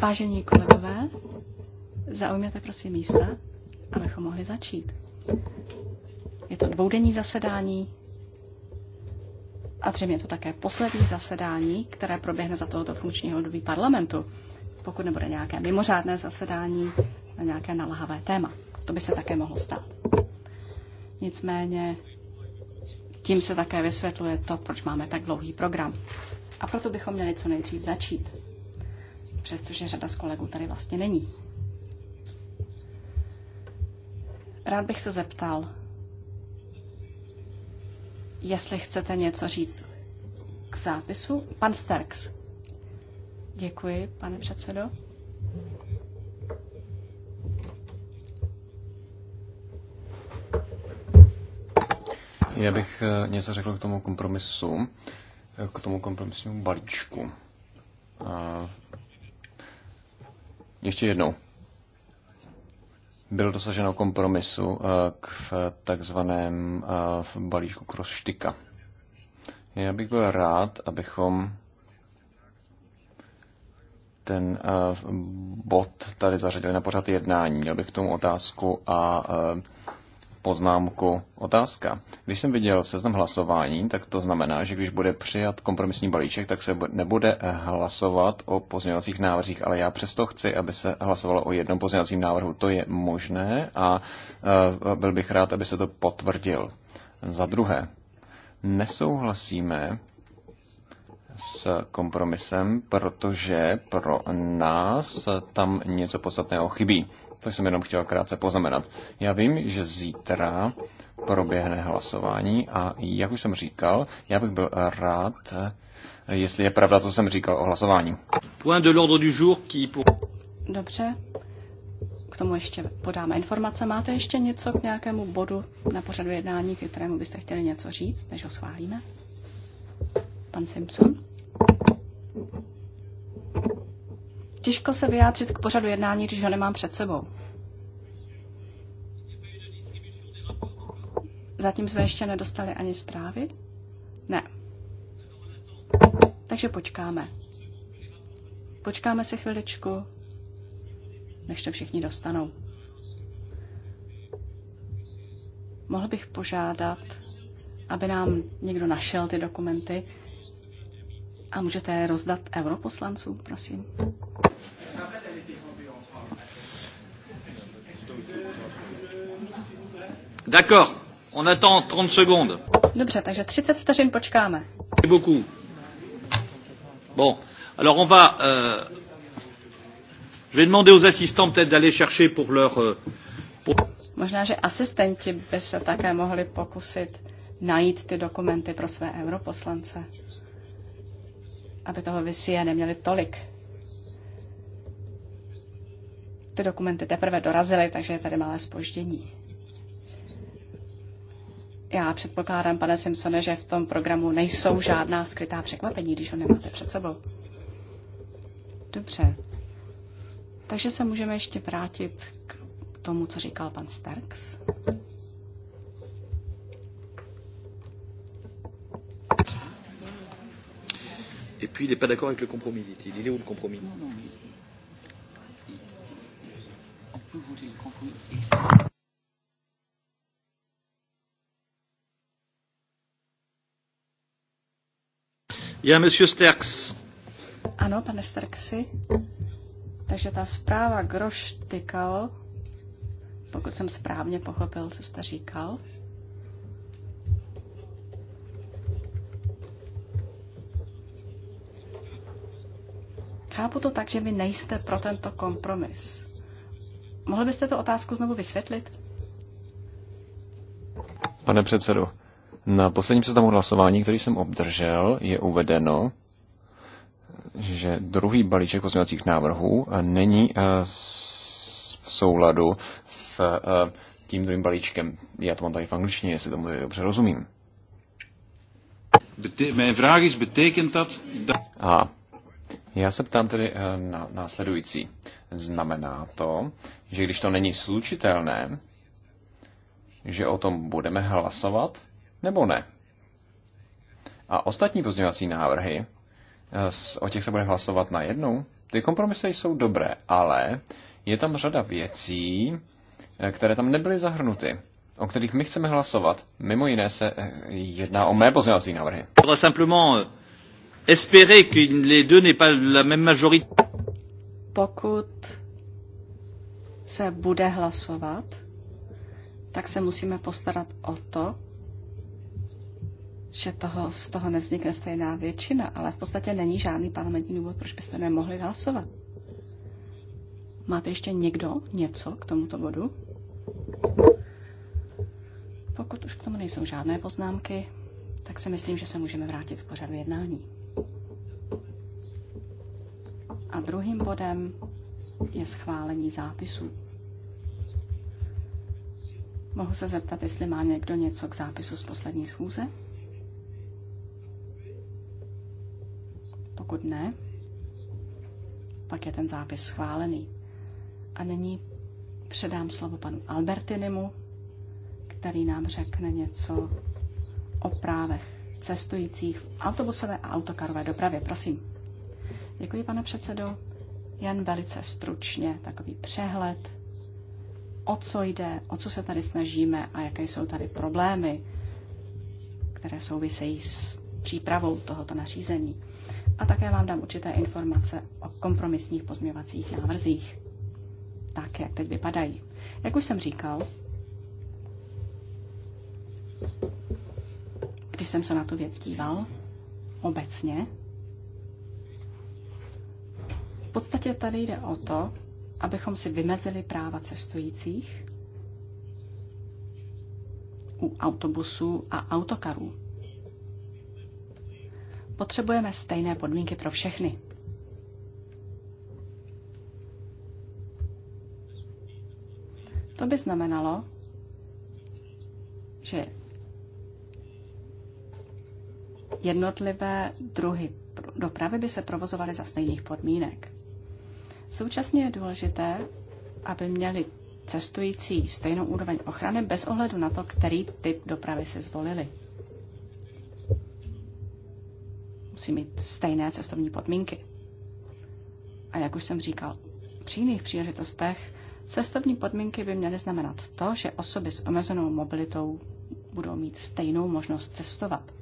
Vážení kolegové, zaujměte prosím místa, abychom mohli začít. Je to dvoudenní zasedání a třeba je to také poslední zasedání, které proběhne za tohoto funkčního období parlamentu, pokud nebude nějaké mimořádné zasedání na nějaké nalahavé téma. To by se také mohlo stát. Nicméně tím se také vysvětluje to, proč máme tak dlouhý program. A proto bychom měli co nejdřív začít. Přestože řada z kolegů tady vlastně není. Rád bych se zeptal, jestli chcete něco říct k zápisu. Pan Sterks. Děkuji, pane předsedo. Já bych eh, něco řekl k tomu kompromisu k tomu kompromisnímu balíčku. A ještě jednou. Bylo dosaženo kompromisu eh, k takzvaném eh, balíčku krosštika. Já bych byl rád, abychom ten eh, bod tady zařadili na pořad jednání. Měl bych k tomu otázku a poznámku. Otázka. Když jsem viděl seznam hlasování, tak to znamená, že když bude přijat kompromisní balíček, tak se nebude eh, hlasovat o pozměňovacích návrzích, ale já přesto chci, aby se hlasovalo o jednom pozměňovacím návrhu. To je možné eh, a byl bych rád, aby se to potvrdil. Za druhé, nesouhlasíme s kompromisem, protože pro nás tam něco podstatného chybí. To jsem jenom chtěl krátce poznamenat. Já vím, že zítra proběhne hlasování a jak už jsem říkal, já bych byl rád, jestli je pravda, co jsem říkal o hlasování. Point de l'ordre du jour qui Dobře. K tomu ještě podáme informace. Máte ještě něco k nějakému bodu na pořadu jednání, ke kterému byste chtěli něco říct, než ho schválíme? Pan Simpson? Těžko se vyjádřit k pořadu jednání, když ho nemám před sebou. Zatím jsme ještě nedostali ani zprávy? Ne. Takže počkáme. Počkáme si chviličku, než to všichni dostanou. Mohl bych požádat, aby nám někdo našel ty dokumenty a můžete je rozdat europoslancům, prosím. D'accord. On attend 30 secondes. Dobře, takže 30 vteřin počkáme. Beaucoup. Bon, alors on va... Euh, je vais demander aux assistants peut-être d'aller chercher pour leur... Euh, pour... Možná, že asistenti by se také mohli pokusit najít ty dokumenty pro své europoslance, aby toho vysie neměli tolik. Ty dokumenty teprve dorazily, takže je tady malé spoždění. Já předpokládám, pane Simpsone, že v tom programu nejsou žádná skrytá překvapení, když ho nemáte před sebou. Dobře. Takže se můžeme ještě vrátit k tomu, co říkal pan Starks. Et puis il n'est pas d'accord avec le compromis, dit-il. Il est où le compromis non, non, mais... On peut voter le compromis. Já, monsieur Sterks. Ano, pane Sterksi. Takže ta zpráva Groš tykal, pokud jsem správně pochopil, co jste říkal, Chápu to tak, že vy nejste pro tento kompromis. Mohl byste tu otázku znovu vysvětlit? Pane předsedo, na posledním seznamu hlasování, který jsem obdržel, je uvedeno, že druhý balíček pozměňovacích návrhů není eh, v souladu s eh, tím druhým balíčkem. Já to mám tady v angličtině, jestli tomu dobře rozumím. Mijn vraag is, betekent dat... A já se ptám tedy eh, na následující. Znamená to, že když to není slučitelné, že o tom budeme hlasovat, nebo ne. A ostatní pozměňovací návrhy, eh, o těch se bude hlasovat na jednu. Ty kompromisy jsou dobré, ale je tam řada věcí, eh, které tam nebyly zahrnuty, o kterých my chceme hlasovat. Mimo jiné se eh, jedná o mé pozměňovací návrhy. Pokud se bude hlasovat, tak se musíme postarat o to, že toho, z toho nevznikne stejná většina, ale v podstatě není žádný parlamentní důvod, proč byste nemohli hlasovat. Máte ještě někdo něco k tomuto bodu? Pokud už k tomu nejsou žádné poznámky, tak si myslím, že se můžeme vrátit k pořadu jednání. A druhým bodem je schválení zápisů. Mohu se zeptat, jestli má někdo něco k zápisu z poslední schůze? Pokud ne, pak je ten zápis schválený. A nyní předám slovo panu Albertinimu, který nám řekne něco o právech cestujících v autobusové a autokarové dopravě. Prosím. Děkuji, pane předsedo. Jen velice stručně takový přehled, o co jde, o co se tady snažíme a jaké jsou tady problémy, které souvisejí s přípravou tohoto nařízení a také vám dám určité informace o kompromisních pozměvacích návrzích, tak jak teď vypadají. Jak už jsem říkal, když jsem se na tu věc díval, obecně, v podstatě tady jde o to, abychom si vymezili práva cestujících u autobusů a autokarů. Potřebujeme stejné podmínky pro všechny. To by znamenalo, že jednotlivé druhy dopravy by se provozovaly za stejných podmínek. Současně je důležité, aby měli cestující stejnou úroveň ochrany bez ohledu na to, který typ dopravy si zvolili. musí mít stejné cestovní podmínky. A jak už jsem říkal, při jiných příležitostech cestovní podmínky by měly znamenat to, že osoby s omezenou mobilitou budou mít stejnou možnost cestovat.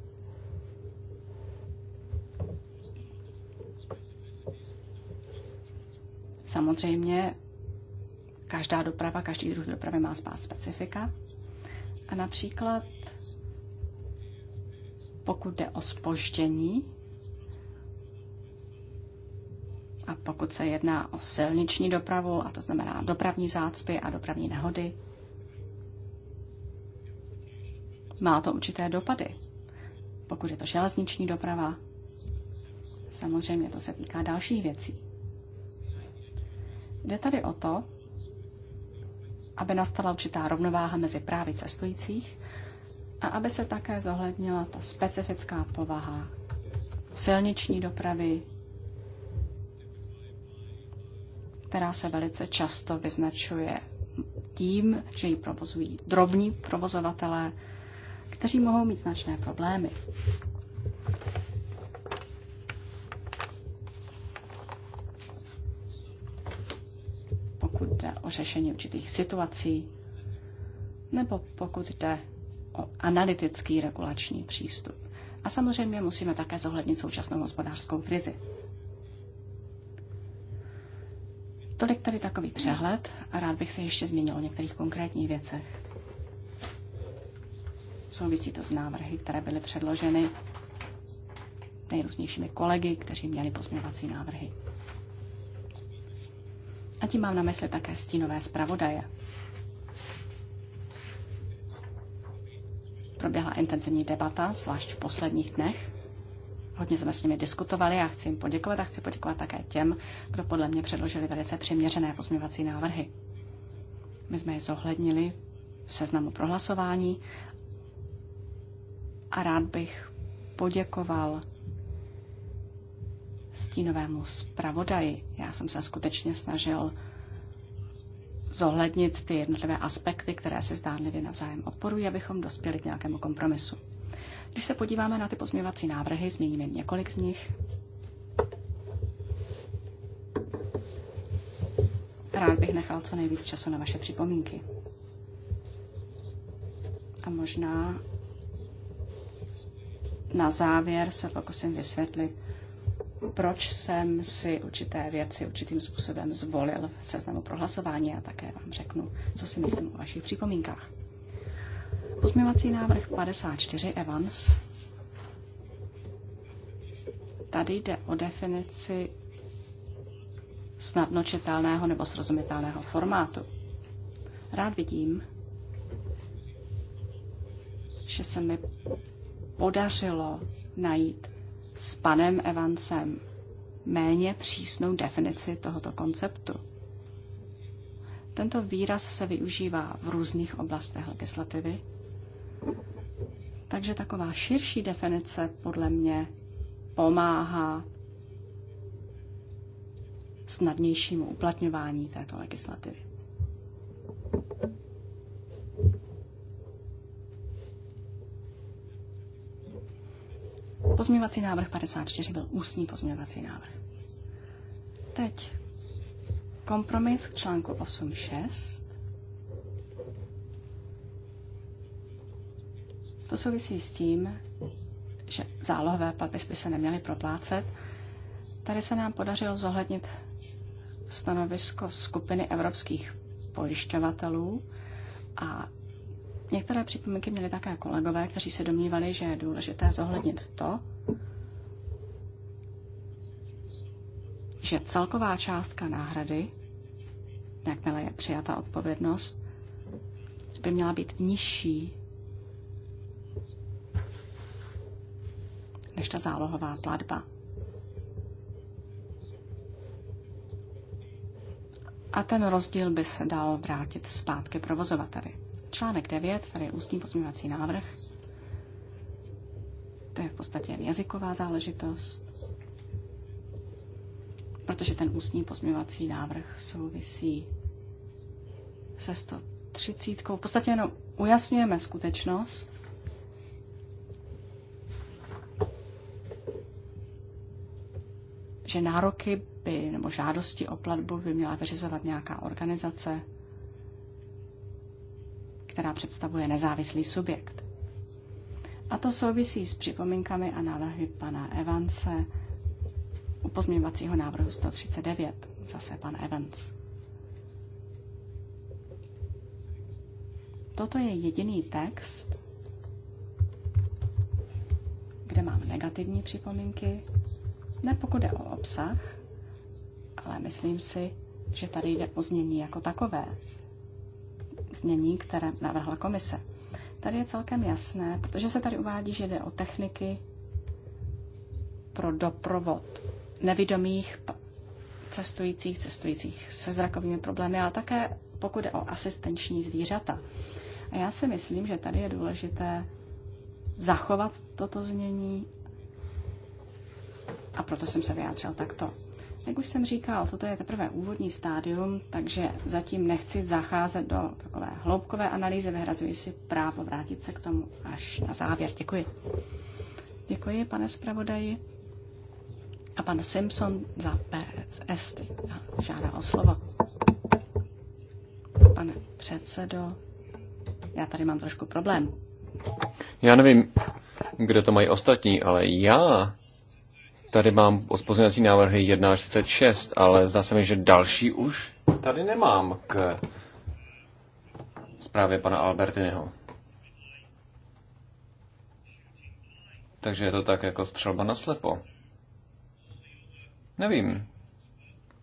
Samozřejmě každá doprava, každý druh dopravy má spát specifika. A například pokud jde o spoždění, pokud se jedná o silniční dopravu, a to znamená dopravní zácpy a dopravní nehody. Má to určité dopady. Pokud je to železniční doprava, samozřejmě to se týká dalších věcí. Jde tady o to, aby nastala určitá rovnováha mezi právy cestujících a aby se také zohlednila ta specifická povaha silniční dopravy, která se velice často vyznačuje tím, že ji provozují drobní provozovatelé, kteří mohou mít značné problémy. Pokud jde o řešení určitých situací, nebo pokud jde o analytický regulační přístup. A samozřejmě musíme také zohlednit současnou hospodářskou krizi. Tolik tady takový přehled a rád bych se ještě zmínil o některých konkrétních věcech. Souvisí to s návrhy, které byly předloženy nejrůznějšími kolegy, kteří měli pozměňovací návrhy. A tím mám na mysli také stínové zpravodaje. Proběhla intenzivní debata, zvlášť v posledních dnech, Hodně jsme s nimi diskutovali a chci jim poděkovat a chci poděkovat také těm, kdo podle mě předložili velice přiměřené pozměvací návrhy. My jsme je zohlednili v seznamu prohlasování a rád bych poděkoval stínovému zpravodaji. Já jsem se skutečně snažil zohlednit ty jednotlivé aspekty, které se zdánlivě navzájem odporují, abychom dospěli k nějakému kompromisu. Když se podíváme na ty pozměvací návrhy, změníme několik z nich. Rád bych nechal co nejvíc času na vaše připomínky. A možná na závěr se pokusím vysvětlit, proč jsem si určité věci určitým způsobem zvolil v seznamu prohlasování a také vám řeknu, co si myslím o vašich připomínkách. Pozměvací návrh 54 Evans. Tady jde o definici snadno čitelného nebo srozumitelného formátu. Rád vidím, že se mi podařilo najít s panem Evansem méně přísnou definici tohoto konceptu. Tento výraz se využívá v různých oblastech legislativy takže taková širší definice podle mě pomáhá snadnějšímu uplatňování této legislativy. Pozměňovací návrh 54 byl ústní pozměňovací návrh. Teď kompromis k článku 8.6. To souvisí s tím, že zálohové platby by se neměly proplácet. Tady se nám podařilo zohlednit stanovisko skupiny evropských pojišťovatelů a některé připomínky měli také kolegové, kteří se domnívali, že je důležité zohlednit to, že celková částka náhrady, jakmile je přijata odpovědnost, by měla být nižší než ta zálohová platba. A ten rozdíl by se dal vrátit zpátky provozovateli. Článek 9, tady je ústní pozměňovací návrh. To je v podstatě jen jazyková záležitost, protože ten ústní pozměňovací návrh souvisí se 130. V podstatě jenom ujasňujeme skutečnost, že nároky by, nebo žádosti o platbu by měla vyřizovat nějaká organizace, která představuje nezávislý subjekt. A to souvisí s připomínkami a návrhy pana Evance u pozměňovacího návrhu 139, zase pan Evans. Toto je jediný text, kde mám negativní připomínky ne pokud je o obsah, ale myslím si, že tady jde o znění jako takové. Znění, které navrhla komise. Tady je celkem jasné, protože se tady uvádí, že jde o techniky pro doprovod nevidomých cestujících, cestujících se zrakovými problémy, ale také pokud jde o asistenční zvířata. A já si myslím, že tady je důležité zachovat toto znění a proto jsem se vyjádřil takto. Jak už jsem říkal, toto je teprve úvodní stádium, takže zatím nechci zacházet do takové hloubkové analýzy, vyhrazuji si právo vrátit se k tomu až na závěr. Děkuji. Děkuji, pane zpravodaji. A pan Simpson za PFS žádá o slovo. Pane předsedo, já tady mám trošku problém. Já nevím, kde to mají ostatní, ale já Tady mám pozměňovací návrhy 1.46, ale zdá se mi, že další už tady nemám k zprávě pana Albertineho. Takže je to tak jako střelba na slepo. Nevím,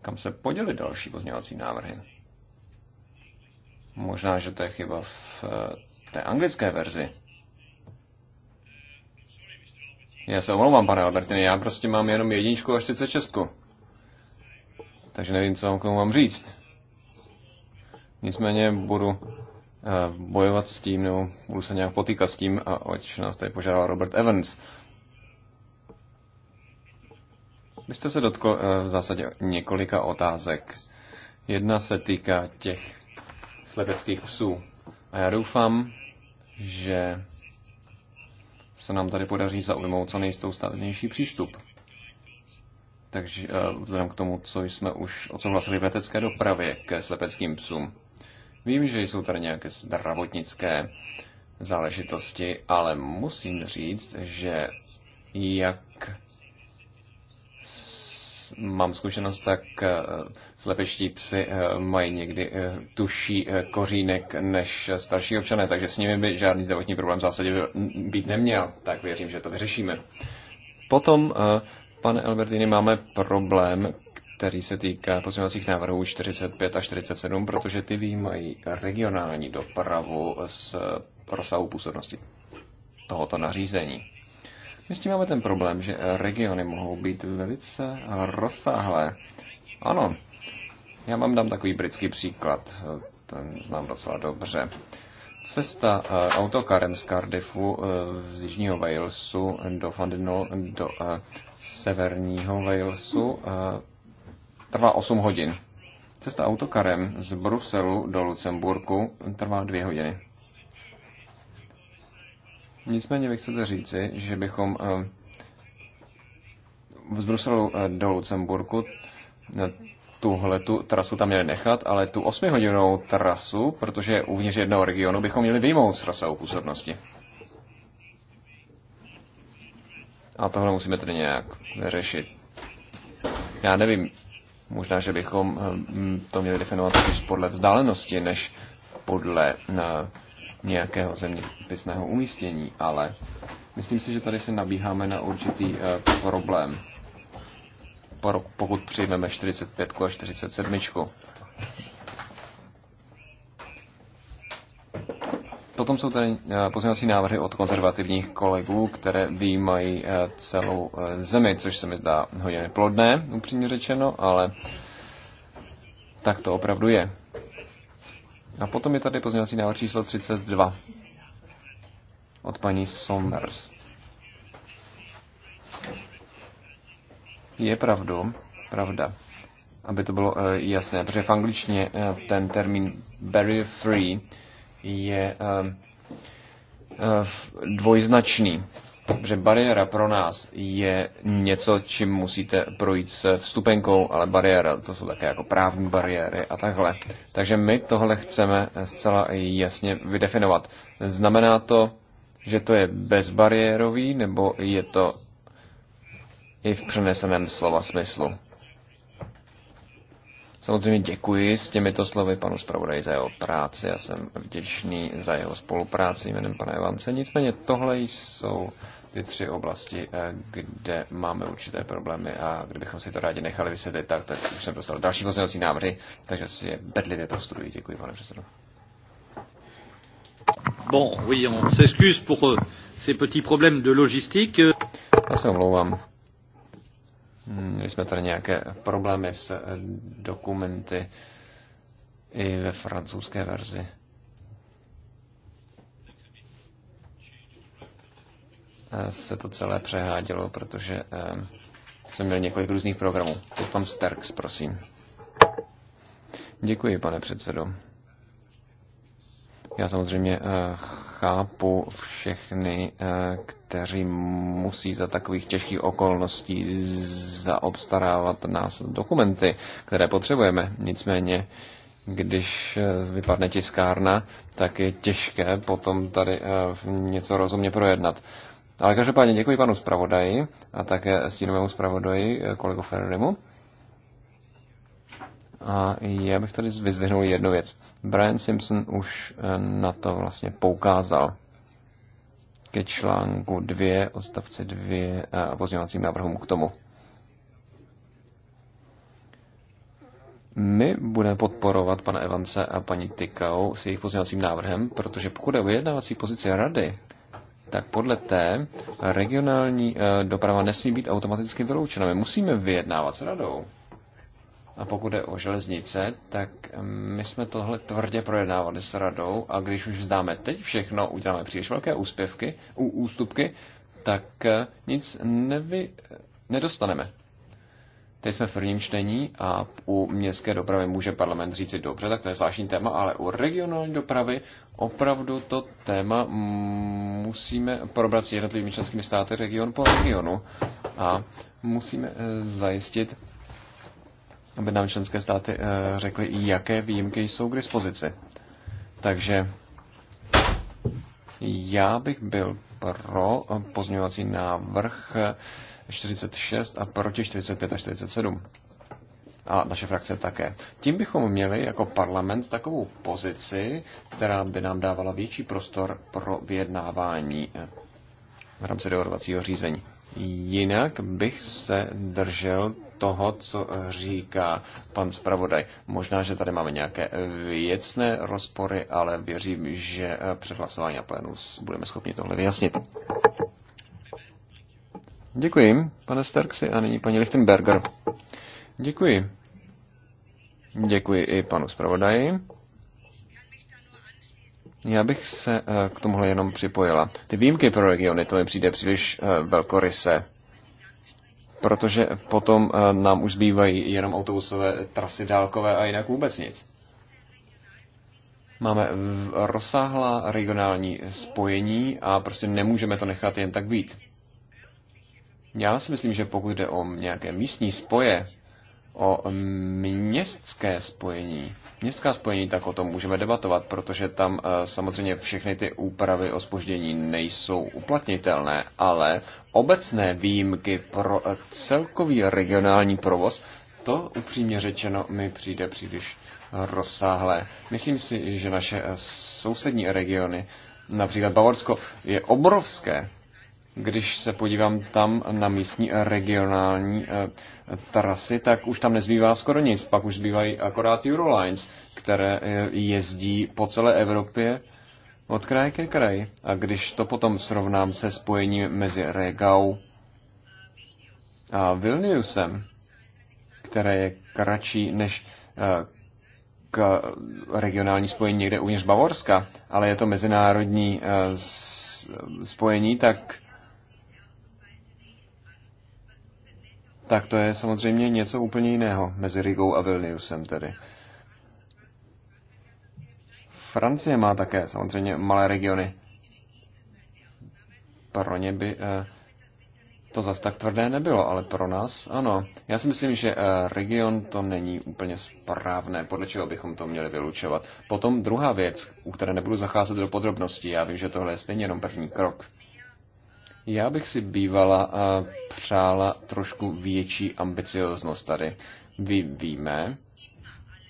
kam se poděly další pozměňovací návrhy. Možná, že to je chyba v eh, té anglické verzi. Já se omlouvám, pane Albertine, já prostě mám jenom jedničku a 36. Takže nevím, co vám k tomu mám říct. Nicméně budu eh, bojovat s tím, nebo budu se nějak potýkat s tím, a oč nás tady požádal Robert Evans. Vy jste se dotkl eh, v zásadě několika otázek. Jedna se týká těch slepeckých psů. A já doufám, že se nám tady podaří zaujmout co nejstoustavnější přístup. Takže eh, vzhledem k tomu, co jsme už odsouhlasili v letecké dopravě ke slepeckým psům. Vím, že jsou tady nějaké zdravotnické záležitosti, ale musím říct, že jak mám zkušenost, tak slepeští eh, psy eh, mají někdy eh, tuší kořínek než starší občané, takže s nimi by žádný zdravotní problém v zásadě mm, být neměl. Tak věřím, že to vyřešíme. Potom, pane Albertini, máme problém, který se týká pozměňovacích návrhů 45 a 47, protože ty výjímají regionální dopravu z rozsahu působnosti tohoto nařízení. My s tím máme ten problém, že regiony mohou být velice rozsáhlé. Ano, já vám dám takový britský příklad, ten znám docela dobře. Cesta eh, autokarem z Cardiffu eh, z jižního Walesu do Fandinol, do eh, severního Walesu trvá 8 hodin. Cesta autokarem z Bruselu do Lucemburku trvá 2 hodiny. Nicméně vy chcete říci, že bychom eh, z Bruselu eh, do Lucemburku eh, tuhle tu trasu tam měli nechat, ale tu osmihodinovou trasu, protože je uvnitř jednoho regionu, bychom měli vyjmout z trasu působnosti. A tohle musíme tedy nějak řešit. Já nevím, možná, že bychom to měli definovat spíš podle vzdálenosti, než podle nějakého zeměpisného umístění, ale myslím si, že tady se nabíháme na určitý eh, problém, pokud přijmeme 45 a 47. Potom jsou tady eh, pozměňovací návrhy od konzervativních kolegů, které výjímají eh, celou zemi, což se mi zdá hodně neplodné, upřímně řečeno, ale tak to opravdu je. A potom je tady pozměňovací návrh číslo 32 od paní Somers. Je pravdu, pravda, aby to bylo eh, jasné, protože v angličtině eh, ten termín barrier free je eh, dvojznačný že bariéra pro nás je něco, čím musíte projít s vstupenkou, ale bariéra, to jsou také jako právní bariéry a takhle. Takže my tohle chceme zcela jasně vydefinovat. Znamená to, že to je bezbariérový, nebo je to i v přeneseném slova smyslu? Samozřejmě děkuji s těmito slovy panu zpravodaji za jeho práci. Já jsem vděčný za jeho spolupráci jménem pana Evance. Nicméně tohle jsou ty tři oblasti, eh, kde máme určité problémy a kdybychom si to rádi nechali vysvětlit, tak, tak už jsem dostal další pozměňovací návrhy, takže si je bedlivě prostuduji. Děkuji, pane předsedo. Bon, oui, on s'excuse pour euh, ces petits problèmes de logistique. Já se omlouvám. Měli jsme tady nějaké problémy s eh, dokumenty i ve francouzské verzi. Eh, se to celé přehádělo, protože eh, jsem měl několik různých programů. Teď pan Sterks, prosím. Děkuji, pane předsedo. Já samozřejmě eh, chápu všechny, kteří musí za takových těžkých okolností zaobstarávat nás dokumenty, které potřebujeme. Nicméně, když vypadne tiskárna, tak je těžké potom tady něco rozumně projednat. Ale každopádně děkuji panu zpravodaji a také stínovému zpravodaji eh, kolegu Ferrimu. A já bych tady vyzvihnul jednu věc. Brian Simpson už eh, na to vlastně poukázal ke článku 2, odstavce eh, 2 a pozměňovacím návrhům k tomu. My budeme podporovat pana Evance a paní Tykau s jejich pozměňovacím návrhem, protože pokud je o vyjednávací pozici rady, tak podle té regionální eh, doprava nesmí být automaticky vyloučena. My musíme vyjednávat s radou. A pokud je o železnice, tak eh, my jsme tohle tvrdě projednávali s radou a když už vzdáme teď všechno, uděláme příliš velké úspěvky, ústupky, tak eh, nic nevy, nedostaneme. Teď jsme v prvním čtení a u městské dopravy může parlament říci dobře, tak to je zvláštní téma, ale u regionální dopravy opravdu to téma musíme probrat s jednotlivými členskými státy region po regionu a musíme eh, zajistit, aby nám členské státy eh, řekly, jaké výjimky jsou k dispozici. Takže já bych byl pro eh, pozměňovací návrh 46 a proti 45 a 47. A naše frakce také. Tím bychom měli jako parlament takovou pozici, která by nám dávala větší prostor pro vyjednávání eh, v rámci dohodovacího řízení. Jinak bych se držel toho, co eh, říká pan zpravodaj. Možná, že tady máme nějaké eh, věcné rozpory, ale věřím, že před hlasováním na plénu budeme schopni tohle vyjasnit. Děkuji, pane Starksy, a nyní paní Lichtenberger. Děkuji. Děkuji i panu zpravodaji. Já bych se eh, k tomuhle jenom připojila. Ty výjimky pro regiony, to mi přijde příliš eh, velkoryse, protože potom eh, nám už zbývají jenom autobusové trasy dálkové a jinak vůbec nic. Máme rozsáhlá regionální spojení a prostě nemůžeme to nechat jen tak být. Já si myslím, že pokud jde o nějaké místní spoje, o městské spojení, městská spojení, tak o tom můžeme debatovat, protože tam eh, samozřejmě všechny ty úpravy o spoždění nejsou uplatnitelné, ale obecné výjimky pro eh, celkový regionální provoz, to upřímně řečeno mi přijde příliš rozsáhlé. Myslím si, že naše eh, sousední regiony, například Bavorsko, je obrovské když se podívám tam na místní regionální eh, trasy, tak už tam nezbývá skoro nic. Pak už zbývají akorát Eurolines, které eh, jezdí po celé Evropě od kraje ke kraji. A když to potom srovnám se spojením mezi Regau a Vilniusem, které je kratší než eh, k regionální spojení někde uvnitř Bavorska, ale je to mezinárodní spojení, tak tak to je samozřejmě něco úplně jiného mezi Rigou a Vilniusem tedy. Francie má také samozřejmě malé regiony. Pro ně by eh, to zas tak tvrdé nebylo, ale pro nás ano. Já si myslím, že eh, region to není úplně správné, podle čeho bychom to měli vylučovat. Potom druhá věc, u které nebudu zacházet do podrobností, já vím, že tohle je stejně jenom první krok já bych si bývala a přála trošku větší ambicioznost tady. Vy víme,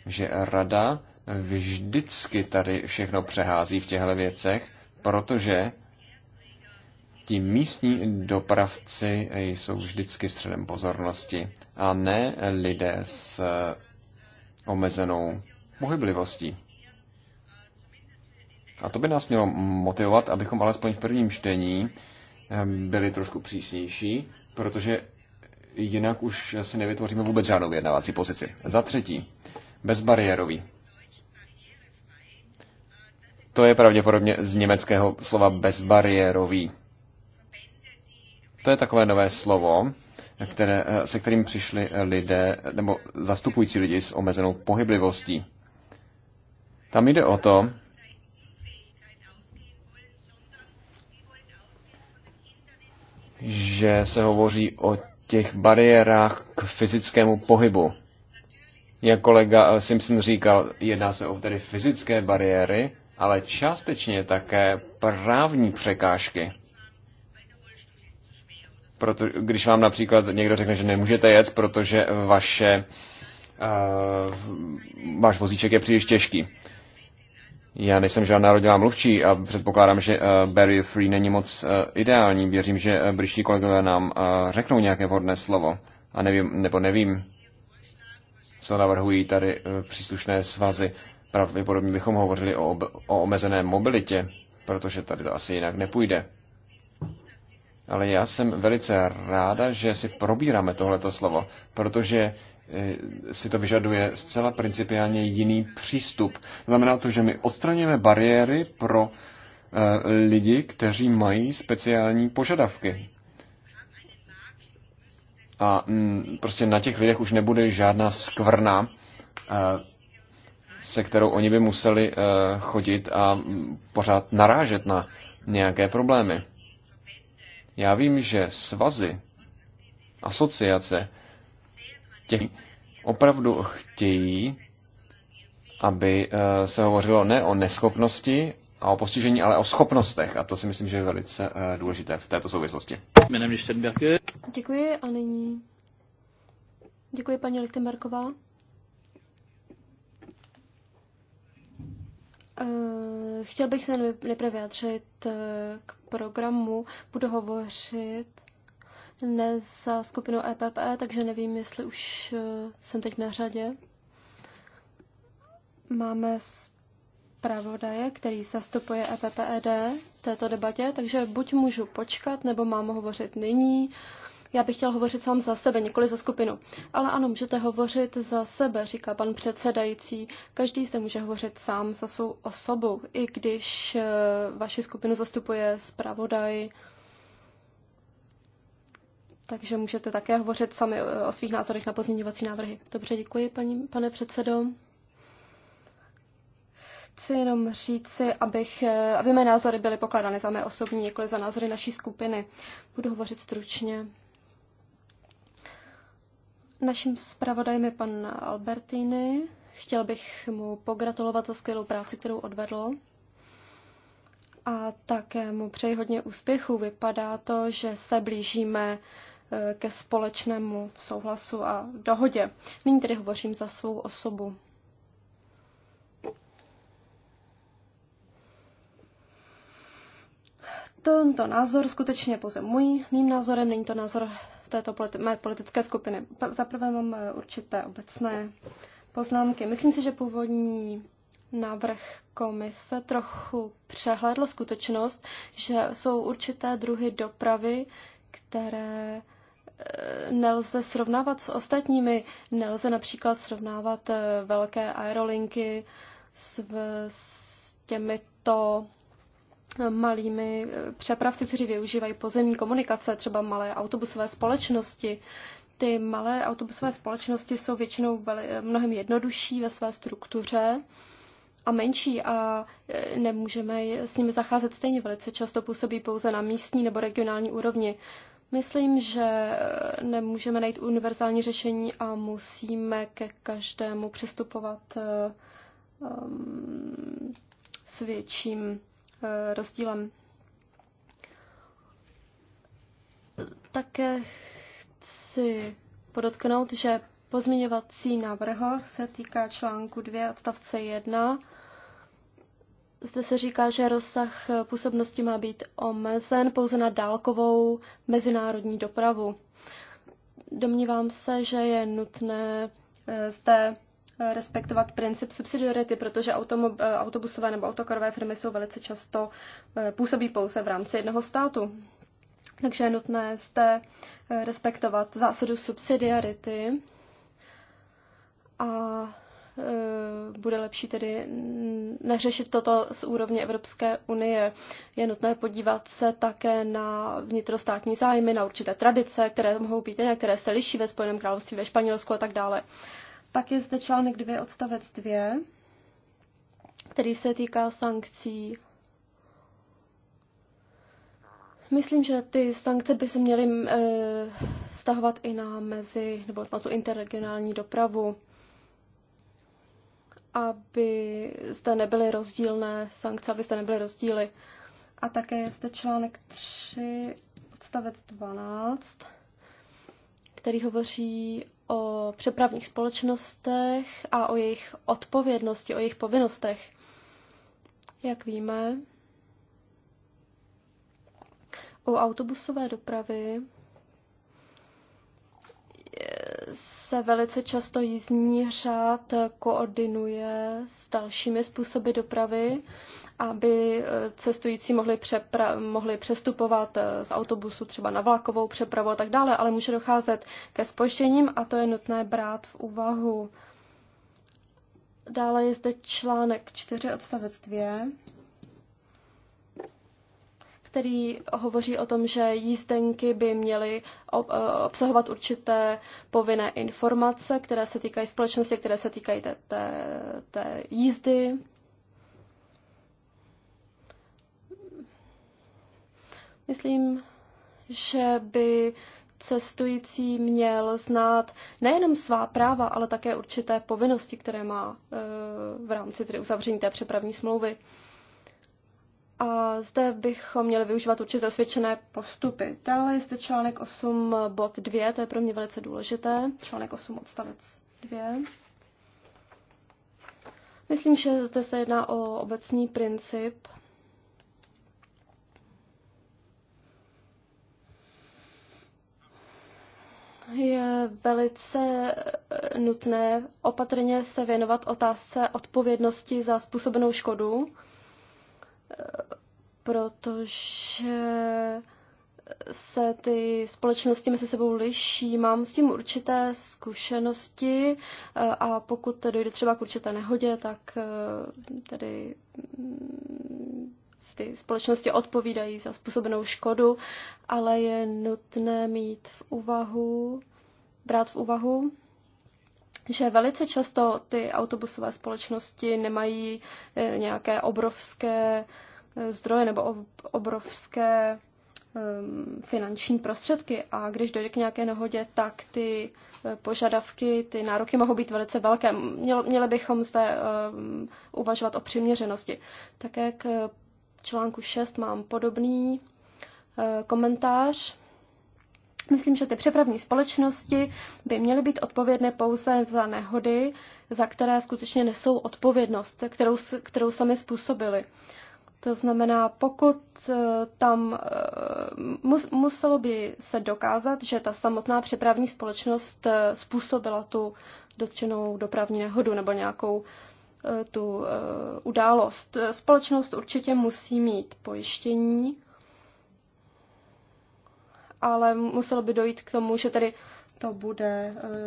že rada vždycky tady všechno přehází v těchto věcech, protože ti místní dopravci jsou vždycky středem pozornosti a ne lidé s e, omezenou pohyblivostí. A to by nás mělo motivovat, abychom alespoň v prvním čtení byli trošku přísnější, protože jinak už si nevytvoříme vůbec žádnou vyjednávací pozici. Za třetí, bezbariérový. To je pravděpodobně z německého slova bezbariérový. To je takové nové slovo, které, eh, se kterým přišli eh, lidé, nebo zastupující lidi s omezenou pohyblivostí. Tam jde o to, že se hovoří o těch bariérách k fyzickému pohybu. Jak kolega eh, Simpson říkal, jedná se o tedy fyzické bariéry, ale částečně také právní překážky. Proto, když vám například někdo řekne, že nemůžete jet, protože vaše, uh, váš vozíček je příliš těžký. Já nejsem žádná rodilá mluvčí a předpokládám, že eh, barrier free není moc eh, ideální. Věřím, že eh, britští kolegové nám řeknou nějaké vhodné slovo. A nevím, nebo nevím, co navrhují tady příslušné svazy. Pravděpodobně bychom hovořili o, ob- o omezené mobilitě, protože tady to asi jinak nepůjde. Ale já jsem velice ráda, že si probíráme tohleto slovo, protože Eh, si to vyžaduje zcela principiálně jiný přístup. Znamená to, že my odstraníme bariéry pro eh, lidi, kteří mají speciální požadavky. A mm, prostě na těch lidech už nebude žádná skvrna, eh, se kterou oni by museli chodit a mm, pořád narážet na nějaké problémy. Já vím, že svazy, asociace těch opravdu chtějí, aby eh, se hovořilo ne o neschopnosti a o postižení, ale o schopnostech. A to si myslím, že je velice eh, důležité v této souvislosti. Děkuji a nyní. Děkuji, paní Lichtenbergová. Eh, chtěl bych se nejprve vyjádřit k programu. Budu hovořit ne za skupinu EPP, takže nevím, jestli už eh, jsem teď na řadě. Máme zpravodaje, který zastupuje EPPED v této debatě, takže buď můžu počkat, nebo mám hovořit nyní. Já bych chtěl hovořit sám za sebe, nikoli za skupinu. Ale ano, můžete hovořit za sebe, říká pan předsedající. Každý se může hovořit sám za svou osobu, i když eh, vaši skupinu zastupuje zpravodaj takže můžete také hovořit sami eh, o svých názorech na pozměňovací návrhy. Dobře, děkuji, paní, pane předsedo. Chci jenom říci, abych, eh, aby mé názory byly pokládány za mé osobní, nikoli za názory naší skupiny. Budu hovořit stručně. Naším zpravodajem je pan Albertini. Chtěl bych mu pogratulovat za skvělou práci, kterou odvedl. A také mu přeji hodně úspěchů. Vypadá to, že se blížíme E, ke společnému souhlasu a dohodě. Nyní tedy hovořím za svou osobu. Tento názor skutečně je pouze můj, mým názorem, není to názor této politi- mé politické skupiny. Zaprvé mám e, určité obecné poznámky. Myslím si, že původní návrh komise trochu přehlédl skutečnost, že jsou určité druhy dopravy, které nelze srovnávat s ostatními. Nelze například srovnávat eh, velké aerolinky s, s těmito eh, malými eh, přepravci, kteří využívají pozemní komunikace, třeba malé autobusové společnosti. Ty malé autobusové společnosti jsou většinou veli, mnohem jednodušší ve své struktuře a menší a nemůžeme s nimi zacházet stejně velice. Často působí pouze na místní nebo regionální úrovni. Myslím, že nemůžeme najít univerzální řešení a musíme ke každému přistupovat eh, eh, s větším eh, rozdílem. Také chci podotknout, že pozměňovací návrh se týká článku 2 odstavce 1 zde se říká, že rozsah působnosti má být omezen pouze na dálkovou mezinárodní dopravu. Domnívám se, že je nutné eh, zde eh, respektovat princip subsidiarity, protože eh, autobusové nebo autokarové firmy jsou velice často působí pouze v rámci jednoho státu. Takže je nutné zde respektovat zásadu subsidiarity a Eh, bude lepší tedy neřešit toto z úrovně Evropské unie. Je nutné podívat se také na vnitrostátní zájmy, na určité tradice, které mohou být jiné, které se liší ve Spojeném království, ve Španělsku a tak dále. Pak je zde článek 2 odstavec 2, který se týká sankcí Myslím, že ty sankce by se měly e, vztahovat i na mezi nebo na tu interregionální dopravu aby zde nebyly rozdílné sankce, aby zde nebyly rozdíly. A také je zde článek 3, odstavec 12, který hovoří o přepravních společnostech a o jejich odpovědnosti, o jejich povinnostech. Jak víme, u autobusové dopravy se velice často jízdní řád koordinuje s dalšími způsoby dopravy, aby eh, cestující mohli, přepra- mohli přestupovat eh, z autobusu třeba na vlakovou přepravu a tak dále, ale může docházet ke spožděním a to je nutné brát v úvahu. Dále je zde článek 4 odstavec 2 který hovoří o tom, že jízdenky by měly eh, obsahovat určité povinné informace, které se týkají společnosti, které se týkají té, té, té jízdy. Myslím, že by cestující měl znát nejenom svá práva, ale také určité povinnosti, které má eh, v rámci tedy uzavření té přepravní smlouvy. A zde bychom měli využívat určité osvědčené postupy. Dále je zde článek 8 bod 2, to je pro mě velice důležité. Článek 8 odstavec 2. Myslím, že zde se jedná o obecný princip. Je velice eh, nutné opatrně se věnovat otázce odpovědnosti za způsobenou škodu protože se ty společnosti mezi sebou liší. Mám s tím určité zkušenosti eh, a pokud dojde třeba k určité nehodě, tak eh, tedy mm, ty společnosti odpovídají za způsobenou škodu, ale je nutné mít v úvahu, brát v úvahu, že velice často ty autobusové společnosti nemají eh, nějaké obrovské eh, zdroje nebo obrovské ehm, finanční prostředky a když dojde k nějaké nehodě, tak ty eh, požadavky, ty nároky mohou být velice velké. Měli bychom zde ehm, uvažovat o přiměřenosti. Také k článku 6 mám podobný komentář. Myslím, že ty přepravní společnosti by měly být odpovědné pouze za nehody, za které skutečně nesou odpovědnost, kterou, kterou sami způsobili. To znamená, pokud eh, tam eh, muselo by se dokázat, že ta samotná přepravní společnost eh, způsobila tu dotčenou dopravní nehodu nebo nějakou tu událost. Společnost určitě musí mít pojištění, ale muselo by dojít k tomu, že tedy to bude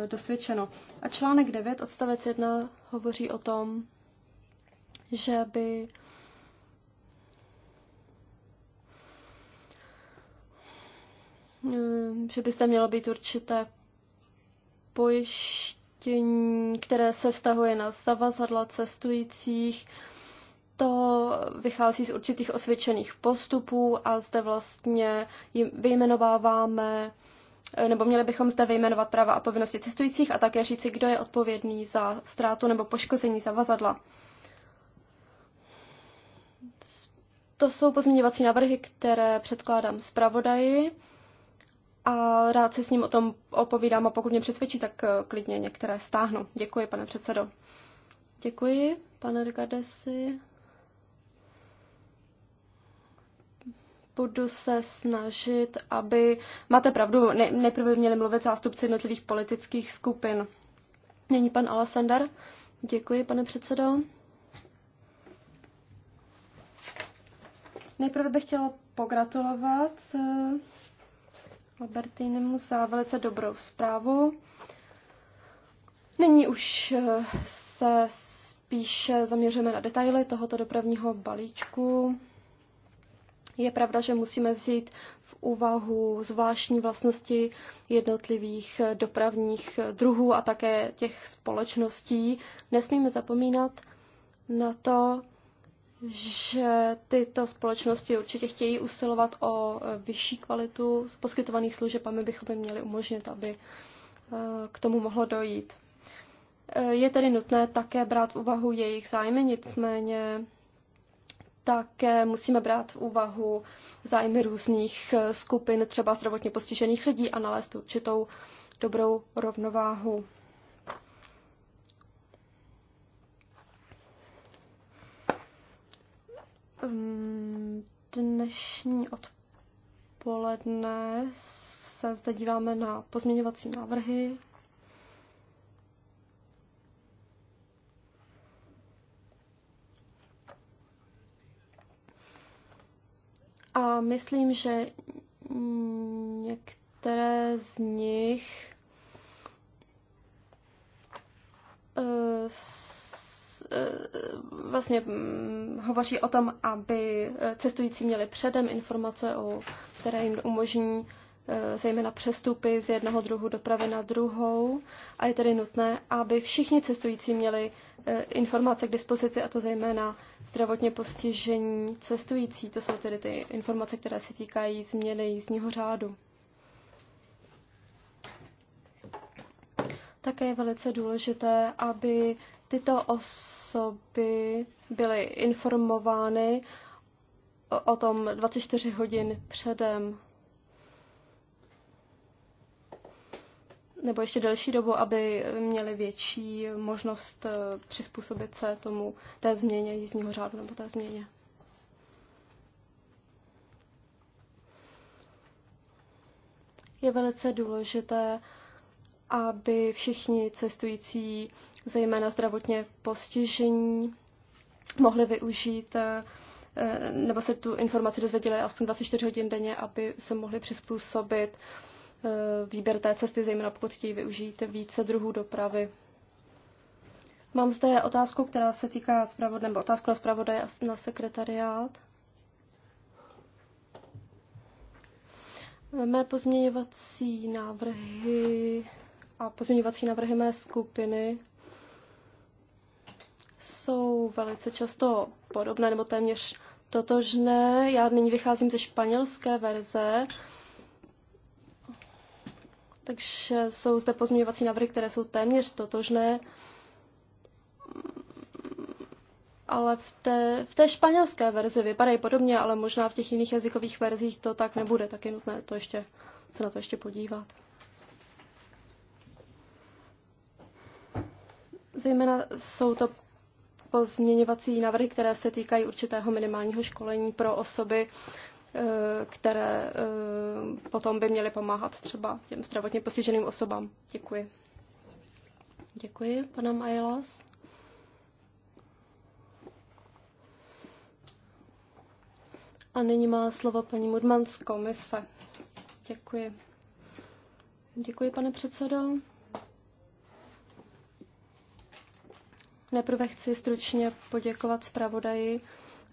e, dosvědčeno. A článek 9, odstavec 1, hovoří o tom, že by eh, že byste mělo být určité pojištění, které se vztahuje na zavazadla cestujících, to vychází z určitých osvědčených postupů a zde vlastně jim vyjmenováváme nebo měli bychom zde vyjmenovat práva a povinnosti cestujících a také říci, kdo je odpovědný za ztrátu nebo poškození zavazadla. To jsou pozměňovací návrhy, které předkládám zpravodaji a rád se s ním o tom opovídám a pokud mě přesvědčí, tak eh, klidně některé stáhnu. Děkuji, pane předsedo. Děkuji, pane Rikardesi. budu se snažit, aby... Máte pravdu, ne, nejprve měli mluvit zástupci jednotlivých politických skupin. Není pan Alessandar? Děkuji, pane předsedo. Nejprve bych chtěla pogratulovat eh, Albertinemu za velice dobrou zprávu. Nyní už eh, se spíše zaměříme na detaily tohoto dopravního balíčku. Je pravda, že musíme vzít v úvahu zvláštní vlastnosti jednotlivých dopravních druhů a také těch společností. Nesmíme zapomínat na to, že tyto společnosti určitě chtějí usilovat o vyšší kvalitu poskytovaných služeb a my bychom jim měli umožnit, aby eh, k tomu mohlo dojít. Eh, je tedy nutné také brát v úvahu jejich zájmy, nicméně také musíme brát v úvahu zájmy různých eh, skupin, třeba zdravotně postižených lidí a nalézt určitou dobrou rovnováhu. Ehm, dnešní odpoledne se zde díváme na pozměňovací návrhy A myslím, že některé z nich eh, eh, vlastně mm, hovoří o tom, aby eh, cestující měli předem informace, o které jim umožní Eh, zejména přestupy z jednoho druhu dopravy na druhou a je tedy nutné, aby všichni cestující měli eh, informace k dispozici a to zejména zdravotně postižení cestující. To jsou tedy ty informace, které se týkají změny jízdního řádu. Také je velice důležité, aby tyto osoby byly informovány o tom 24 hodin předem. nebo ještě delší dobu, aby měli větší možnost eh, přizpůsobit se tomu té změně jízdního řádu nebo té změně. Je velice důležité, aby všichni cestující, zejména zdravotně postižení, mohli využít eh, eh, nebo se tu informaci dozvěděli aspoň 24 hodin denně, aby se mohli přizpůsobit Eh, výběr té cesty, zejména pokud chtějí využít více druhů dopravy. Mám zde otázku, která se týká zpravodaje, nebo otázku na zpravodaje na sekretariát. Eh, mé pozměňovací návrhy a pozměňovací návrhy mé skupiny jsou velice často podobné nebo téměř totožné. Já nyní vycházím ze španělské verze, takže jsou zde pozměňovací návrhy, které jsou téměř totožné, ale v té, v té španělské verzi vypadají podobně, ale možná v těch jiných jazykových verzích to tak nebude, tak je nutné to ještě, se na to ještě podívat. Zejména jsou to pozměňovací návrhy, které se týkají určitého minimálního školení pro osoby Eh, které eh, potom by měly pomáhat třeba těm zdravotně postiženým osobám. Děkuji. Děkuji, pana Majlas. A nyní má slovo paní Murman z komise. Děkuji. Děkuji, pane předsedo. Neprve chci stručně poděkovat zpravodaji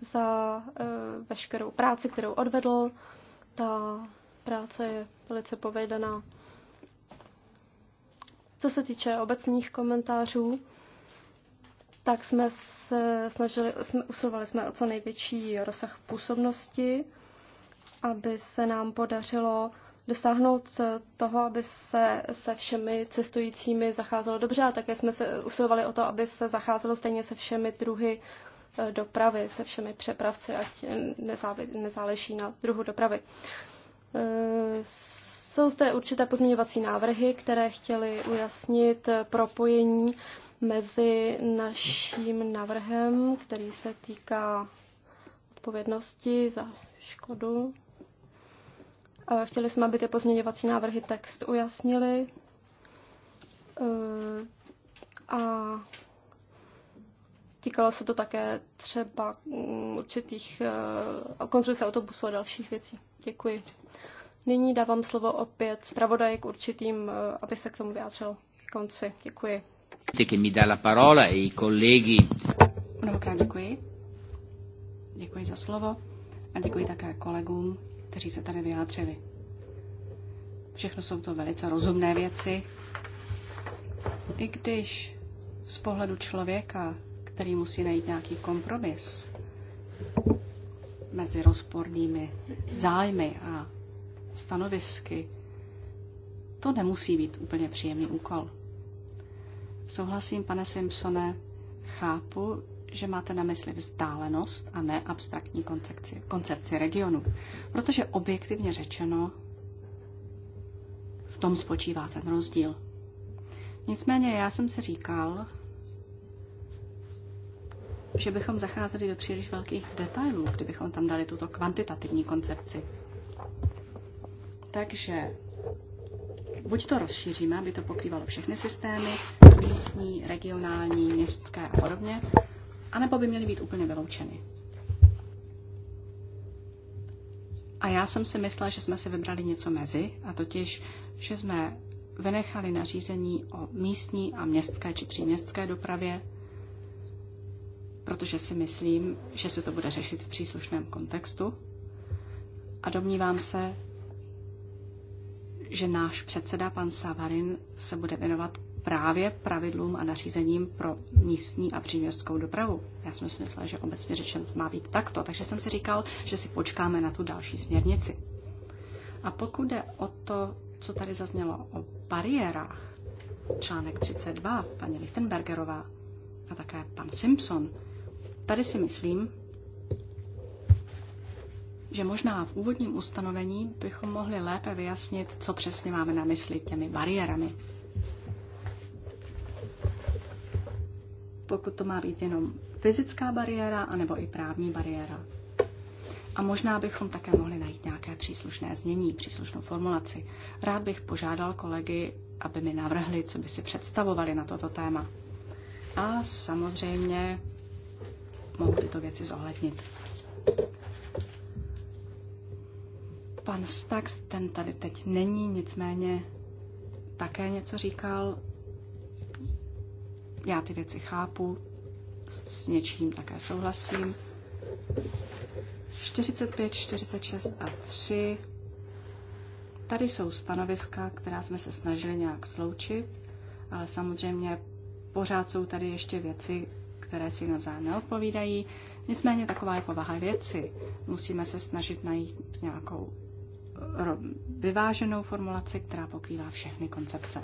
za eh, veškerou práci, kterou odvedl. Ta práce je velice povedená. Co se týče obecných komentářů, tak jsme se snažili, usilovali jsme o co největší rozsah působnosti, aby se nám podařilo dosáhnout toho, aby se se všemi cestujícími zacházelo dobře a také jsme se usilovali o to, aby se zacházelo stejně se všemi druhy dopravy se všemi přepravci, ať nezáleží na druhu dopravy. Eh, jsou zde určité pozměňovací návrhy, které chtěly ujasnit propojení mezi naším návrhem, který se týká odpovědnosti za škodu. Chtěli jsme, aby ty pozměňovací návrhy text ujasnili eh, a Týkalo se to také třeba mm, určitých eh, konstrukce autobusů a dalších věcí. Děkuji. Nyní dávám slovo opět zpravodaj k určitým, eh, aby se k tomu vyjádřil konci. Děkuji. Che mi dá la parola i kolegy. Mnohokrát děkuji. Děkuji za slovo a děkuji také kolegům, kteří se tady vyjádřili. Všechno jsou to velice rozumné věci. I když z pohledu člověka který musí najít nějaký kompromis mezi rozpornými zájmy a stanovisky, to nemusí být úplně příjemný úkol. Souhlasím, pane Simpsone, chápu, že máte na mysli vzdálenost a ne abstraktní koncepci, koncepci regionu, protože objektivně řečeno v tom spočívá ten rozdíl. Nicméně já jsem si říkal, že bychom zacházeli do příliš velkých detailů, kdybychom tam dali tuto kvantitativní koncepci. Takže buď to rozšíříme, aby to pokrývalo všechny systémy, místní, regionální, městské a podobně, anebo by měly být úplně vyloučeny. A já jsem si myslela, že jsme si vybrali něco mezi, a totiž, že jsme vynechali nařízení o místní a městské či příměstské dopravě, protože si myslím, že se to bude řešit v příslušném kontextu. A domnívám se, že náš předseda, pan Savarin, se bude věnovat právě pravidlům a nařízením pro místní a příměstskou dopravu. Já jsem si myslela, že obecně řečeno má být takto, takže jsem si říkal, že si počkáme na tu další směrnici. A pokud jde o to, co tady zaznělo o bariérách, článek 32, paní Lichtenbergerová a také pan Simpson, Tady si myslím, že možná v úvodním ustanovení bychom mohli lépe vyjasnit, co přesně máme na mysli těmi bariérami. Pokud to má být jenom fyzická bariéra, anebo i právní bariéra. A možná bychom také mohli najít nějaké příslušné znění, příslušnou formulaci. Rád bych požádal kolegy, aby mi navrhli, co by si představovali na toto téma. A samozřejmě mohu tyto věci zohlednit. Pan Stax, ten tady teď není, nicméně také něco říkal. Já ty věci chápu, s něčím také souhlasím. 45, 46 a 3. Tady jsou stanoviska, která jsme se snažili nějak sloučit, ale samozřejmě pořád jsou tady ještě věci, které si navzájem neodpovídají. Nicméně taková je povaha věci. Musíme se snažit najít nějakou eh, vyváženou formulaci, která pokrývá všechny koncepce.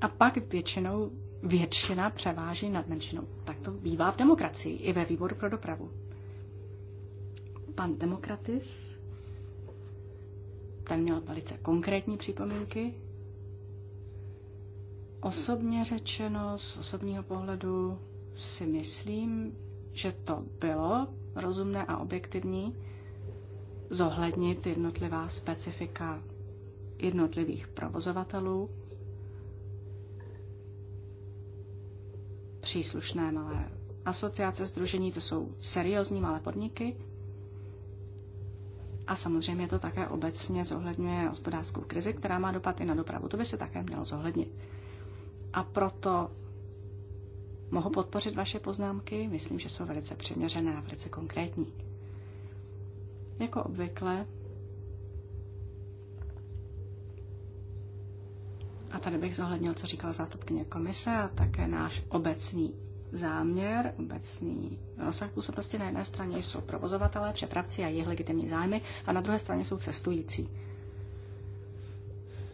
A pak většinou většina převáží nad menšinou. Tak to bývá v demokracii i ve výboru pro dopravu. Pan Demokratis, ten měl velice konkrétní připomínky Osobně řečeno, z osobního pohledu si myslím, že to bylo rozumné a objektivní zohlednit jednotlivá specifika jednotlivých provozovatelů, příslušné malé asociace, združení, to jsou seriózní malé podniky. A samozřejmě to také obecně zohledňuje hospodářskou krizi, která má dopad i na dopravu. To by se také mělo zohlednit a proto mohu podpořit vaše poznámky. Myslím, že jsou velice přeměřené a velice konkrétní. Jako obvykle, a tady bych zohlednil, co říkala zástupkyně komise a také náš obecný záměr, obecný rozsah působnosti. Na jedné straně jsou provozovatelé, přepravci a jejich legitimní zájmy a na druhé straně jsou cestující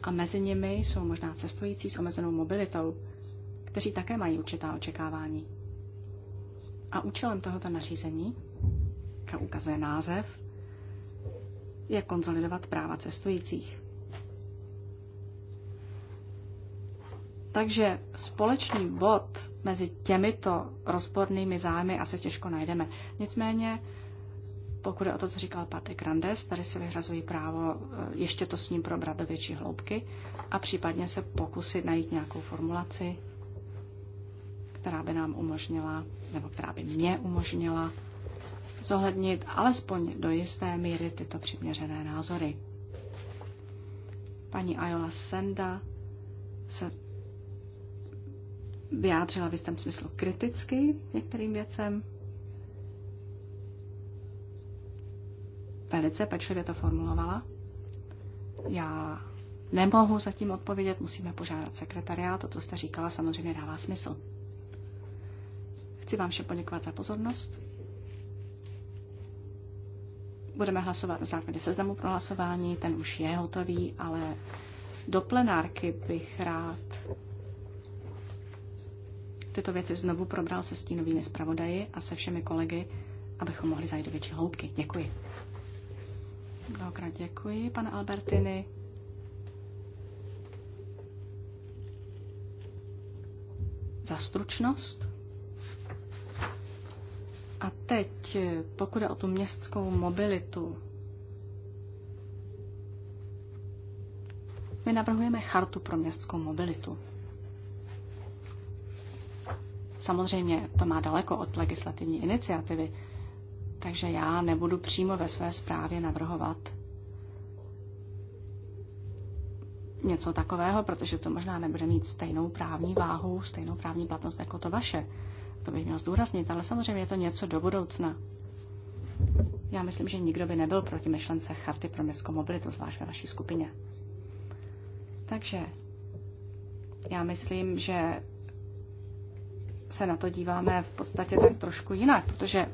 a mezi nimi jsou možná cestující s omezenou mobilitou, kteří také mají určitá očekávání. A účelem tohoto nařízení, jak ukazuje název, je konzolidovat práva cestujících. Takže společný bod mezi těmito rozpornými zájmy asi těžko najdeme. Nicméně pokud je o to, co říkal Pate Grandes, tady se vyhrazují právo eh, ještě to s ním probrat do větší hloubky a případně se pokusit najít nějakou formulaci, která by nám umožnila, nebo která by mě umožnila zohlednit alespoň do jisté míry tyto přiměřené názory. Paní Ayola Senda se vyjádřila v jistém smyslu kriticky některým věcem. velice pečlivě to formulovala. Já nemohu zatím odpovědět, musíme požádat sekretariát. To, co jste říkala, samozřejmě dává smysl. Chci vám vše poděkovat za pozornost. Budeme hlasovat na základě seznamu pro hlasování, ten už je hotový, ale do plenárky bych rád tyto věci znovu probral se stínovými zpravodaji a se všemi kolegy, abychom mohli zajít do větší hloubky. Děkuji. Mnohokrát děkuji, pane Albertini. Za stručnost. A teď, pokud je o tu městskou mobilitu, my navrhujeme chartu pro městskou mobilitu. Samozřejmě to má daleko od legislativní iniciativy, takže já nebudu přímo ve své zprávě navrhovat něco takového, protože to možná nebude mít stejnou právní váhu, stejnou právní platnost jako to vaše. To bych měl zdůraznit, ale samozřejmě je to něco do budoucna. Já myslím, že nikdo by nebyl proti myšlence charty pro městskou mobilitu, zvlášť ve vaší skupině. Takže já myslím, že se na to díváme v podstatě tak trošku jinak, protože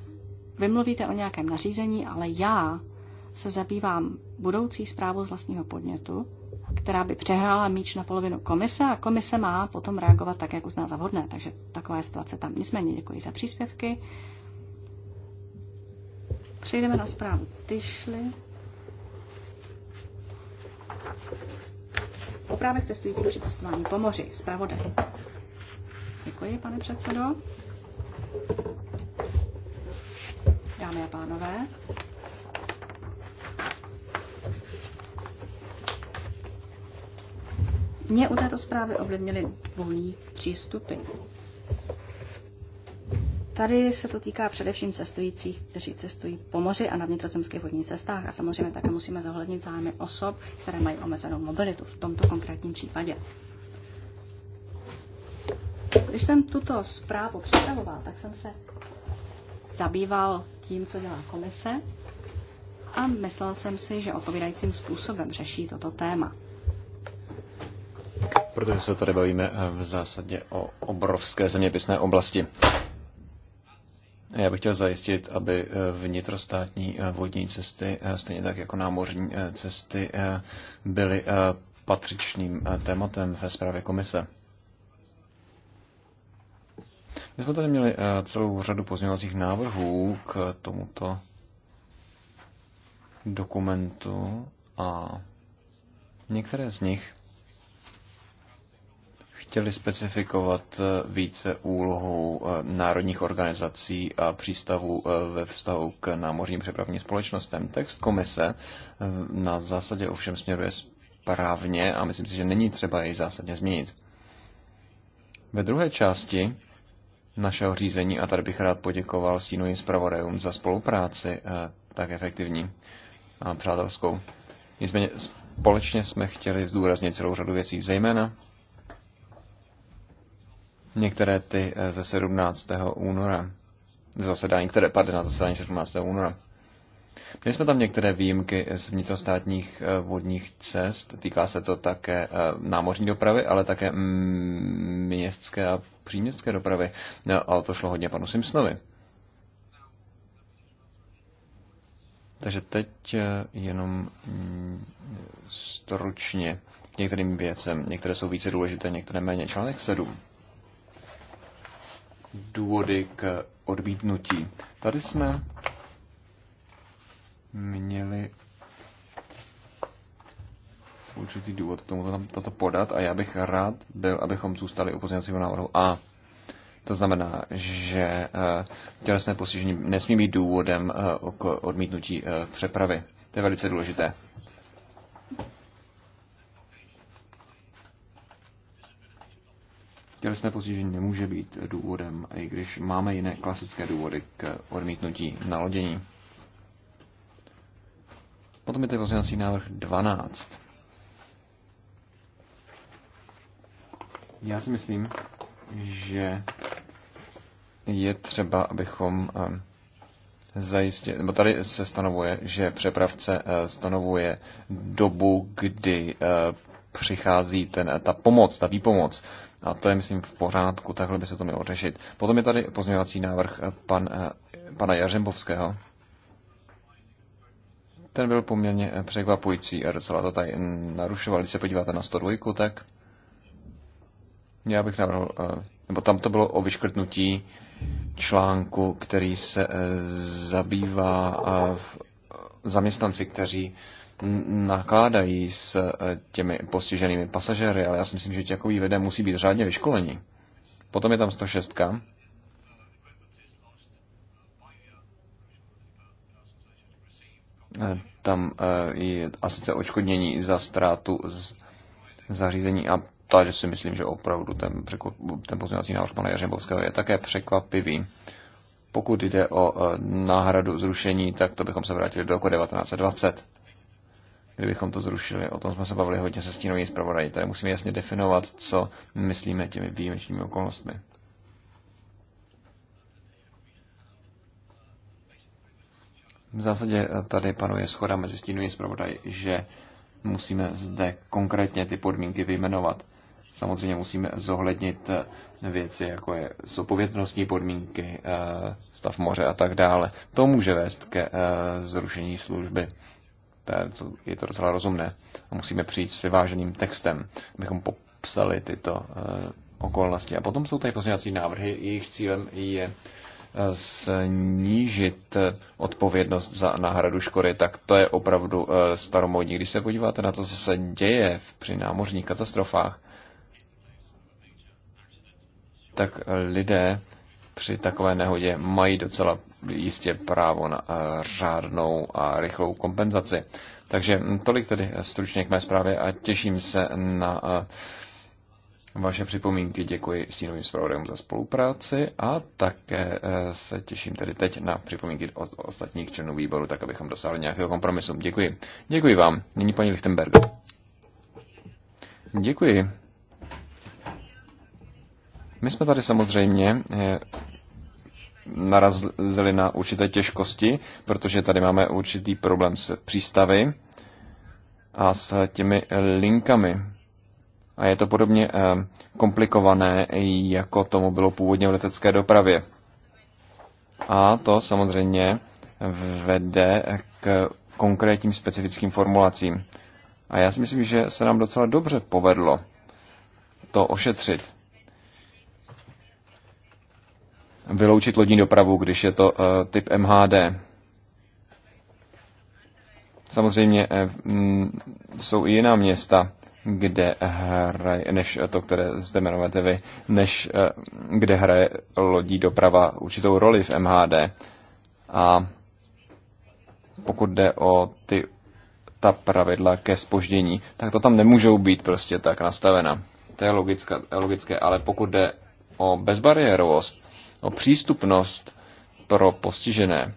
vy mluvíte o nějakém nařízení, ale já se zabývám budoucí zprávou z vlastního podnětu, která by přehrála míč na polovinu komise a komise má potom reagovat tak, jak uzná za vhodné. Takže taková je situace tam. Nicméně děkuji za příspěvky. Přejdeme na zprávu Tyšly. O právech cestujících při cestování po moři. Zpravodaj. Děkuji, pane předsedo dámy a pánové. Mě u této zprávy ovlivnily dvojí přístupy. Tady se to týká především cestujících, kteří cestují po moři a na vnitrozemských vodních cestách a samozřejmě také musíme zohlednit zájmy osob, které mají omezenou mobilitu v tomto konkrétním případě. Když jsem tuto zprávu připravoval, tak jsem se zabýval tím, co dělá komise a myslel jsem si, že odpovídajícím způsobem řeší toto téma. Protože se tady bavíme eh, v zásadě o obrovské zeměpisné oblasti. Já bych chtěl zajistit, aby eh, vnitrostátní eh, vodní cesty, stejně tak jako námořní cesty, byly patřičným tématem ve zprávě komise. My jsme tady měli eh, celou řadu pozměňovacích návrhů k tomuto dokumentu a některé z nich chtěli specifikovat eh, více úlohu eh, národních organizací a přístavů ve vztahu k námořním přepravním společnostem. Text komise na zásadě ovšem směruje správně a myslím si, že není třeba jej zásadně změnit. Ve druhé části našeho řízení a tady bych rád poděkoval stínovým zpravodajům za spolupráci eh, tak efektivní a přátelskou. Nicméně společně jsme chtěli zdůraznit celou řadu věcí, zejména některé ty eh, ze 17. února, zasedání, které padly na zasedání 17. února. Měli jsme tam některé výjimky z vnitrostátních eh, vodních cest, týká se to také eh, námořní dopravy, ale také mm, městské a příměstské dopravy, no, ale to šlo hodně panu Simpsonovi. Takže teď eh, jenom mm, stručně k některým věcem. Některé jsou více důležité, některé méně. Článek 7. Důvody k odmítnutí. Tady jsme měli určitý důvod k tomu toto podat a já bych rád byl, abychom zůstali u pozměňovacího návrhu A. To znamená, že eh, tělesné postižení nesmí být důvodem eh, k odmítnutí eh, přepravy. To je velice důležité. Tělesné postižení nemůže být důvodem, i když máme jiné klasické důvody k odmítnutí nalodění. Potom je tady pozměňovací návrh 12. Já si myslím, že je třeba, abychom eh, zajistili, nebo tady se stanovuje, že přepravce eh, stanovuje dobu, kdy eh, přichází ten, ta pomoc, ta výpomoc. A to je, myslím, v pořádku, takhle by se to mělo řešit. Potom je tady pozměňovací návrh pan, pana Jařembovského. Ten byl poměrně eh, překvapující a docela to tady narušoval. Když se podíváte na 102, tak já bych navrhl, eh, nebo tam to bylo o vyškrtnutí článku, který se eh, zabývá v zaměstnanci, kteří nakládají s těmi postiženými pasažéry, ale já si myslím, že takový lidé musí být řádně vyškolení. Potom je tam 106 tam eh, je a sice očkodnění za ztrátu z zařízení a takže si myslím, že opravdu ten, ten pozměňovací návrh pana Jařembovského je také překvapivý. Pokud jde o eh, náhradu zrušení, tak to bychom se vrátili do roku 1920. Kdybychom to zrušili, o tom jsme se bavili hodně se stínovým zpravodají. Tady musíme jasně definovat, co myslíme těmi výjimečnými okolnostmi. V zásadě eh, tady panuje schoda mezi stínovým zpravodaj, že musíme zde konkrétně ty podmínky vyjmenovat. Samozřejmě musíme zohlednit eh, věci, jako je, soupovětnostní podmínky, eh, stav moře a tak dále. To může vést ke zrušení služby. Je to docela rozumné. A musíme přijít s vyváženým textem, abychom popsali tyto okolnosti. A potom jsou tady pozměňovací návrhy, jejich cílem je snížit odpovědnost za náhradu škody, tak to je opravdu eh, staromodní. Když se podíváte na to, co se děje při námořních katastrofách, tak lidé při takové nehodě mají docela jistě právo na eh, řádnou a rychlou kompenzaci. Takže tolik tedy stručně k mé zprávě a těším se na eh, vaše připomínky. Děkuji stínovým zpravodajům za spolupráci a také eh, se těším tedy teď na připomínky od ostatních členů výboru, tak abychom dosáhli nějakého kompromisu. Děkuji. Děkuji vám. Nyní paní Lichtenberg. Děkuji. My jsme tady samozřejmě eh, narazili na určité těžkosti, protože tady máme určitý problém s přístavy a s těmi linkami a je to podobně eh, komplikované, jako tomu bylo původně v letecké dopravě. A to samozřejmě vede k konkrétním specifickým formulacím. A já si myslím, že se nám docela dobře povedlo to ošetřit. Vyloučit lodní dopravu, když je to uh, typ MHD. Samozřejmě uh, jsou i jiná města, kde hraje, než to, které zde jmenujete vy, než eh, kde hraje lodí doprava určitou roli v MHD. A pokud jde o ty, ta pravidla ke spoždění, tak to tam nemůžou být prostě tak nastavena. To je logické, logické ale pokud jde o bezbariérovost, o přístupnost pro postižené,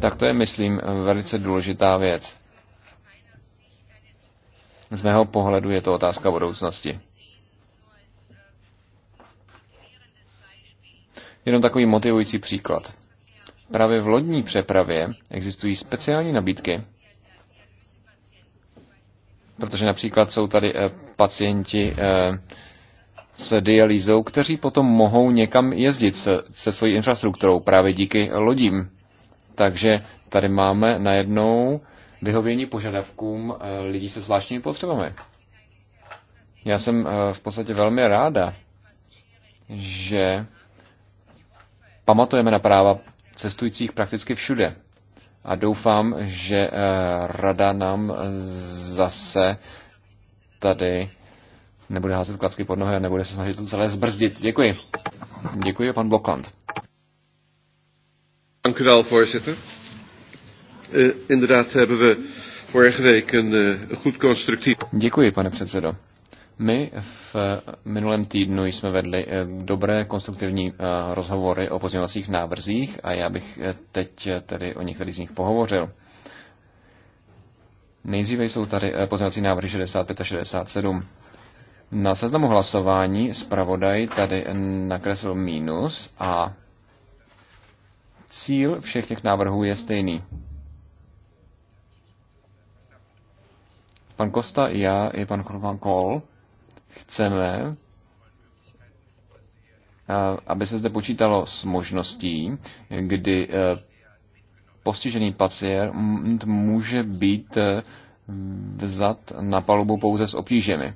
tak to je, myslím, velice důležitá věc. Z mého pohledu je to otázka budoucnosti. Jenom takový motivující příklad. Právě v lodní přepravě existují speciální nabídky, protože například jsou tady eh, pacienti eh, s dialýzou, kteří potom mohou někam jezdit se, se svojí infrastrukturou právě díky lodím. Takže tady máme najednou vyhovění požadavkům eh, lidí se zvláštními potřebami. Já jsem eh, v podstatě velmi ráda, že pamatujeme na práva cestujících prakticky všude. A doufám, že eh, rada nám zase tady nebude házet klacky pod nohy a nebude se snažit to celé zbrzdit. Děkuji. Děkuji, pan Blokland. Dank u wel, voorzitter. Uh, inderdaad hebben we vorige week een uh, goed constructief... Děkuji, pane předsedo. My v eh, minulém týdnu jsme vedli dobré konstruktivní rozhovory o pozměňovacích návrzích a já bych teď tedy o některých z nich pohovořil. Nejdříve jsou tady pozměňovací návrhy 65 a 67. Na seznamu hlasování zpravodaj tady nakreslil mínus a cíl všech těch návrhů je stejný. Pan Kosta, já i pan Korvan Kol chceme, eh, aby se zde počítalo s možností, kdy eh, postižený pacient může být eh, vzat na palubu pouze s obtížemi.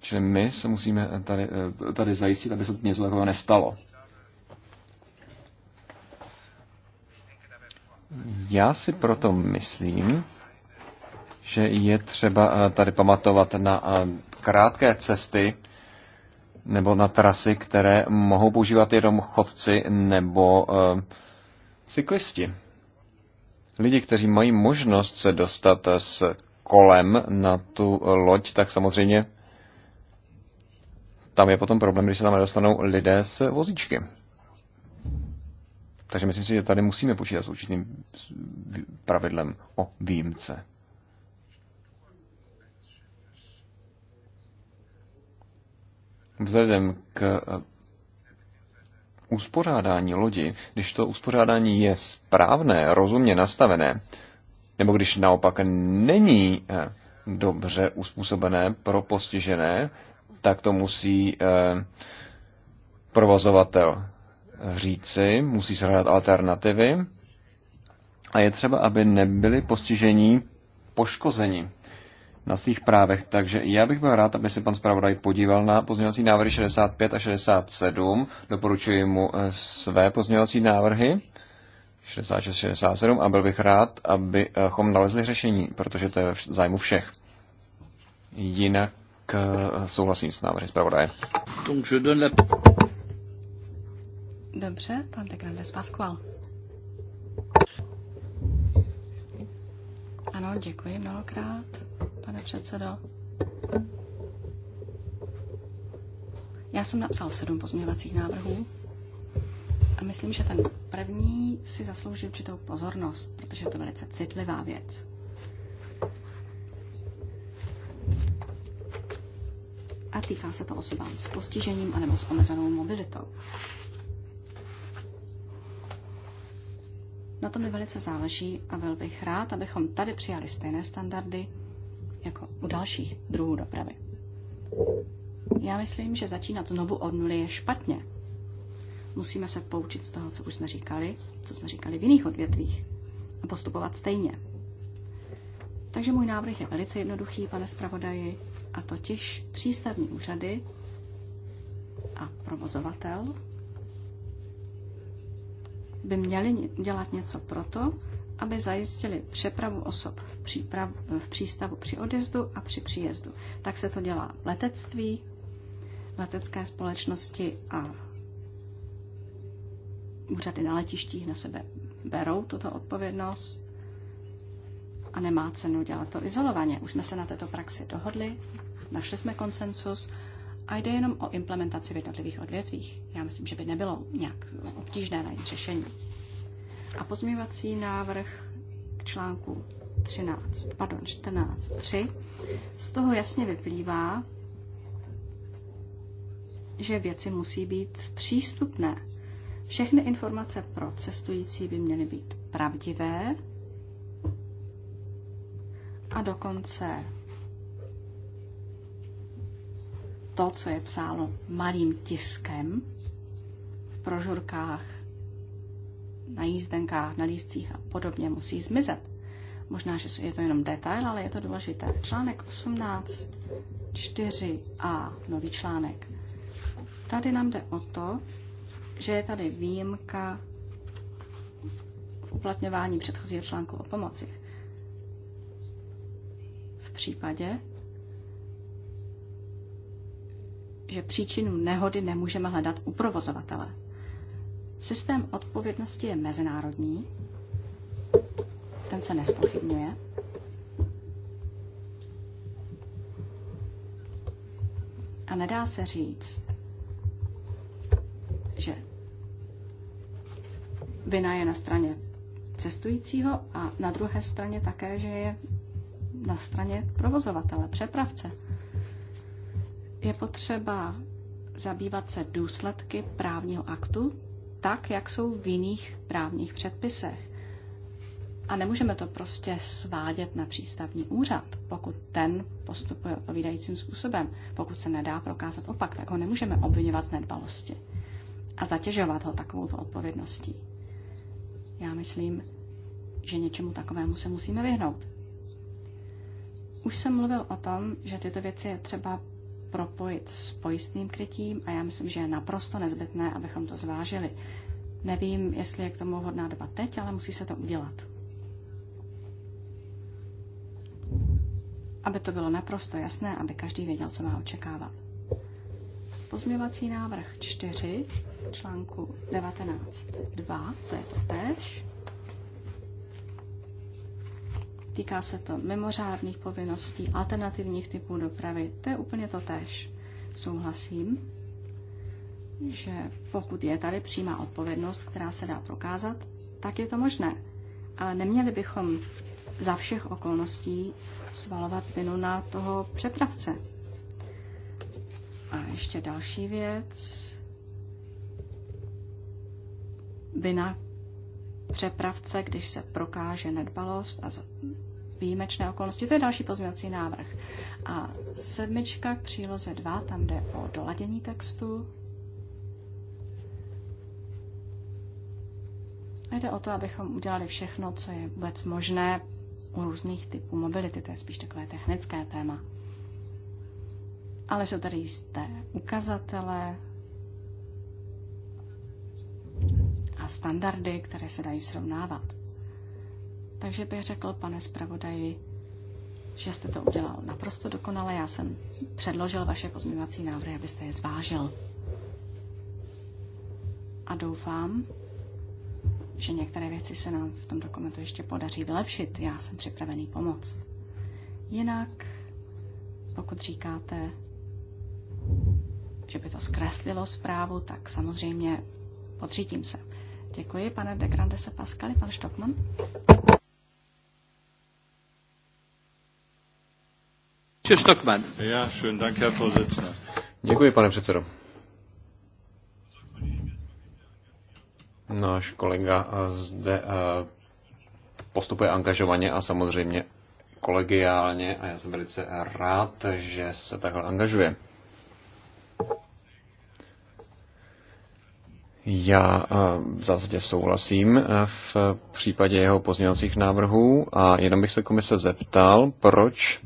Čili my se musíme tady, tady zajistit, aby se něco takového nestalo. Já si proto myslím, že je třeba eh, tady pamatovat na eh, krátké cesty nebo na trasy, které mohou používat jenom chodci nebo eh, cyklisti. Lidi, kteří mají možnost se dostat s kolem na tu loď, tak samozřejmě tam je potom problém, když se tam nedostanou lidé s vozíčky. Takže myslím si, že tady musíme počítat s určitým pravidlem o výjimce. vzhledem k eh, uspořádání lodi, když to uspořádání je správné, rozumně nastavené, nebo když naopak není eh, dobře uspůsobené pro postižené, tak to musí eh, provozovatel říci, musí se hledat alternativy a je třeba, aby nebyli postižení poškození na svých právech. Takže já bych byl rád, aby se pan zpravodaj podíval na pozměňovací návrhy 65 a 67. Doporučuji mu eh, své pozměňovací návrhy 66, a 67 a byl bych rád, abychom eh, nalezli řešení, protože to je v zájmu všech. Jinak eh, souhlasím s návrhy zpravodaje. Dobře, pan Tegrande Grandes Ano, děkuji mnohokrát pane předsedo. Já jsem napsal sedm pozměňovacích návrhů a myslím, že ten první si zaslouží určitou pozornost, protože je to velice citlivá věc. A týká se to osobám s postižením anebo s omezenou mobilitou. Na tom mi velice záleží a byl bych rád, abychom tady přijali stejné standardy, jako u dalších druhů dopravy. Já myslím, že začínat znovu od nuly je špatně. Musíme se poučit z toho, co už jsme říkali, co jsme říkali v jiných odvětvích a postupovat stejně. Takže můj návrh je velice jednoduchý, pane zpravodaji, a totiž přístavní úřady a provozovatel by měli dělat něco proto, aby zajistili přepravu osob v, příprav, v přístavu při odjezdu a při příjezdu. Tak se to dělá v letectví, letecké společnosti a úřady na letištích na sebe berou tuto odpovědnost a nemá cenu dělat to izolovaně. Už jsme se na této praxi dohodli, našli jsme konsensus a jde jenom o implementaci v jednotlivých odvětvích. Já myslím, že by nebylo nějak obtížné najít řešení. A pozměvací návrh k článku 13, pardon, 14, 3. Z toho jasně vyplývá, že věci musí být přístupné. Všechny informace pro cestující by měly být pravdivé a dokonce to, co je psáno malým tiskem v prožurkách na jízdenkách, na lístcích a podobně musí zmizet. Možná, že je to jenom detail, ale je to důležité. Článek 18, 4a, nový článek. Tady nám jde o to, že je tady výjimka v uplatňování předchozího článku o pomoci. V případě, že příčinu nehody nemůžeme hledat u provozovatele. Systém odpovědnosti je mezinárodní, ten se nespochybňuje. A nedá se říct, že vina je na straně cestujícího a na druhé straně také, že je na straně provozovatele, přepravce. Je potřeba zabývat se důsledky právního aktu, tak, jak jsou v jiných právních předpisech. A nemůžeme to prostě svádět na přístavní úřad, pokud ten postupuje odpovídajícím způsobem. Pokud se nedá prokázat opak, tak ho nemůžeme obvinovat z nedbalosti a zatěžovat ho takovou odpovědností. Já myslím, že něčemu takovému se musíme vyhnout. Už jsem mluvil o tom, že tyto věci je třeba propojit s pojistným krytím a já myslím, že je naprosto nezbytné, abychom to zvážili. Nevím, jestli je k tomu hodná doba teď, ale musí se to udělat. Aby to bylo naprosto jasné, aby každý věděl, co má očekávat. Pozměvací návrh 4 článku 19.2, to je to též. Týká se to mimořádných povinností, alternativních typů dopravy. To je úplně to tež. Souhlasím, že pokud je tady přímá odpovědnost, která se dá prokázat, tak je to možné. Ale neměli bychom za všech okolností svalovat vinu na toho přepravce. A ještě další věc. Vina přepravce, když se prokáže nedbalost a výjimečné okolnosti. To je další pozměňovací návrh. A sedmička k příloze 2, tam jde o doladění textu. Jde o to, abychom udělali všechno, co je vůbec možné u různých typů mobility. To je spíš takové technické téma. Ale jsou tady jisté ukazatele, standardy, které se dají srovnávat. Takže bych řekl, pane zpravodaji, že jste to udělal naprosto dokonale. Já jsem předložil vaše pozměňovací návrhy, abyste je zvážil. A doufám, že některé věci se nám v tom dokumentu ještě podaří vylepšit. Já jsem připravený pomoct. Jinak, pokud říkáte, že by to zkreslilo zprávu, tak samozřejmě podřídím se. Děkuji, pane de se Pascali, pan Stockman. Stockman. Já schön, danke, Herr Vorsitzender. Děkuji, pane předsedo. Náš kolega zde eh, postupuje angažovaně a samozřejmě kolegiálně a já jsem velice rád, že se takhle angažuje. Já v zásadě souhlasím v případě jeho pozměňovacích návrhů a jenom bych se komise zeptal, proč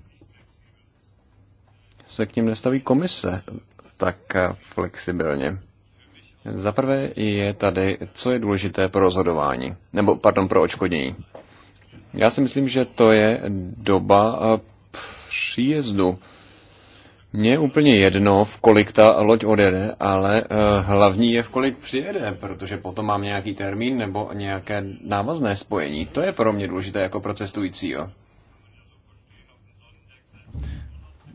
se k ním nestaví komise tak flexibilně. Za prvé je tady, co je důležité pro rozhodování, nebo pardon, pro očkodnění. Já si myslím, že to je doba příjezdu mně je úplně jedno, v kolik ta loď odjede, ale uh, hlavní je, v kolik přijede, protože potom mám nějaký termín nebo nějaké návazné spojení. To je pro mě důležité jako pro cestujícího.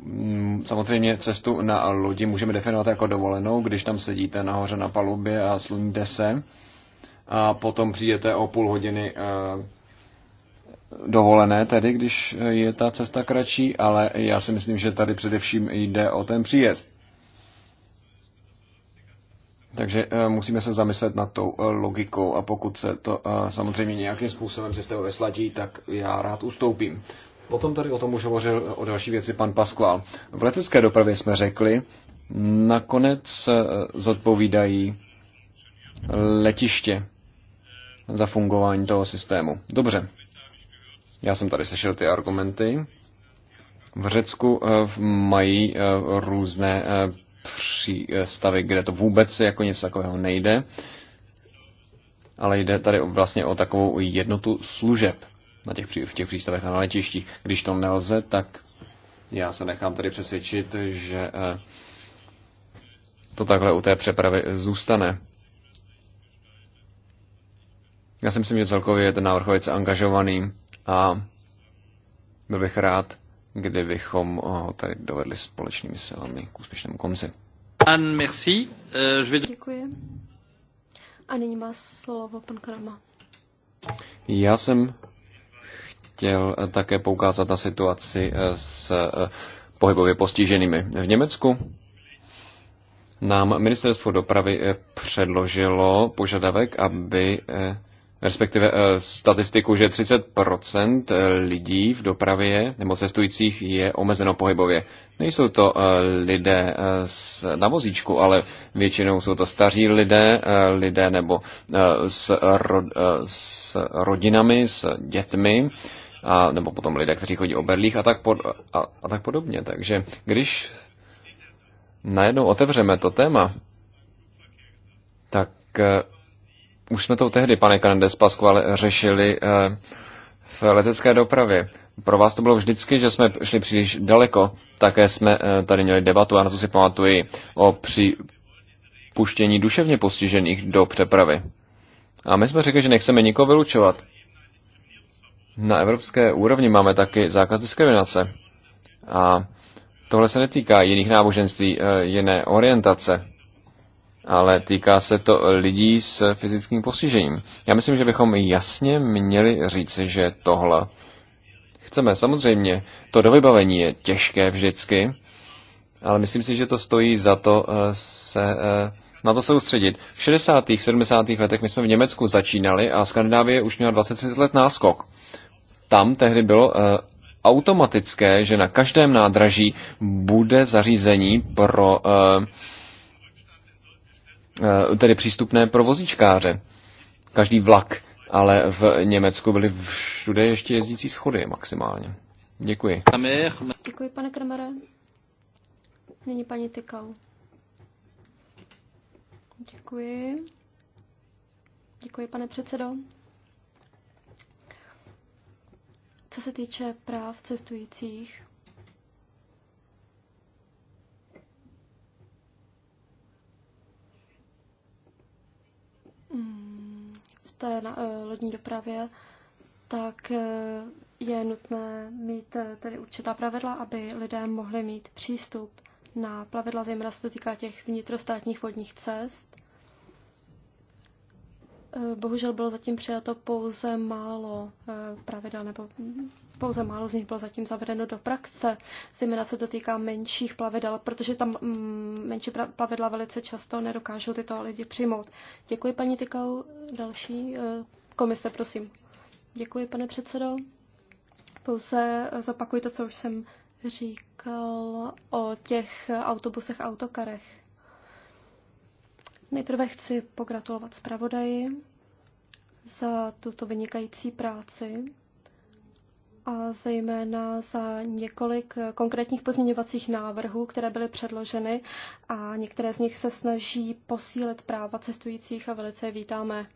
Mm, samozřejmě cestu na lodi můžeme definovat jako dovolenou, když tam sedíte nahoře na palubě a sluníte se a potom přijdete o půl hodiny uh, dovolené, tedy když je ta cesta kratší, ale já si myslím, že tady především jde o ten příjezd. Takže eh, musíme se zamyslet nad tou eh, logikou a pokud se to eh, samozřejmě nějakým způsobem ho vesladí, tak já rád ustoupím. Potom tady o tom už hovořil o další věci pan Paskval. V letecké dopravě jsme řekli, nakonec zodpovídají letiště za fungování toho systému. Dobře, já jsem tady slyšel ty argumenty. V Řecku eh, mají eh, různé eh, přístavy, kde to vůbec jako něco takového nejde, ale jde tady vlastně o takovou jednotu služeb na těch, v těch přístavech a na letištích. Když to nelze, tak já se nechám tady přesvědčit, že to takhle u té přepravy zůstane. Já si myslím, že celkově je ten návrh velice angažovaný a byl bych rád, kdybychom ho tady dovedli společnými silami k úspěšnému konci. Anne, merci. Eh, Děkuji. A nyní má slovo pan Krama. Já jsem chtěl eh, také poukázat na situaci eh, s pohybově postiženými v Německu. Nám ministerstvo dopravy předložilo požadavek, aby respektive eh, statistiku, že 30% eh, lidí v dopravě nebo cestujících je omezeno pohybově. Nejsou to eh, lidé na vozíčku, ale většinou jsou to staří lidé, lidé nebo s, ro, s rodinami, s dětmi, a, nebo potom lidé, kteří chodí o berlích a tak, pod, a, a tak podobně. Takže když najednou otevřeme to téma, tak už jsme to tehdy, pane Kandes Paskvale, řešili eh, v letecké dopravě. Pro vás to bylo vždycky, že jsme šli příliš daleko. Také jsme eh, tady měli debatu, a na to si pamatuji, o připuštění duševně postižených do přepravy. A my jsme řekli, že nechceme nikoho vylučovat. Na evropské úrovni máme taky zákaz diskriminace. A tohle se netýká jiných náboženství, eh, jiné orientace ale týká se to lidí s fyzickým postižením. Já myslím, že bychom jasně měli říci, že tohle chceme. Samozřejmě, to dovybavení je těžké vždycky, ale myslím si, že to stojí za to eh, se eh, na to soustředit. V 60. 70. letech my jsme v Německu začínali a Skandinávie už měla 20-30 let náskok. Tam tehdy bylo eh, automatické, že na každém nádraží bude zařízení pro uh, Eh, tedy přístupné pro vozíčkáře. Každý vlak, ale v Německu byly všude ještě jezdící schody maximálně. Děkuji. Děkuji, pane Kramere. Není paní Tykal. Děkuji. Děkuji, pane předsedo. Co se týče práv cestujících, v té eh, lodní dopravě, tak eh, je nutné mít eh, tedy určitá pravidla, aby lidé mohli mít přístup na plavidla, zejména se to týká těch vnitrostátních vodních cest. Eh, bohužel bylo zatím přijato pouze málo eh, pravidel, nebo pouze málo z nich bylo zatím zavedeno do praxe. Zejména se to týká menších plavidel, protože tam mm, menší plavidla velice často nedokážou tyto lidi přijmout. Děkuji, paní Tykau. Další eh, komise, prosím. Děkuji, pane předsedo. Pouze zapakuji to, co už jsem říkal o těch autobusech, autokarech. Nejprve chci pogratulovat zpravodaji za tuto vynikající práci a zejména za několik konkrétních pozměňovacích návrhů, které byly předloženy a některé z nich se snaží posílit práva cestujících a velice je vítáme.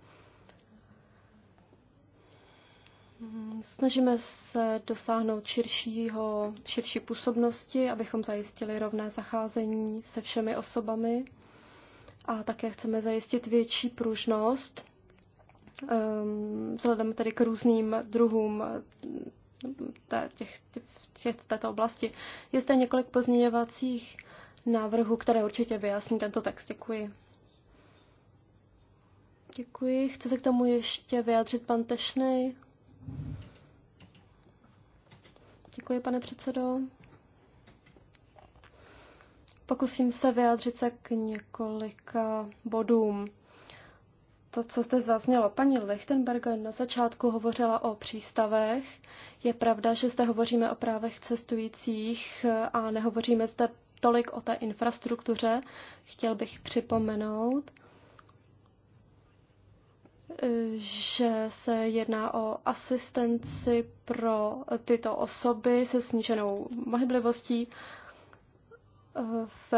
Snažíme se dosáhnout širšího, širší působnosti, abychom zajistili rovné zacházení se všemi osobami a také chceme zajistit větší pružnost ehm, vzhledem tedy k různým druhům ehm, těch, těch, této oblasti. Je zde několik pozměňovacích návrhů, které určitě vyjasní tento text. Děkuji. Děkuji. Chce se k tomu ještě vyjádřit pan Tešnej? Děkuji, pane předsedo. Pokusím se vyjádřit se k několika bodům. To, co zde zaznělo, paní Lichtenberger na začátku hovořila o přístavech. Je pravda, že zde hovoříme o právech cestujících a nehovoříme zde tolik o té infrastruktuře. Chtěl bych připomenout, že se jedná o asistenci pro tyto osoby se sníženou mohyblivostí v,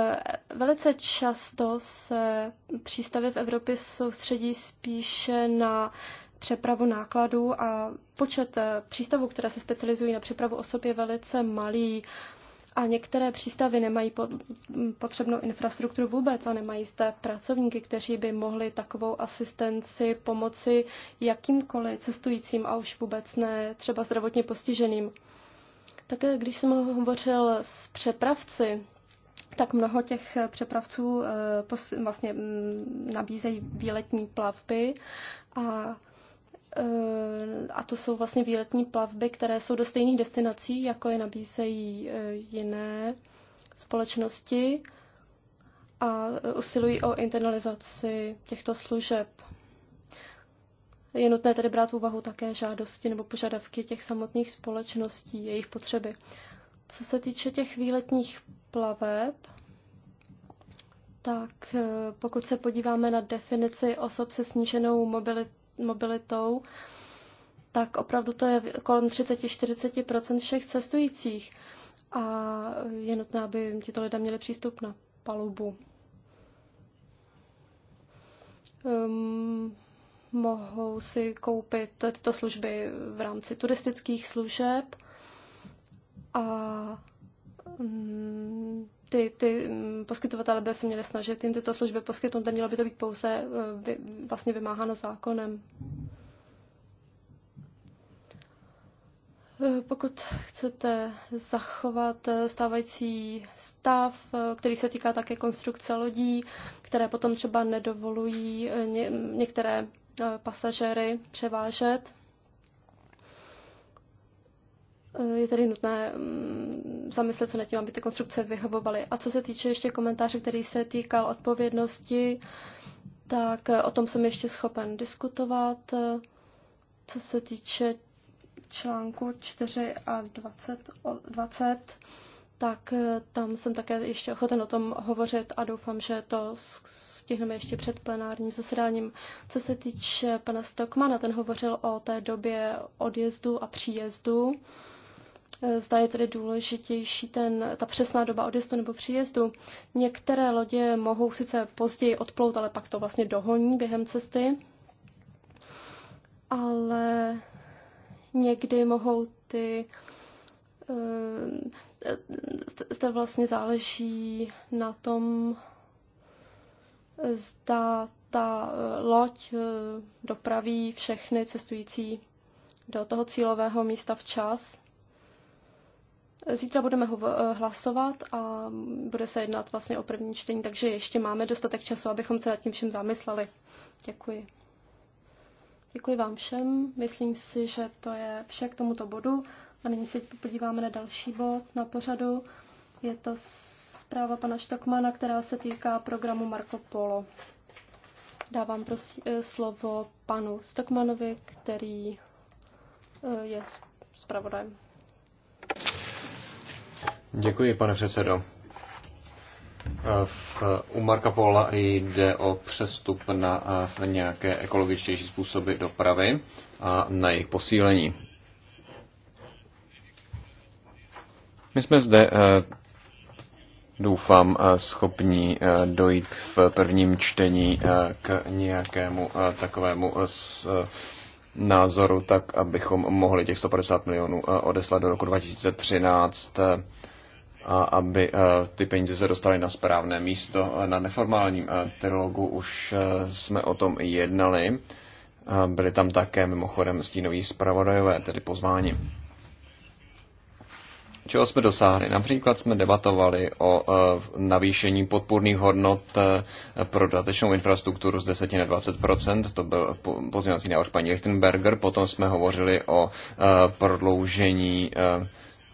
velice často se přístavy v Evropě soustředí spíše na přepravu nákladů a počet eh, přístavů, které se specializují na přepravu osob, je velice malý. A některé přístavy nemají potřebnou infrastrukturu vůbec a nemají zde pracovníky, kteří by mohli takovou asistenci pomoci jakýmkoliv cestujícím a už vůbec ne třeba zdravotně postiženým. Také když jsem hovořil s přepravci, tak mnoho těch eh, přepravců eh, vlastně mm, nabízejí výletní plavby a eh, a to jsou vlastně výletní plavby, které jsou do stejných destinací, jako je nabízejí jiné společnosti a usilují o internalizaci těchto služeb. Je nutné tedy brát v úvahu také žádosti nebo požadavky těch samotných společností, jejich potřeby. Co se týče těch výletních plaveb, tak eh, pokud se podíváme na definici osob se sníženou mobilitou, tak opravdu to je kolem 30-40 všech cestujících a je nutné, aby tito lidé měli přístup na palubu. Um, mohou si koupit tyto služby v rámci turistických služeb a ty, ty poskytovatele by se měli snažit jim tyto služby poskytnout, nemělo by to být pouze eh, vlastně vymáháno zákonem. Eh, pokud chcete zachovat eh, stávající stav, který se týká také konstrukce lodí, které potom třeba nedovolují některé pasažéry převážet, Eh, je tedy nutné mm, zamyslet se nad tím, aby ty konstrukce vyhovovaly. A co se týče ještě komentáře, který se týkal odpovědnosti, tak eh, o tom jsem ještě schopen diskutovat. Eh, co se týče článku 4 a 20, 20 tak tam jsem také ještě ochoten o tom hovořit a doufám, že to stihneme ještě před plenárním zasedáním. Co se týče pana Stokmana, ten hovořil o té době odjezdu a příjezdu. Eh, zda je tedy důležitější ten, ta přesná doba odjezdu nebo příjezdu. Některé lodě mohou sice později odplout, ale pak to vlastně dohoní během cesty. Ale někdy mohou ty eh, zde vlastně záleží na tom, zda ta eh, loď dopraví všechny cestující do toho cílového místa včas. Zítra budeme eh, hlasovat a bude se jednat vlastně o první čtení, takže ještě máme dostatek času, abychom se nad tím všem zamysleli. Děkuji. Děkuji vám všem. Myslím si, že to je vše k tomuto bodu. A nyní se podíváme na další bod na pořadu. Je to zpráva pana Štokmana, která se týká programu Marco Polo. Dávám prosí, eh, slovo panu Stokmanovi, který eh, je zpravodajem. Děkuji, pane předsedo. u Marka Pola jde o přestup na nějaké ekologičtější způsoby dopravy a na jejich posílení. My jsme zde, e, doufám, e, schopni e, dojít v prvním čtení k nějakému takovému názoru, tak abychom mohli těch 150 milionů odeslat do roku 2013 a aby eh, ty peníze se dostaly na správné místo. Eh, na neformálním eh, trilogu už jsme o tom jednali. Byli tam také mimochodem stínoví zpravodajové, tedy pozváni. Čeho jsme dosáhli? Například jsme debatovali o navýšení podpůrných hodnot pro dodatečnou infrastrukturu z 10 na 20 to byl pozměňovací návrh paní Lichtenberger, potom jsme hovořili o prodloužení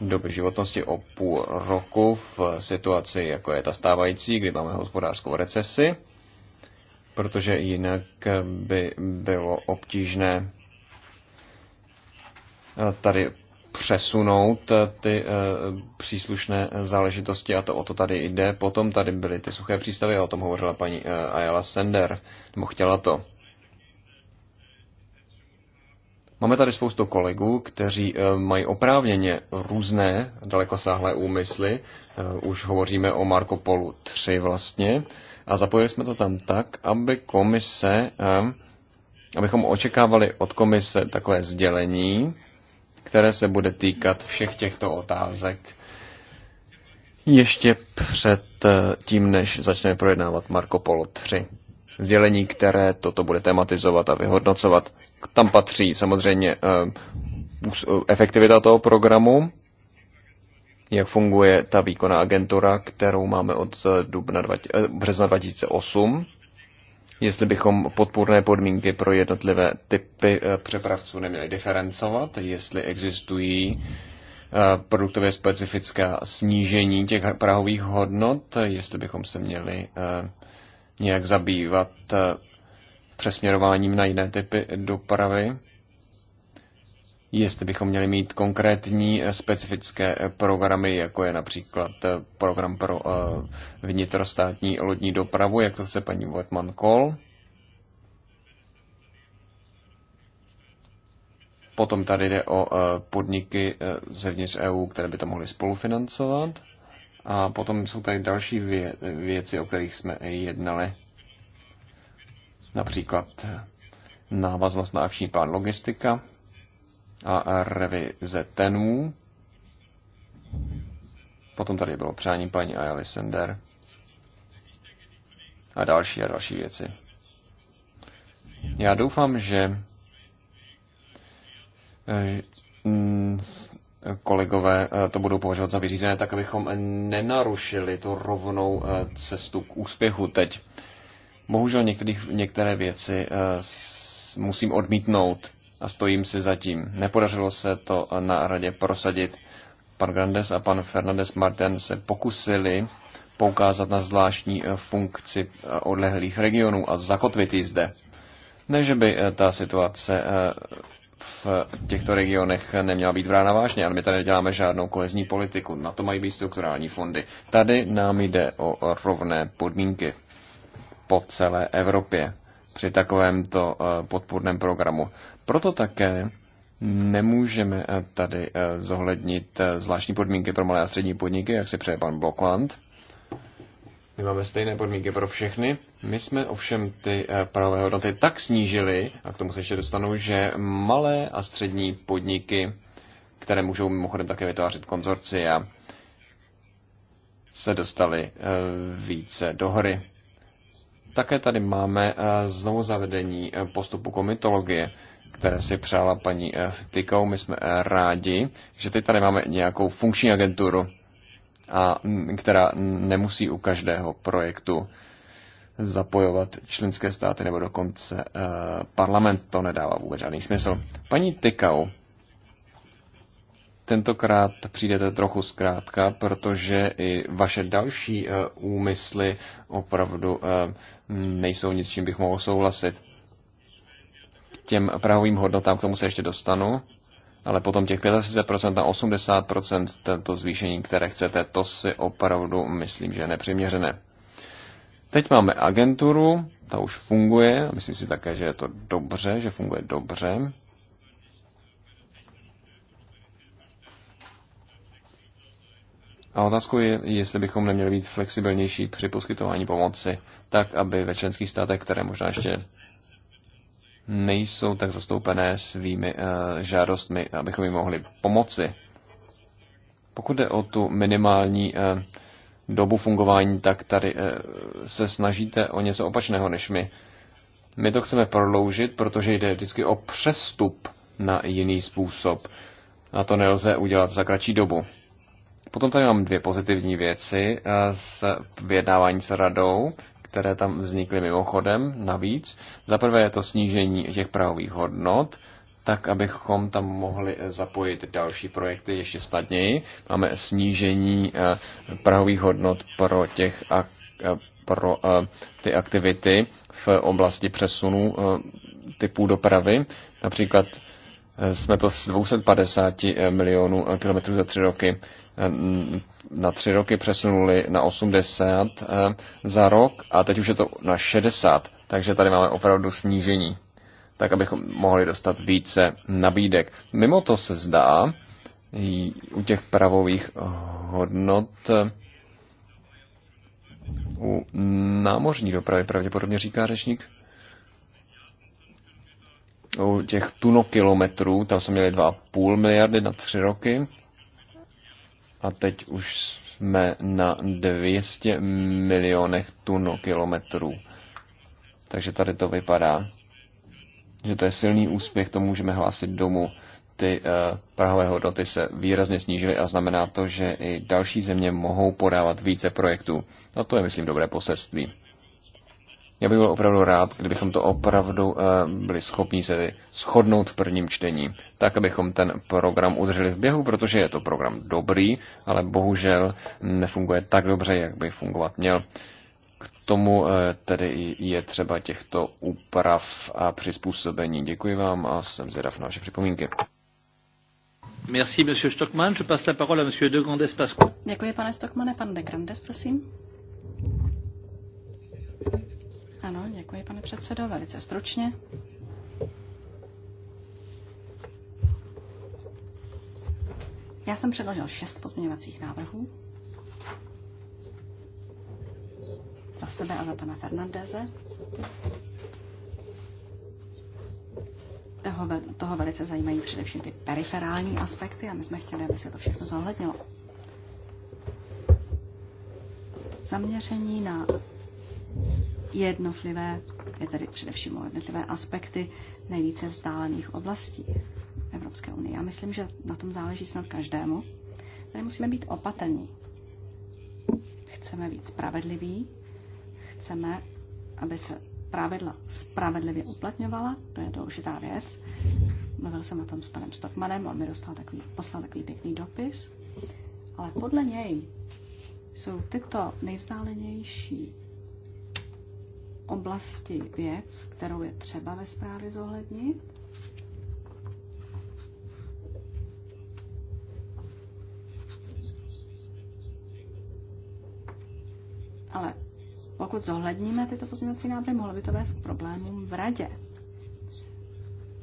doby životnosti o půl roku v situaci, jako je ta stávající, kdy máme hospodářskou recesi, protože jinak by bylo obtížné eh, tady přesunout eh, ty eh, příslušné záležitosti a to o to tady jde. Potom tady byly ty suché přístavy a o tom hovořila paní Ayala Sender, nebo chtěla to. Máme tady spoustu kolegů, kteří eh, mají oprávněně různé dalekosáhlé úmysly. Eh, už hovoříme o Marco Polu 3 vlastně. A zapojili jsme to tam tak, aby komise, eh, abychom očekávali od komise takové sdělení, které se bude týkat všech těchto otázek ještě před tím, než začneme projednávat Marco Polo 3 sdělení, které toto bude tematizovat a vyhodnocovat. Tam patří samozřejmě eh, efektivita toho programu, jak funguje ta výkonná agentura, kterou máme od eh, dubna, eh, března 2008, jestli bychom podpůrné podmínky pro jednotlivé typy přepravců neměli diferencovat, jestli existují produktově specifická snížení těch prahových hodnot, jestli bychom se měli nějak zabývat eh, přesměrováním na jiné typy dopravy, jestli bychom měli mít konkrétní eh, specifické eh, programy, jako je například program pro vnitrostátní lodní dopravu, jak to chce paní Wetman Kohl. Potom tady jde o podniky zevnitř EU, které by to mohly spolufinancovat. A potom jsou tady další věci, o kterých jsme jednali. Například návaznost na akční plán logistika a revize tenů. Potom tady bylo přání paní Ayali Sender a další a další věci. Já doufám, že mm, kolegové eh, to budou považovat za vyřízené, tak abychom nenarušili tu rovnou eh, cestu k úspěchu teď. Bohužel některých, některé věci eh, musím odmítnout a stojím si zatím. Nepodařilo se to na radě prosadit. Pan Grandes a pan Fernandez Martin se pokusili poukázat na zvláštní funkci odlehlých regionů a zakotvit ji zde. Ne, že by ta situace v těchto regionech neměla být vrána vážně, ale my tady děláme žádnou kohezní politiku. Na to mají být strukturální fondy. Tady nám jde o rovné podmínky po celé Evropě při takovémto eh, podpůrném programu. Proto také nemůžeme eh, tady eh, zohlednit zvláštní podmínky pro malé a střední podniky, jak si přeje pan Blokland, my máme stejné podmínky pro všechny. My jsme ovšem ty eh, pravé hodnoty tak snížili, a k tomu se ještě dostanu, že malé a střední podniky, které můžou mimochodem také vytvářet konzorcia, se dostaly eh, více do hry. Také tady máme eh, znovu zavedení postupu komitologie, které si přála paní Tykou. My jsme rádi, že teď tady máme nějakou funkční agenturu a která nemusí u každého projektu zapojovat členské státy nebo dokonce eh, parlament. To nedává vůbec žádný smysl. Paní Tykau, tentokrát přijdete trochu zkrátka, protože i vaše další eh, úmysly opravdu eh, nejsou nic, čím bych mohl souhlasit. K těm prahovým hodnotám k tomu se ještě dostanu ale potom těch 35% na 80% tento zvýšení, které chcete, to si opravdu myslím, že je nepřiměřené. Teď máme agenturu, ta už funguje, myslím si také, že je to dobře, že funguje dobře. A otázkou je, jestli bychom neměli být flexibilnější při poskytování pomoci, tak aby ve členských státech, které možná ještě nejsou tak zastoupené svými eh, žádostmi, abychom jim mohli pomoci. Pokud jde o tu minimální eh, dobu fungování, tak tady eh, se snažíte o něco opačného než my. My to chceme prodloužit, protože jde vždycky o přestup na jiný způsob. A to nelze udělat za kratší dobu. Potom tady mám dvě pozitivní věci z vyjednávání s radou které tam vznikly mimochodem navíc. Za prvé je to snížení těch pravových hodnot, tak abychom tam mohli eh, zapojit další projekty ještě snadněji. Máme snížení eh, prahových hodnot pro, těch, eh, pro ty aktivity v oblasti přesunu typů dopravy. Například Eh, jsme to z 250 milionů eh, kilometrů za tři roky eh, na tři roky přesunuli na 80 za rok a teď už je to na 60, takže tady máme opravdu snížení, tak abychom mohli dostat více nabídek. Mimo to se zdá, u těch pravových hodnot u námořní dopravy pravděpodobně říká řečník, u těch tunokilometrů, tam jsme měli 2,5 miliardy na tři roky a teď už jsme na 200 milionech tunokilometrů. Takže tady to vypadá, že to je silný úspěch, to můžeme hlásit domů. Ty uh, prahové hodnoty se výrazně snížily a znamená to, že i další země mohou podávat více projektů. A to je, myslím, dobré poselství. Já bych byl opravdu rád, kdybychom to opravdu eh, byli schopni se shodnout v prvním čtení, tak abychom ten program udrželi v běhu, protože je to program dobrý, ale bohužel nefunguje tak dobře, jak by fungovat měl. K tomu eh, tedy je třeba těchto úprav a přizpůsobení. Děkuji vám a jsem zvědav na vaše připomínky. Merci, monsieur Stockman. Je passe la parole à monsieur De Grandes Pascu. Děkuji, pane Stockmane. Pan De Grandes, prosím. Děkuji, pane předsedo, velice stručně. Já jsem předložil šest pozměňovacích návrhů. Za sebe a za pana Fernandeze. Toho, toho velice zajímají především ty periferální aspekty a my jsme chtěli, aby se to všechno zohlednilo. Zaměření na jednotlivé, je tedy především o jednotlivé aspekty nejvíce vzdálených oblastí Evropské unie. Já myslím, že na tom záleží snad každému. Tady musíme být opatrní. Chceme být spravedliví, chceme, aby se pravidla spravedlivě uplatňovala, to je důležitá věc. Mluvil jsem o tom s panem Stockmanem, on mi dostal takový, poslal takový pěkný dopis, ale podle něj jsou tyto nejvzdálenější oblasti věc, kterou je třeba ve zprávě zohlednit. Ale pokud zohledníme tyto pozměňovací návrhy, mohlo by to vést k problémům v radě,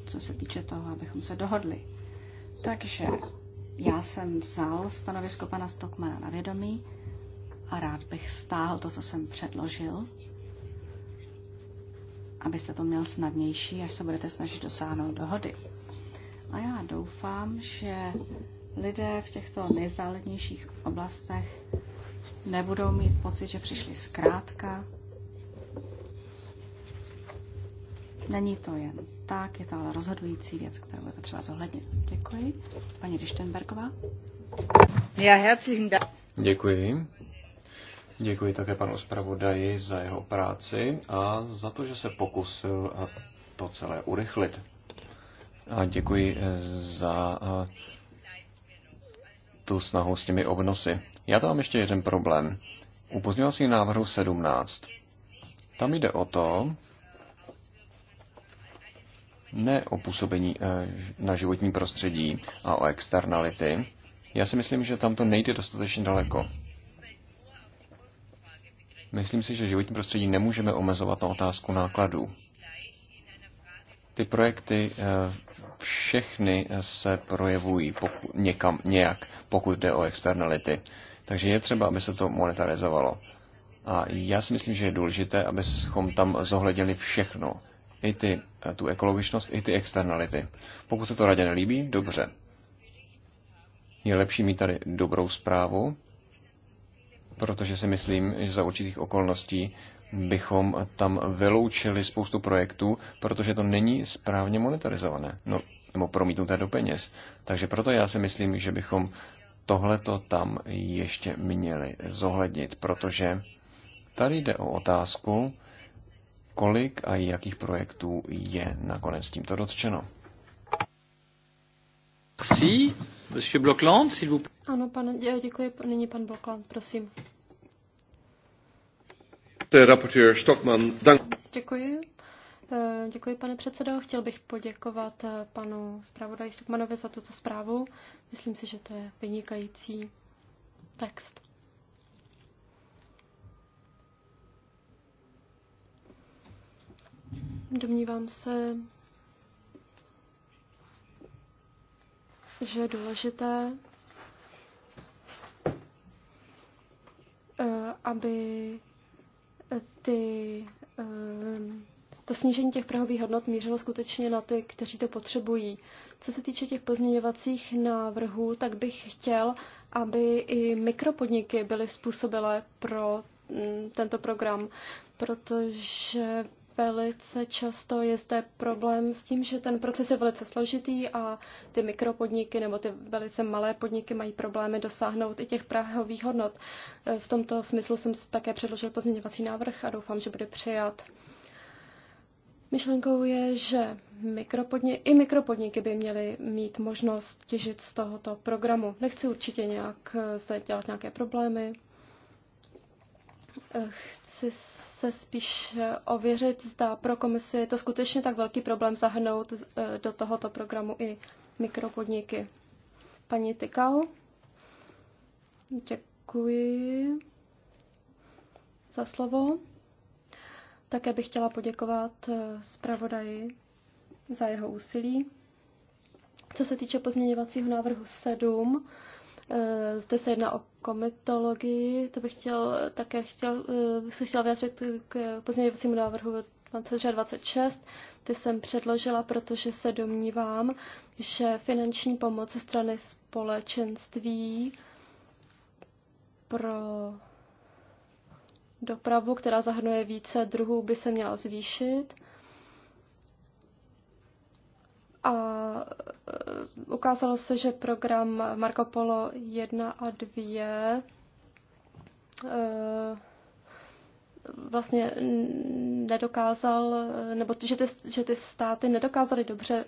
co se týče toho, abychom se dohodli. Takže já jsem vzal stanovisko pana Stockmana na vědomí a rád bych stáhl to, co jsem předložil, abyste to měl snadnější, až se budete snažit dosáhnout dohody. A já doufám, že lidé v těchto nejzdálenějších oblastech nebudou mít pocit, že přišli zkrátka. Není to jen tak, je to ale rozhodující věc, kterou je potřeba zohlednit. Děkuji. Paní Dištenbergová. Já herzlichen Dank. Děkuji. Děkuji také panu zpravodaji za jeho práci a za to, že se pokusil eh, to celé urychlit. A děkuji eh, za eh, tu snahu s těmi obnosy. Já tam mám ještě jeden problém. U pozměňovacích návrhu 17. Tam jde o to, ne o působení na životní prostředí a o externality. Já si myslím, že tam to nejde dostatečně daleko. Myslím si, že životní prostředí nemůžeme omezovat na otázku nákladů. Ty projekty eh, všechny se projevují poku- někam nějak, pokud jde o externality. Takže je třeba, aby se to monetarizovalo. A já si myslím, že je důležité, abychom tam zohlednili všechno. I ty, eh, tu ekologičnost, i ty externality. Pokud se to radě nelíbí, dobře. Je lepší mít tady dobrou zprávu, protože si myslím, že za určitých okolností bychom tam vyloučili spoustu projektů, protože to není správně monetarizované, no, nebo promítnuté do peněz. Takže proto já si myslím, že bychom tohleto tam ještě měli zohlednit, protože tady jde o otázku, kolik a jakých projektů je nakonec tímto dotčeno. Merci. Monsieur s'il vous plaît. Ano, pane, eh, děkuji. Nyní pan prosím. Rapporteur Stockman, dank. Děkuji. Eh, děkuji, pane předsedo. Chtěl bych poděkovat eh, panu zpravodaji Stokmanovi za tuto zprávu. Myslím si, že to je vynikající text. Domnívám se, že je důležité, eh, aby eh, ty, eh, to snížení těch prahových hodnot mířilo skutečně na ty, kteří to potřebují. Co se týče těch pozměňovacích návrhů, tak bych chtěl, aby i mikropodniky byly způsobilé pro mm, tento program, protože Velice často je zde problém s tím, že ten proces je velice složitý a ty mikropodniky nebo ty velice malé podniky mají problémy dosáhnout i těch prahových hodnot. V tomto smyslu jsem také předložil pozměňovací návrh a doufám, že bude přijat. Myšlenkou je, že mikropodni- i mikropodniky by měly mít možnost těžit z tohoto programu. Nechci určitě nějak eh, zde dělat nějaké problémy. Eh, chci se spíš ověřit, zda pro komisi je to skutečně tak velký problém zahrnout eh, do tohoto programu i mikropodniky. Paní Tykal, děkuji za slovo. Také bych chtěla poděkovat eh, zpravodaji za jeho úsilí. Co se týče pozměňovacího návrhu 7, Eh, zde se jedná o kometologii, to bych chtěl, také chtěl, eh, bych se chtěla vyjádřit k pozměňovacím návrhu 2026. Ty jsem předložila, protože se domnívám, že finanční pomoc ze strany společenství pro dopravu, která zahrnuje více druhů, by se měla zvýšit. A ukázalo se, že program Marco Polo 1 a 2 eh, vlastně nedokázal, nebo že ty, že ty státy nedokázaly dobře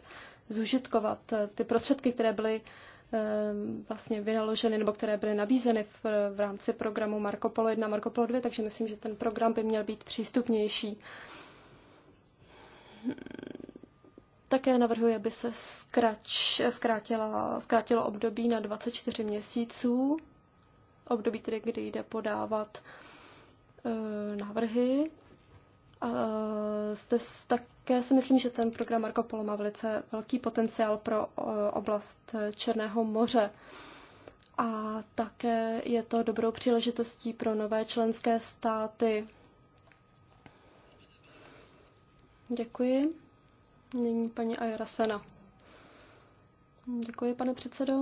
zužitkovat eh, ty prostředky, které byly eh, vlastně vynaloženy nebo které byly nabízeny v, v rámci programu Marco Polo 1 a Marco Polo 2, takže myslím, že ten program by měl být přístupnější. Také navrhuji, aby se zkrač, zkrátila, zkrátilo období na 24 měsíců, období tedy, kdy jde podávat e, návrhy. A eh, zde také si myslím, že ten program Marco Polo má velice velký potenciál pro eh, oblast Černého moře. A také je to dobrou příležitostí pro nové členské státy. Děkuji. Nyní paní Ajara Sena. Děkuji, pane předsedo.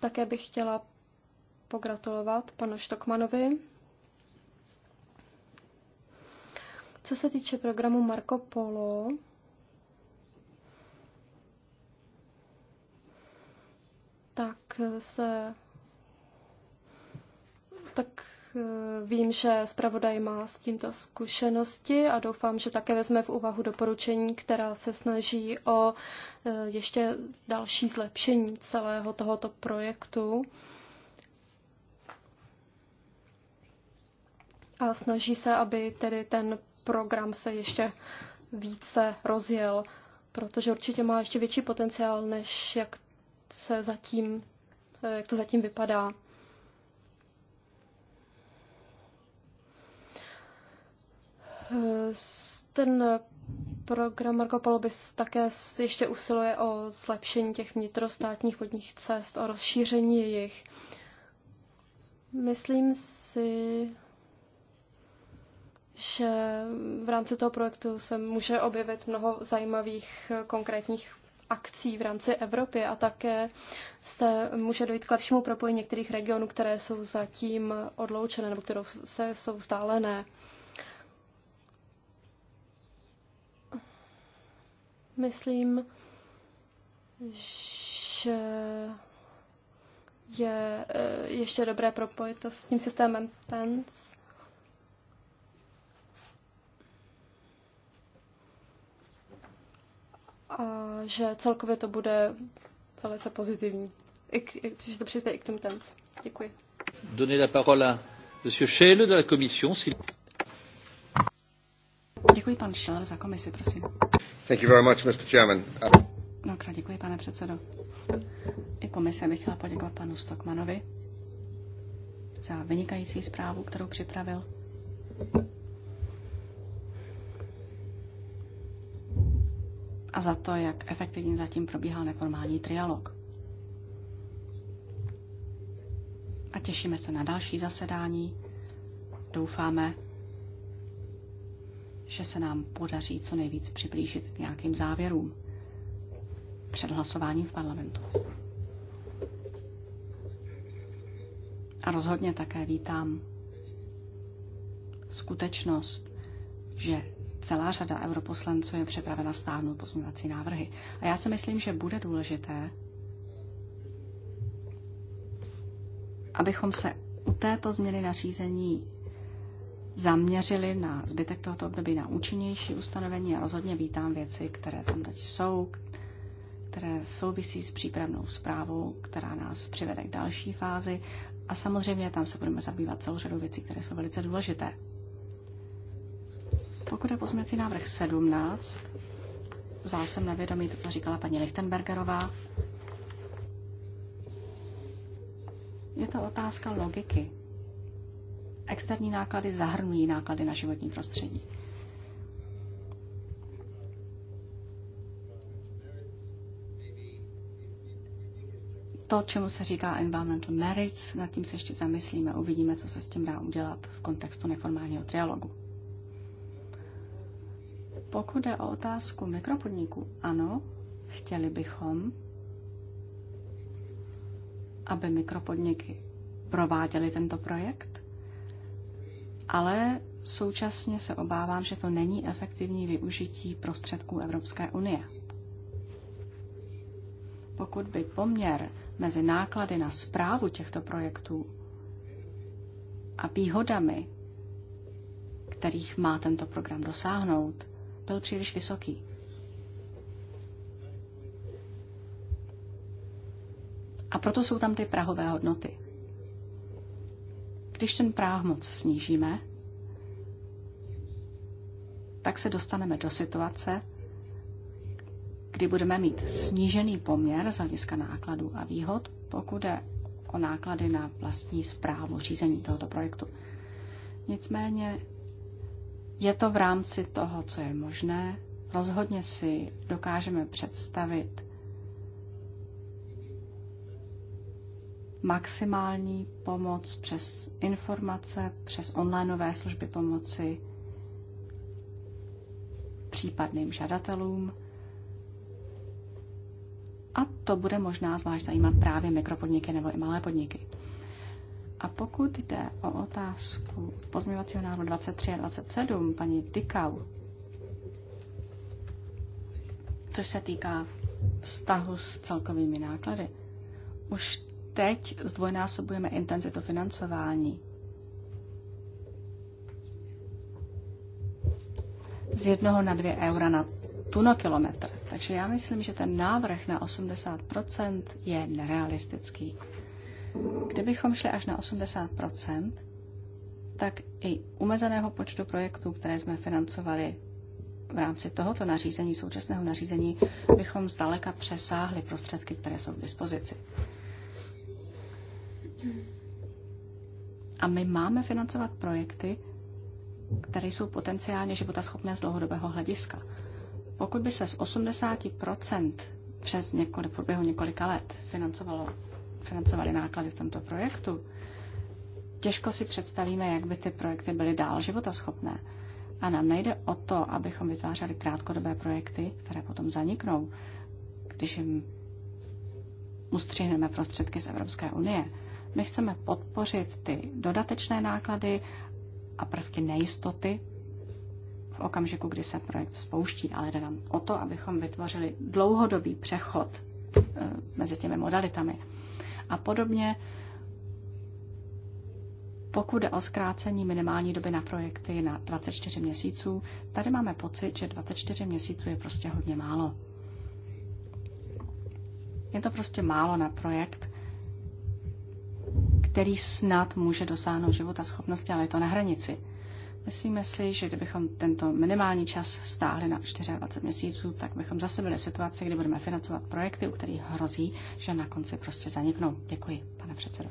Také bych chtěla pogratulovat panu Štokmanovi. Co se týče programu Marco Polo, tak se tak Eh, vím, že zpravodaj má s tímto zkušenosti a doufám, že také vezme v úvahu doporučení, která se snaží o eh, ještě další zlepšení celého tohoto projektu. A snaží se, aby tedy ten program se ještě více rozjel, protože určitě má ještě větší potenciál, než jak se zatím, eh, jak to zatím vypadá. Eh, ten program Marco Polo by také ještě usiluje o zlepšení těch vnitrostátních vodních cest, o rozšíření jejich. Myslím si, že v rámci toho projektu se může objevit mnoho zajímavých eh, konkrétních akcí v rámci Evropy a také se může dojít k lepšímu propojení některých regionů, které jsou zatím odloučené nebo které se, jsou vzdálené. Myslím, že je eh, ještě dobré propojit to s tím systémem TENS. A že celkově to bude velice pozitivní. I, i, že to přispěje i k tomu TENS. Děkuji. Donner la parole à Monsieur Schell de la Commission, Děkuji, pan Schiller, za komisi, prosím. Thank you very much, Mr. Chairman. Mnohokrát děkuji, pane předsedo. I komise bych chtěla poděkovat panu Stockmanovi za vynikající zprávu, kterou připravil. A za to, jak efektivně zatím probíhal neformální trialog. A těšíme se na další zasedání. Doufáme, že se nám podaří co nejvíc přiblížit k nějakým závěrům před hlasováním v parlamentu. A rozhodně také vítám skutečnost, že celá řada europoslanců je připravena stáhnout pozměňovací návrhy. A já si myslím, že bude důležité, abychom se u této změny nařízení zaměřili na zbytek tohoto období na účinnější ustanovení a rozhodně vítám věci, které tam teď jsou, které souvisí s přípravnou zprávou, která nás přivede k další fázi a samozřejmě tam se budeme zabývat celou řadou věcí, které jsou velice důležité. Pokud je pozměňovací návrh 17, vzal jsem na vědomí to, co říkala paní Lichtenbergerová. Je to otázka logiky. Externí náklady zahrnují náklady na životní prostředí. To, čemu se říká environmental merits, nad tím se ještě zamyslíme, uvidíme, co se s tím dá udělat v kontextu neformálního trialogu. Pokud jde o otázku mikropodniků, ano, chtěli bychom, aby mikropodniky prováděly tento projekt ale současně se obávám, že to není efektivní využití prostředků Evropské unie. Pokud by poměr mezi náklady na zprávu těchto projektů a výhodami, kterých má tento program dosáhnout, byl příliš vysoký. A proto jsou tam ty prahové hodnoty. Když ten práh moc snížíme, tak se dostaneme do situace, kdy budeme mít snížený poměr z hlediska nákladů a výhod, pokud je o náklady na vlastní zprávu řízení tohoto projektu. Nicméně je to v rámci toho, co je možné. Rozhodně si dokážeme představit maximální pomoc přes informace, přes onlineové služby pomoci případným žadatelům. A to bude možná zvlášť zajímat právě mikropodniky nebo i malé podniky. A pokud jde o otázku pozměvacího návrhu 23 a 27, paní Dikau, což se týká vztahu s celkovými náklady, už Teď zdvojnásobujeme intenzitu financování. Z jednoho na dvě eura na tunokilometr. Takže já myslím, že ten návrh na 80% je nerealistický. Kdybychom šli až na 80%, tak i umezeného počtu projektů, které jsme financovali v rámci tohoto nařízení, současného nařízení, bychom zdaleka přesáhli prostředky, které jsou k dispozici. A my máme financovat projekty, které jsou potenciálně životaschopné z dlouhodobého hlediska. Pokud by se z 80% přes několik, průběhu několika let financovalo, financovali náklady v tomto projektu, těžko si představíme, jak by ty projekty byly dál životaschopné. A nám nejde o to, abychom vytvářeli krátkodobé projekty, které potom zaniknou, když jim ustřihneme prostředky z Evropské unie. My chceme podpořit ty dodatečné náklady a prvky nejistoty v okamžiku, kdy se projekt spouští, ale jde nám o to, abychom vytvořili dlouhodobý přechod e, mezi těmi modalitami. A podobně, pokud jde o zkrácení minimální doby na projekty na 24 měsíců, tady máme pocit, že 24 měsíců je prostě hodně málo. Je to prostě málo na projekt, který snad může dosáhnout života schopnosti, ale je to na hranici. Myslíme si, že kdybychom tento minimální čas stáhli na 24 měsíců, tak bychom zase byli v situaci, kdy budeme financovat projekty, u kterých hrozí, že na konci prostě zaniknou. Děkuji, pane předsedo.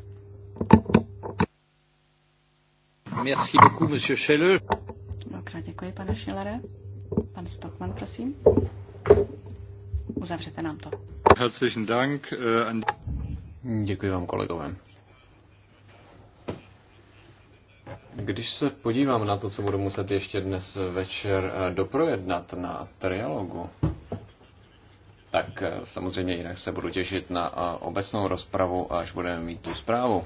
Merci beaucoup, monsieur Scheller. Mnohokrát děkuji, pane Schillere. Pan Stockman, prosím. Uzavřete nám to. Herzlichen Dank. Eh, děkuji vám, kolegové. Když se podívám na to, co budu muset ještě dnes večer eh, doprojednat na trialogu, tak eh, samozřejmě jinak se budu těšit na eh, obecnou rozpravu, až budeme mít tu zprávu.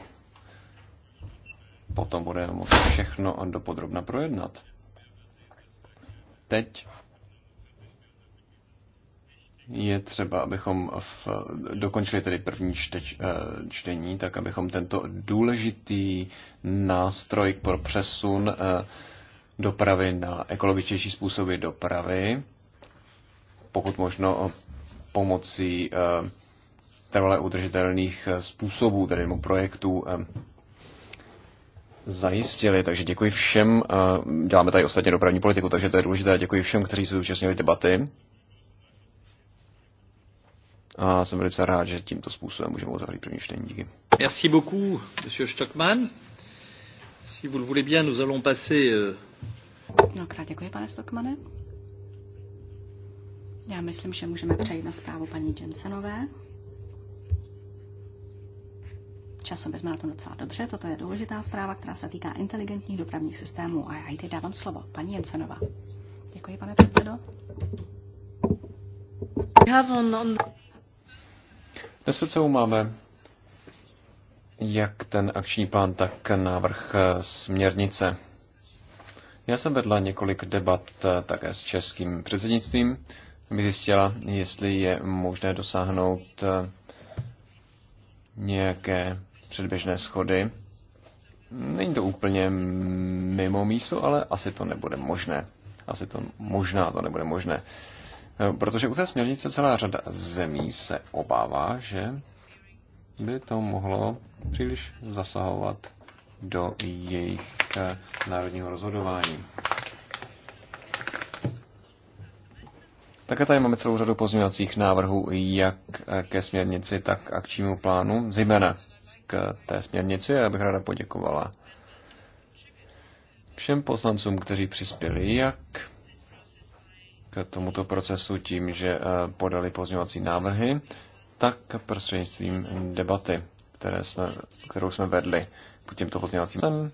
Potom budeme muset všechno dopodrobna projednat. Teď je třeba, abychom v, dokončili tedy první čteč, eh, čtení, tak abychom tento důležitý nástroj pro přesun eh, dopravy na ekologičtější způsoby dopravy, pokud možno eh, pomocí trvalé udržitelných způsobů, tedy projektů, zajistili. Takže děkuji všem, děláme tady ostatně dopravní politiku, takže to je důležité, děkuji všem, kteří se zúčastnili debaty. A jsem velice rád, že tímto způsobem můžeme otevřít první čtení. Díky. Merci beaucoup, monsieur Stockmann. Si vous le voulez bien, nous allons passer... Euh, no, krát děkuji, pane Stockmane. Já myslím, že můžeme přejít na zprávu paní Jensenové. Časově jsme na tom docela dobře. Toto je důležitá zpráva, která se týká inteligentních dopravních systémů. A já jde dávám slovo. Paní Jensenová. Děkuji, pane předsedo. Dnes před sebou máme jak ten akční plán, tak návrh eh, směrnice. Já jsem vedla několik debat eh, také s českým předsednictvím, aby zjistila, jestli je možné dosáhnout eh, nějaké předběžné schody. Není to úplně mimo mísu, ale asi to nebude možné. Asi to možná to nebude možné. Eh, protože u té směrnice celá řada zemí se obává, že by to mohlo příliš zasahovat do jejich eh, národního rozhodování. Také tady máme celou řadu pozměňovacích návrhů, jak eh, ke směrnici, tak k akčnímu plánu, zejména k té směrnici. Já bych ráda poděkovala všem poslancům, kteří přispěli jak tomuto procesu tím, že eh, podali pozměňovací návrhy, tak prostřednictvím debaty, které jsme, kterou jsme vedli po těmto pozměňovacím jsem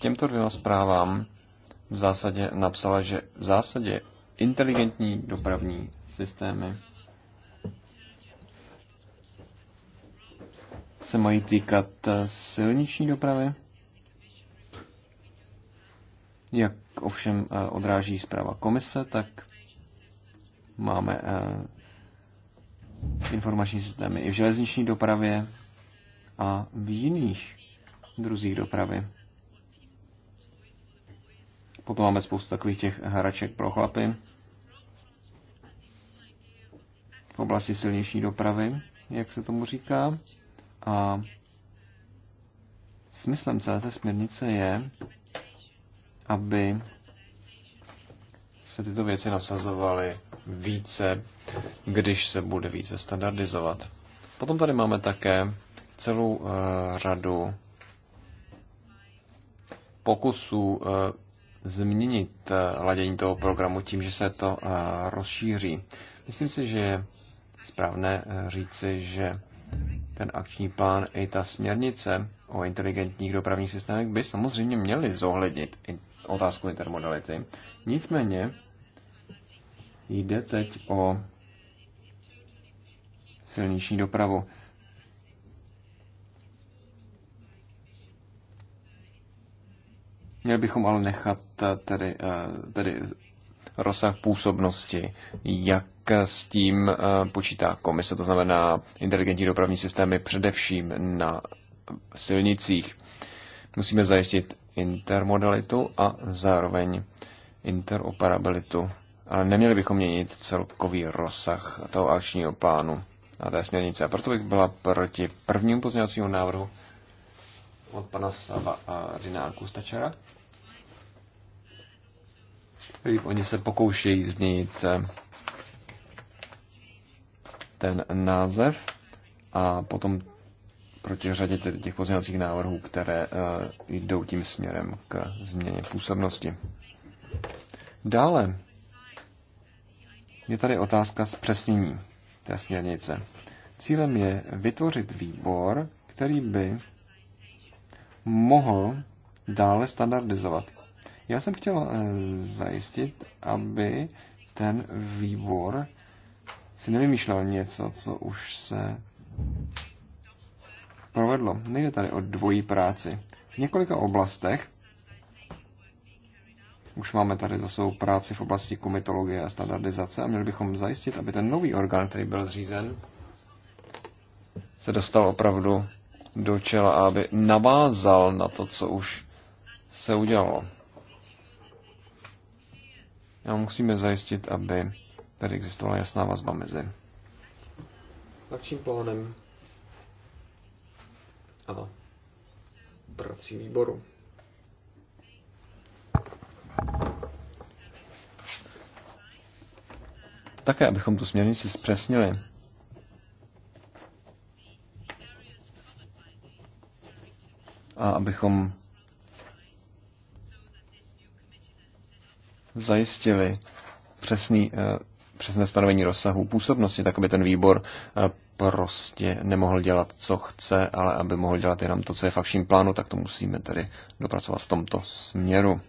těmto dvěma zprávám v zásadě napsala, že v zásadě inteligentní dopravní systémy se mají týkat eh, silniční dopravy, jak ovšem eh, odráží zpráva komise, tak máme eh, informační systémy i v železniční dopravě a v jiných druzích dopravy. Potom máme spoustu takových těch hraček pro chlapy v oblasti silnější dopravy, jak se tomu říká. A smyslem celé té směrnice je aby se tyto věci nasazovaly více, když se bude více standardizovat. Potom tady máme také celou uh, řadu pokusů uh, změnit uh, ladění toho programu tím, že se to uh, rozšíří. Myslím si, že je správné uh, říci, že ten akční plán i ta směrnice o inteligentních dopravních systémech by samozřejmě měly zohlednit otázku intermodality. Nicméně jde teď o silniční dopravu. Měli bychom ale nechat eh, tedy, eh, tedy rozsah působnosti, jak s tím eh, počítá komise, to znamená inteligentní dopravní systémy především na silnicích. Musíme zajistit intermodalitu a zároveň interoperabilitu. Ale neměli bychom měnit celkový rozsah toho akčního plánu a té směrnice. A proto bych byla proti prvnímu pozměňovacímu návrhu od pana Sava a Rina Kustačera. Oni se pokoušejí změnit eh, ten název a potom proti řadě těch pozměňovacích návrhů, které eh, jdou tím směrem k změně působnosti. Dále je tady otázka zpřesnění té směrnice. Cílem je vytvořit výbor, který by mohl dále standardizovat. Já jsem chtěl eh, zajistit, aby ten výbor si nevymýšlel něco, co už se provedlo. Nejde tady o dvojí práci. V několika oblastech už máme tady za svou práci v oblasti komitologie a standardizace a měli bychom zajistit, aby ten nový orgán, který byl zřízen, se dostal opravdu do čela a aby navázal na to, co už se udělalo. A musíme zajistit, aby tady existovala jasná vazba mezi akčním plánem a prací výboru. Také, abychom tu směrnici zpřesnili, a abychom zajistili přesný, eh, přesné stanovení rozsahu působnosti, tak aby ten výbor eh, prostě nemohl dělat, co chce, ale aby mohl dělat jenom to, co je v akčním plánu, tak to musíme tedy dopracovat v tomto směru.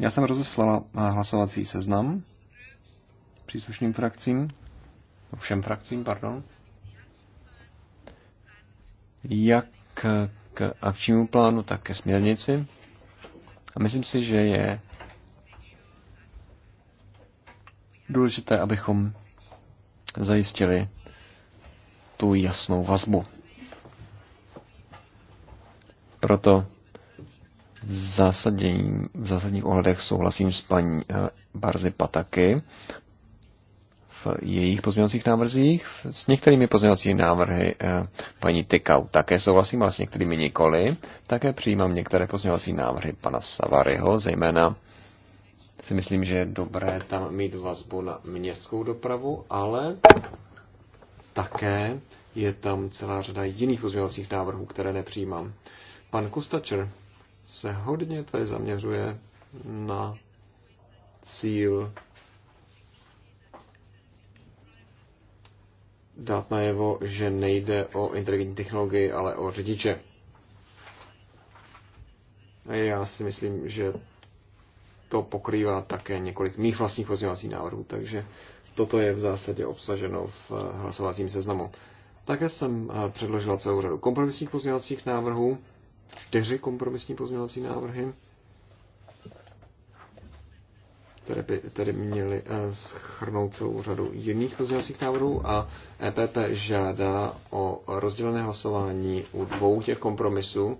Já jsem rozeslala eh, hlasovací seznam příslušným frakcím, všem frakcím, pardon, jak k akčnímu plánu, tak ke směrnici. A myslím si, že je důležité, abychom zajistili tu jasnou vazbu. Proto v, zásadě, v zásadních ohledech souhlasím s paní eh, Barzy Pataky v jejich pozměňovacích návrzích. S některými pozměňovacími návrhy eh, paní Tykau také souhlasím, ale s některými nikoli. Také přijímám některé pozměňovací návrhy pana Savaryho, zejména si myslím, že je dobré tam mít vazbu na městskou dopravu, ale také je tam celá řada jiných pozměňovacích návrhů, které nepřijímám. Pan Kustačer se hodně tady zaměřuje na cíl dát najevo, že nejde o inteligentní technologii, ale o řidiče. Já si myslím, že to pokrývá také několik mých vlastních pozměňovacích návrhů, takže toto je v zásadě obsaženo v eh, hlasovacím seznamu. Také jsem eh, předložila celou řadu kompromisních pozměňovacích návrhů, čtyři kompromisní pozměňovací návrhy, které by tedy měly eh, schrnout celou řadu jiných pozměňovacích návrhů a EPP žádá o rozdělené hlasování u dvou těch kompromisů,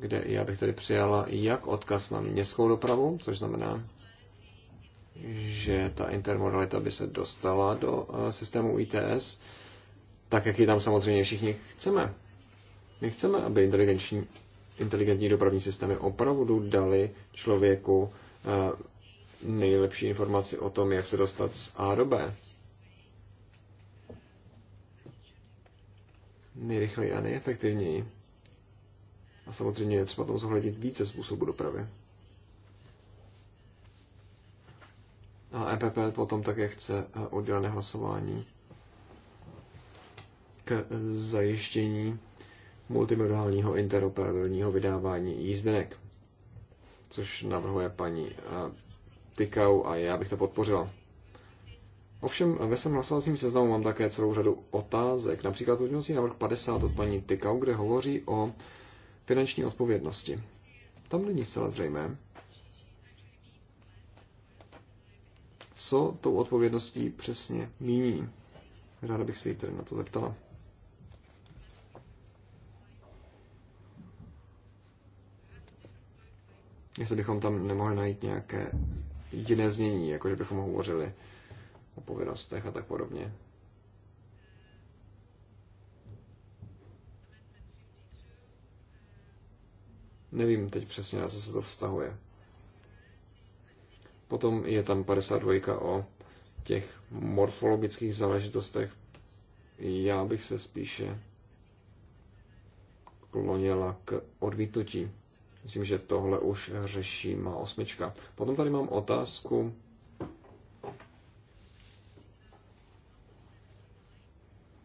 kde já bych tady přijala jak odkaz na městskou dopravu, což znamená, že ta intermodalita by se dostala do eh, systému ITS, tak jak ji tam samozřejmě všichni chceme. My chceme, aby inteligenční, inteligentní dopravní systémy opravdu dali člověku eh, nejlepší informaci o tom, jak se dostat z A do B. Nejrychleji a nejefektivněji. A samozřejmě je třeba tam zohlednit více způsobů dopravy. A EPP potom také chce eh, oddělené hlasování k eh, zajištění multimodálního interoperabilního vydávání jízdenek, což navrhuje paní eh, Tykau a já bych to podpořila. Ovšem ve svém hlasovacím seznamu mám také celou řadu otázek, například si návrh 50 od paní Tykau, kde hovoří o finanční odpovědnosti. Tam není zcela zřejmé, co tou odpovědností přesně míní. Ráda bych se jí tedy na to zeptala. Jestli bychom tam nemohli najít nějaké jiné znění, jako že bychom hovořili o povinnostech a tak podobně. Nevím teď přesně, na co se to vztahuje. Potom je tam 52 o těch morfologických záležitostech. Já bych se spíše klonila k odmítnutí. Myslím, že tohle už řeší má osmička. Potom tady mám otázku.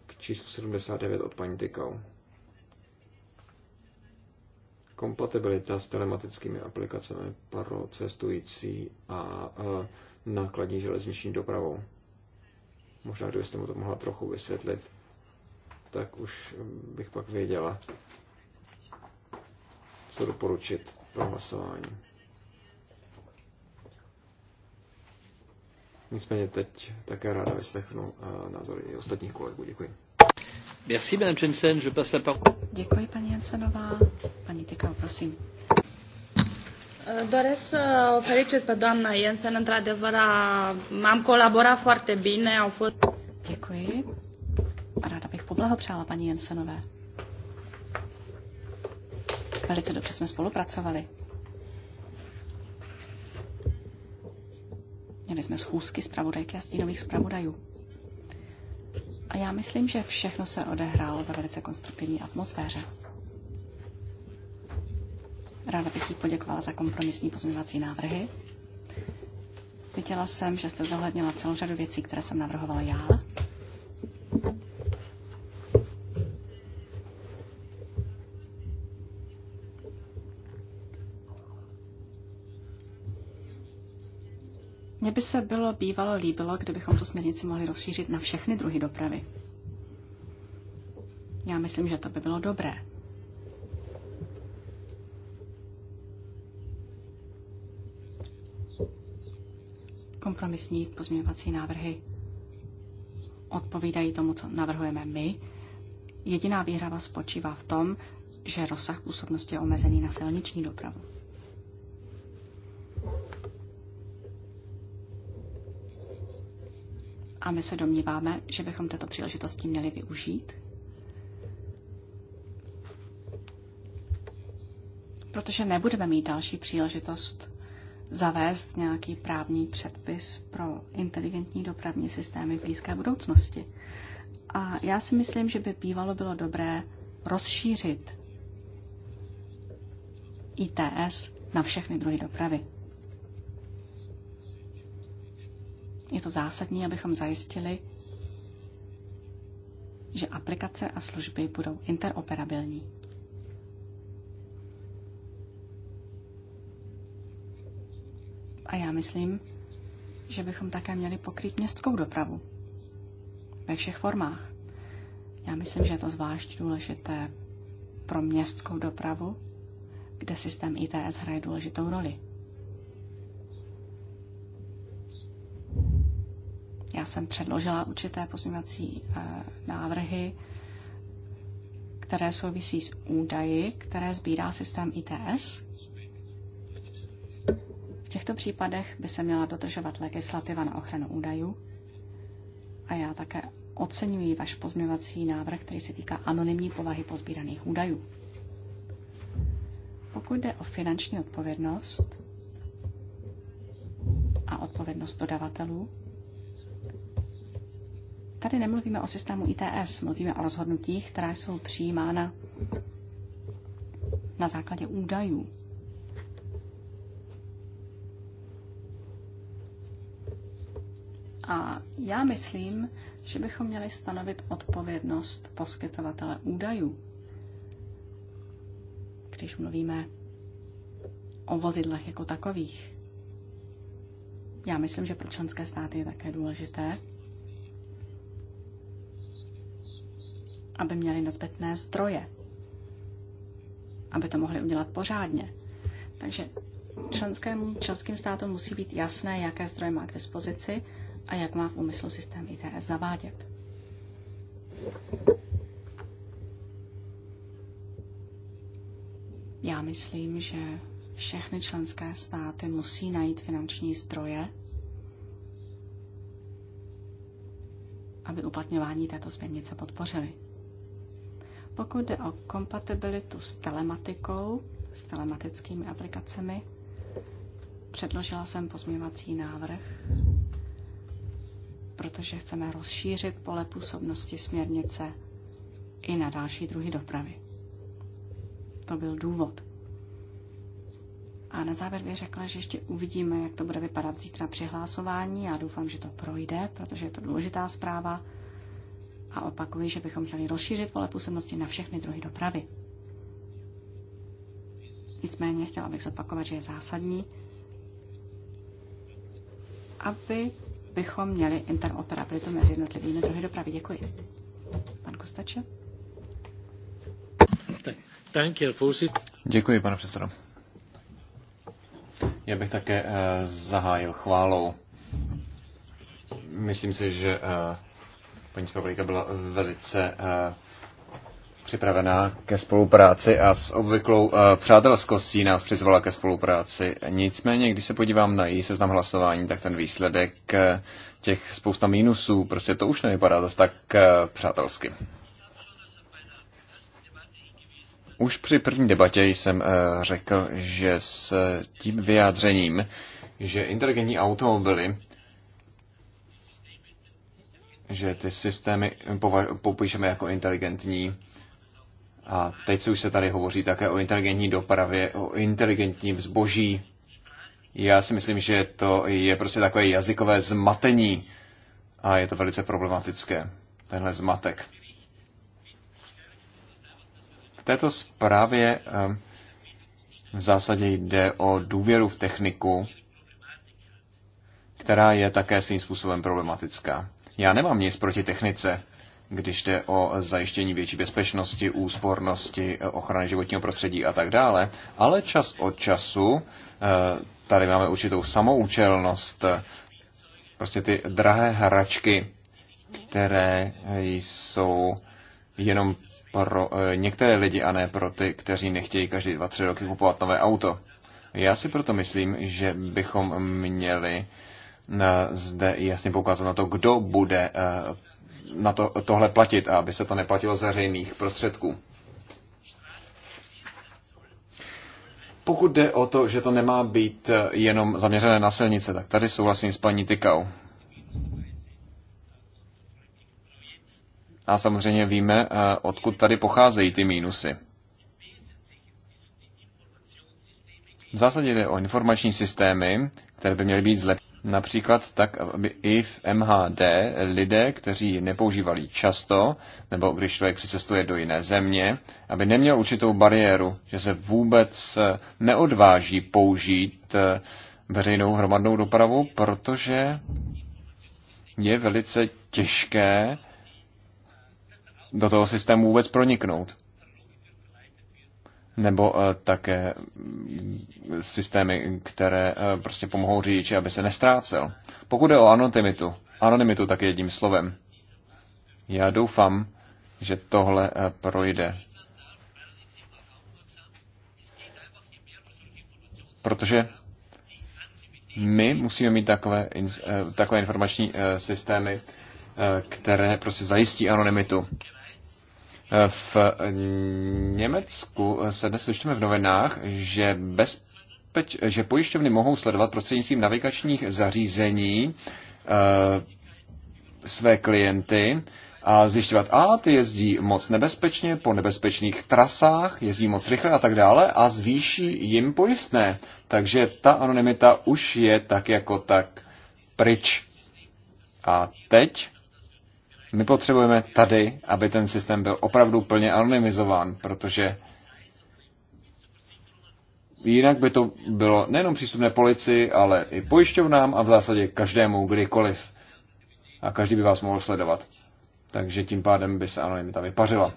K číslu 79 od paní Tykau kompatibilita s telematickými aplikacemi pro cestující a nákladní železniční dopravou. Možná, kdybyste mu to mohla trochu vysvětlit, tak už bych pak věděla, co doporučit pro hlasování. Nicméně teď také ráda vyslechnu názory i ostatních kolegů. Děkuji. Merci, Madame Jensen. Je passe la parole. Děkuji, paní Jensenová. Paní Tykal, prosím. Doresc să o felicit pe doamna Jensen. Într-adevăr, am colaborat foarte bine. Au fost... Děkuji. Ráda bych poblahopřála paní Jensenové. Velice dobře jsme spolupracovali. Měli jsme schůzky zpravodajky a stínových zpravodajů. A já myslím, že všechno se odehrálo ve velice konstruktivní atmosféře. Ráda bych jí poděkovala za kompromisní pozměňovací návrhy. Viděla jsem, že jste zohlednila celou řadu věcí, které jsem navrhovala já. Mně by se bylo bývalo líbilo, kdybychom tu směrnici mohli rozšířit na všechny druhy dopravy. Já myslím, že to by bylo dobré. Kompromisní pozměňovací návrhy odpovídají tomu, co navrhujeme my. Jediná výhrava spočívá v tom, že rozsah působnosti je omezený na silniční dopravu. my se domníváme, že bychom této příležitosti měli využít. Protože nebudeme mít další příležitost zavést nějaký právní předpis pro inteligentní dopravní systémy v blízké budoucnosti. A já si myslím, že by bývalo bylo dobré rozšířit ITS na všechny druhy dopravy. Je to zásadní, abychom zajistili, že aplikace a služby budou interoperabilní. A já myslím, že bychom také měli pokrýt městskou dopravu ve všech formách. Já myslím, že je to zvlášť důležité pro městskou dopravu, kde systém ITS hraje důležitou roli. Já jsem předložila určité pozměňovací eh, návrhy, které souvisí s údaji, které sbírá systém ITS. V těchto případech by se měla dodržovat legislativa na ochranu údajů. A já také oceňuji váš pozměňovací návrh, který se týká anonymní povahy pozbíraných údajů. Pokud jde o finanční odpovědnost a odpovědnost dodavatelů, Tady nemluvíme o systému ITS, mluvíme o rozhodnutích, která jsou přijímána na základě údajů. A já myslím, že bychom měli stanovit odpovědnost poskytovatele údajů. Když mluvíme o vozidlech jako takových. Já myslím, že pro členské státy je také důležité, aby měli nezbytné zdroje, aby to mohli udělat pořádně. Takže členským, členským státům musí být jasné, jaké zdroje má k dispozici a jak má v úmyslu systém ITS zavádět. Já myslím, že všechny členské státy musí najít finanční zdroje, aby uplatňování této směrnice podpořili. Pokud jde o kompatibilitu s telematikou, s telematickými aplikacemi, předložila jsem pozměvací návrh, protože chceme rozšířit pole působnosti směrnice i na další druhy dopravy. To byl důvod. A na závěr bych řekla, že ještě uvidíme, jak to bude vypadat zítra při hlasování. Já doufám, že to projde, protože je to důležitá zpráva a opakuji, že bychom chtěli rozšířit pole působnosti na všechny druhy dopravy. Nicméně chtěla bych zopakovat, že je zásadní, aby bychom měli interoperabilitu mezi jednotlivými druhy dopravy. Děkuji. Pan Kostače. Děkuji, pane předsedo. Já bych také eh, zahájil chválou. Myslím si, že eh, Paní zpravodajka byla velice eh, připravená ke spolupráci a s obvyklou eh, přátelskostí nás přizvala ke spolupráci. Nicméně, když se podívám na její seznam hlasování, tak ten výsledek eh, těch spousta mínusů, prostě to už nevypadá zase tak přátelsky. Už při první debatě jsem řekl, že s tím vyjádřením, že inteligentní automobily že ty systémy popíšeme jako inteligentní. A teď se už se tady hovoří také o inteligentní dopravě, o inteligentním zboží. Já si myslím, že to je prostě takové jazykové zmatení a je to velice problematické, tenhle zmatek. V této zprávě ehm, v zásadě jde o důvěru v techniku, která je také svým způsobem problematická. Já nemám nic proti technice, když jde o zajištění větší bezpečnosti, úspornosti, ochrany životního prostředí a tak dále, ale čas od času eh, tady máme určitou samoučelnost, prostě ty drahé hračky, které jsou jenom pro eh, některé lidi a ne pro ty, kteří nechtějí každý dva, tři roky kupovat nové auto. Já si proto myslím, že bychom měli uh, Eh, zde jasně poukázal na to, kdo bude eh, na to, tohle platit a aby se to neplatilo z veřejných prostředků. Pokud jde o to, že to nemá být eh, jenom zaměřené na silnice, tak tady souhlasím s paní Tykau. A samozřejmě víme, odkud tady pocházejí ty mínusy. V zásadě jde o informační systémy, které by měly být zlepšeny. Například tak, aby i v MHD lidé, kteří nepoužívali často, nebo když člověk přicestuje do jiné země, aby neměl určitou bariéru, že se vůbec eh, neodváží použít eh, veřejnou hromadnou dopravu, protože je velice těžké do toho systému vůbec proniknout nebo eh, také systémy, které eh, prostě pomohou řidiči, aby se nestrácel. Pokud je o anonymitu, anonymitu tak jedním slovem. Já doufám, že tohle eh, projde. Protože my musíme mít takové, takové informační systémy, které prostě zajistí anonymitu. V Německu se dnes slyšíme v novinách, že bez že pojišťovny mohou sledovat prostřednictvím navigačních zařízení e, své klienty a zjišťovat, a ty jezdí moc nebezpečně, po nebezpečných trasách, jezdí moc rychle a tak dále a zvýší jim pojistné. Takže ta anonymita už je tak jako tak pryč. A teď my potřebujeme tady, aby ten systém byl opravdu plně anonymizován, protože jinak by to bylo nejenom přístupné policii, ale i pojišťovnám a v zásadě každému kdykoliv. A každý by vás mohl sledovat. Takže tím pádem by se anonymita vypařila.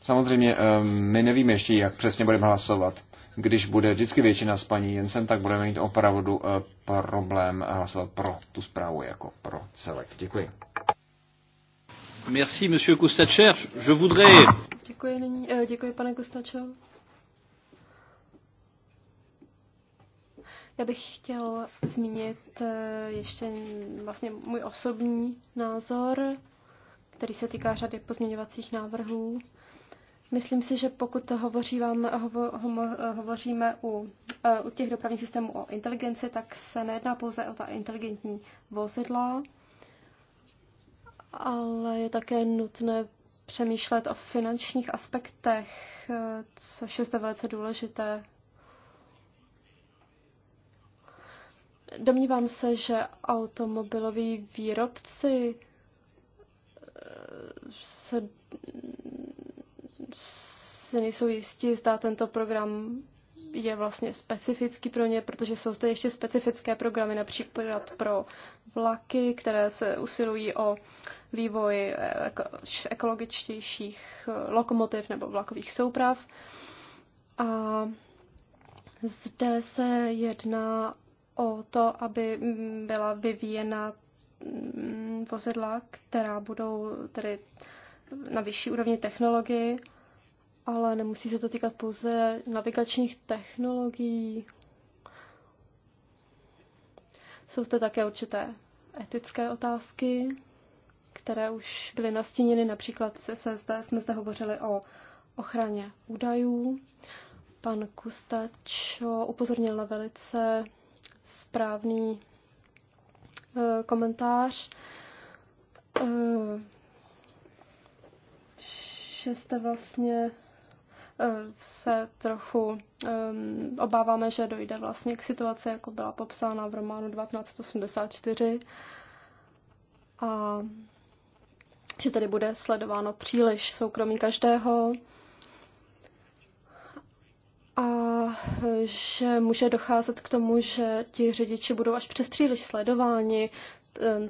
Samozřejmě ehm, my nevíme ještě, jak přesně budeme hlasovat když bude vždycky většina s paní Jensen, tak budeme mít opravdu eh, problém eh, hlasovat pro tu zprávu jako pro celek. Děkuji. Merci, monsieur Kustačer. Je voudrais... Děkuji, nyní, eh, děkuji pane Kustačer. Já bych chtěl zmínit ještě vlastně můj osobní názor, který se týká řady pozměňovacích návrhů. Myslím si, že pokud to hovoří vám, hovo, homo, hovoříme u, eh, u těch dopravních systémů o inteligenci, tak se nejedná pouze o ta inteligentní vozidla, ale je také nutné přemýšlet o finančních aspektech, eh, což je zde velice důležité. Domnívám se, že automobiloví výrobci eh, se si nejsou jistí, zda tento program je vlastně specifický pro ně, protože jsou zde ještě specifické programy, například pro vlaky, které se usilují o vývoj ekologičtějších eh, lokomotiv nebo vlakových souprav. A zde se jedná o to, aby byla vyvíjena mm, vozidla, která budou tedy na vyšší úrovni technologii ale nemusí se to týkat pouze navigačních technologií. Jsou zde také určité etické otázky, které už byly nastíněny. Například se zde, jsme zde hovořili o ochraně údajů. Pan Kustač upozornil na velice správný e, komentář. E, že jste vlastně Eh, se trochu um, obáváme, že dojde vlastně k situaci, jako byla popsána v románu 1984 a že tady bude sledováno příliš soukromí každého a eh, že může docházet k tomu, že ti řidiči budou až přes příliš sledováni.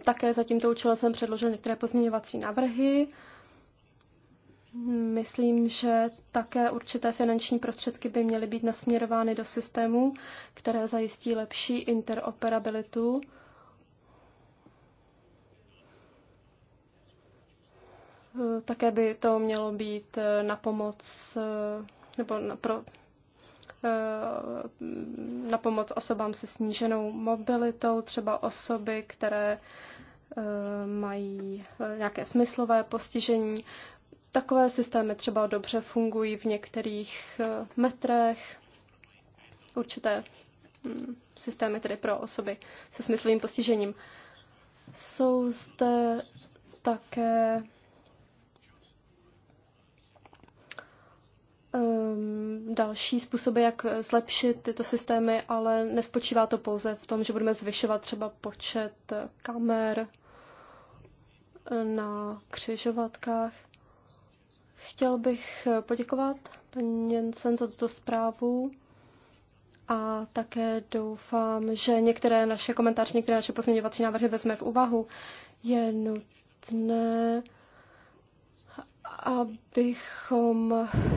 Také za tímto účelem jsem předložil některé pozměňovací návrhy. Myslím, že také určité finanční prostředky by měly být nasměrovány do systémů, které zajistí lepší interoperabilitu. Také by to mělo být eh, na pomoc eh, nebo na, pro, eh, na pomoc osobám se sníženou mobilitou, třeba osoby, které mají nějaké smyslové postižení. Takové systémy třeba dobře fungují v některých eh, metrech, určité mm, systémy tedy pro osoby se smyslovým postižením. Jsou zde také ehm, další způsoby, jak zlepšit tyto systémy, ale nespočívá to pouze v tom, že budeme zvyšovat třeba počet kamer eh, na křižovatkách. Chtěl bych poděkovat paní Jensen za tuto zprávu a také doufám, že některé naše komentáře, některé naše pozměňovací návrhy vezme v úvahu. Je nutné, abychom,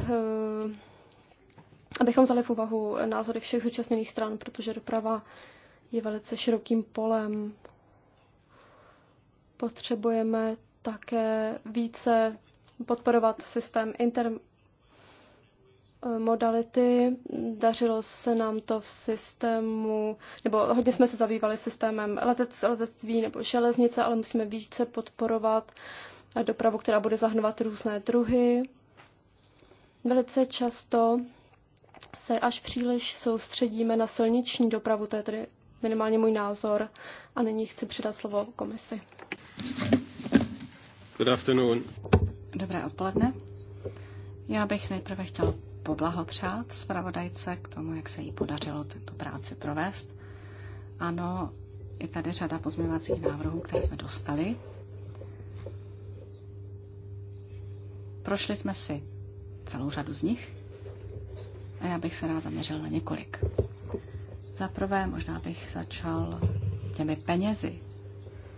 eh, abychom vzali v úvahu názory všech zúčastněných stran, protože doprava je velice širokým polem. Potřebujeme také více podporovat systém intermodality. Dařilo se nám to v systému, nebo hodně jsme se zabývali systémem letec, letectví nebo železnice, ale musíme více podporovat dopravu, která bude zahrnovat různé druhy. Velice často se až příliš soustředíme na silniční dopravu, to je tedy minimálně můj názor, a nyní chci přidat slovo komisi. Good afternoon. Dobré odpoledne. Já bych nejprve chtěl poblahopřát zpravodajce k tomu, jak se jí podařilo tuto práci provést. Ano, je tady řada pozměňovacích návrhů, které jsme dostali. Prošli jsme si celou řadu z nich a já bych se rád zaměřil na několik. Za prvé možná bych začal těmi penězi.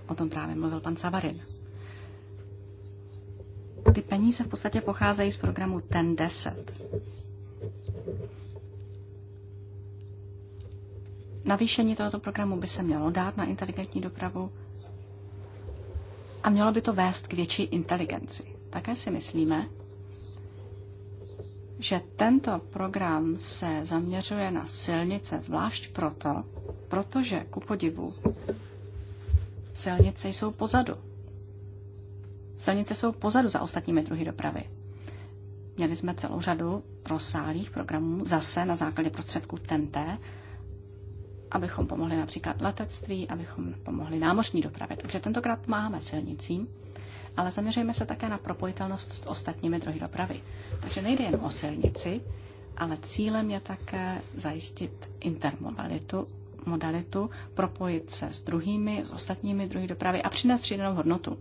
O tom právě mluvil pan Savarin. Ty peníze v podstatě pocházejí z programu ten 10. Navýšení tohoto programu by se mělo dát na inteligentní dopravu a mělo by to vést k větší inteligenci. Také si myslíme, že tento program se zaměřuje na silnice zvlášť proto, protože ku podivu silnice jsou pozadu Silnice jsou pozadu za ostatními druhy dopravy. Měli jsme celou řadu rozsáhlých programů zase na základě prostředků TNT, abychom pomohli například letectví, abychom pomohli námořní dopravě. Takže tentokrát pomáháme silnicím, ale zaměřujeme se také na propojitelnost s ostatními druhy dopravy. Takže nejde jen o silnici, ale cílem je také zajistit intermodalitu, modalitu, propojit se s druhými, s ostatními druhy dopravy a přinést přidanou hodnotu.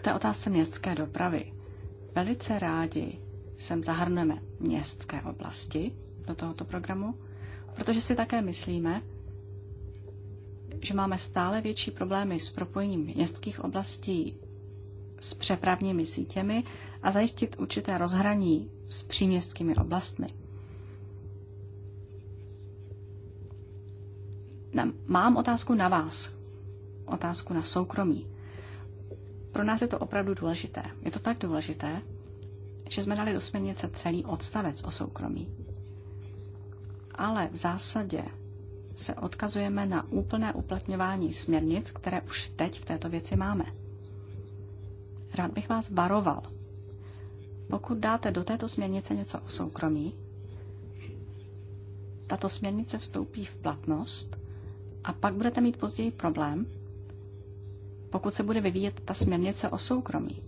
K té otázce městské dopravy. Velice rádi sem zahrneme městské oblasti do tohoto programu, protože si také myslíme, že máme stále větší problémy s propojením městských oblastí s přepravními sítěmi a zajistit určité rozhraní s příměstskými oblastmi. Mám otázku na vás, otázku na soukromí. Pro nás je to opravdu důležité. Je to tak důležité, že jsme dali do směrnice celý odstavec o soukromí. Ale v zásadě se odkazujeme na úplné uplatňování směrnic, které už teď v této věci máme. Rád bych vás varoval. Pokud dáte do této směrnice něco o soukromí, tato směrnice vstoupí v platnost a pak budete mít později problém, pokud se bude vyvíjet ta směrnice o soukromí.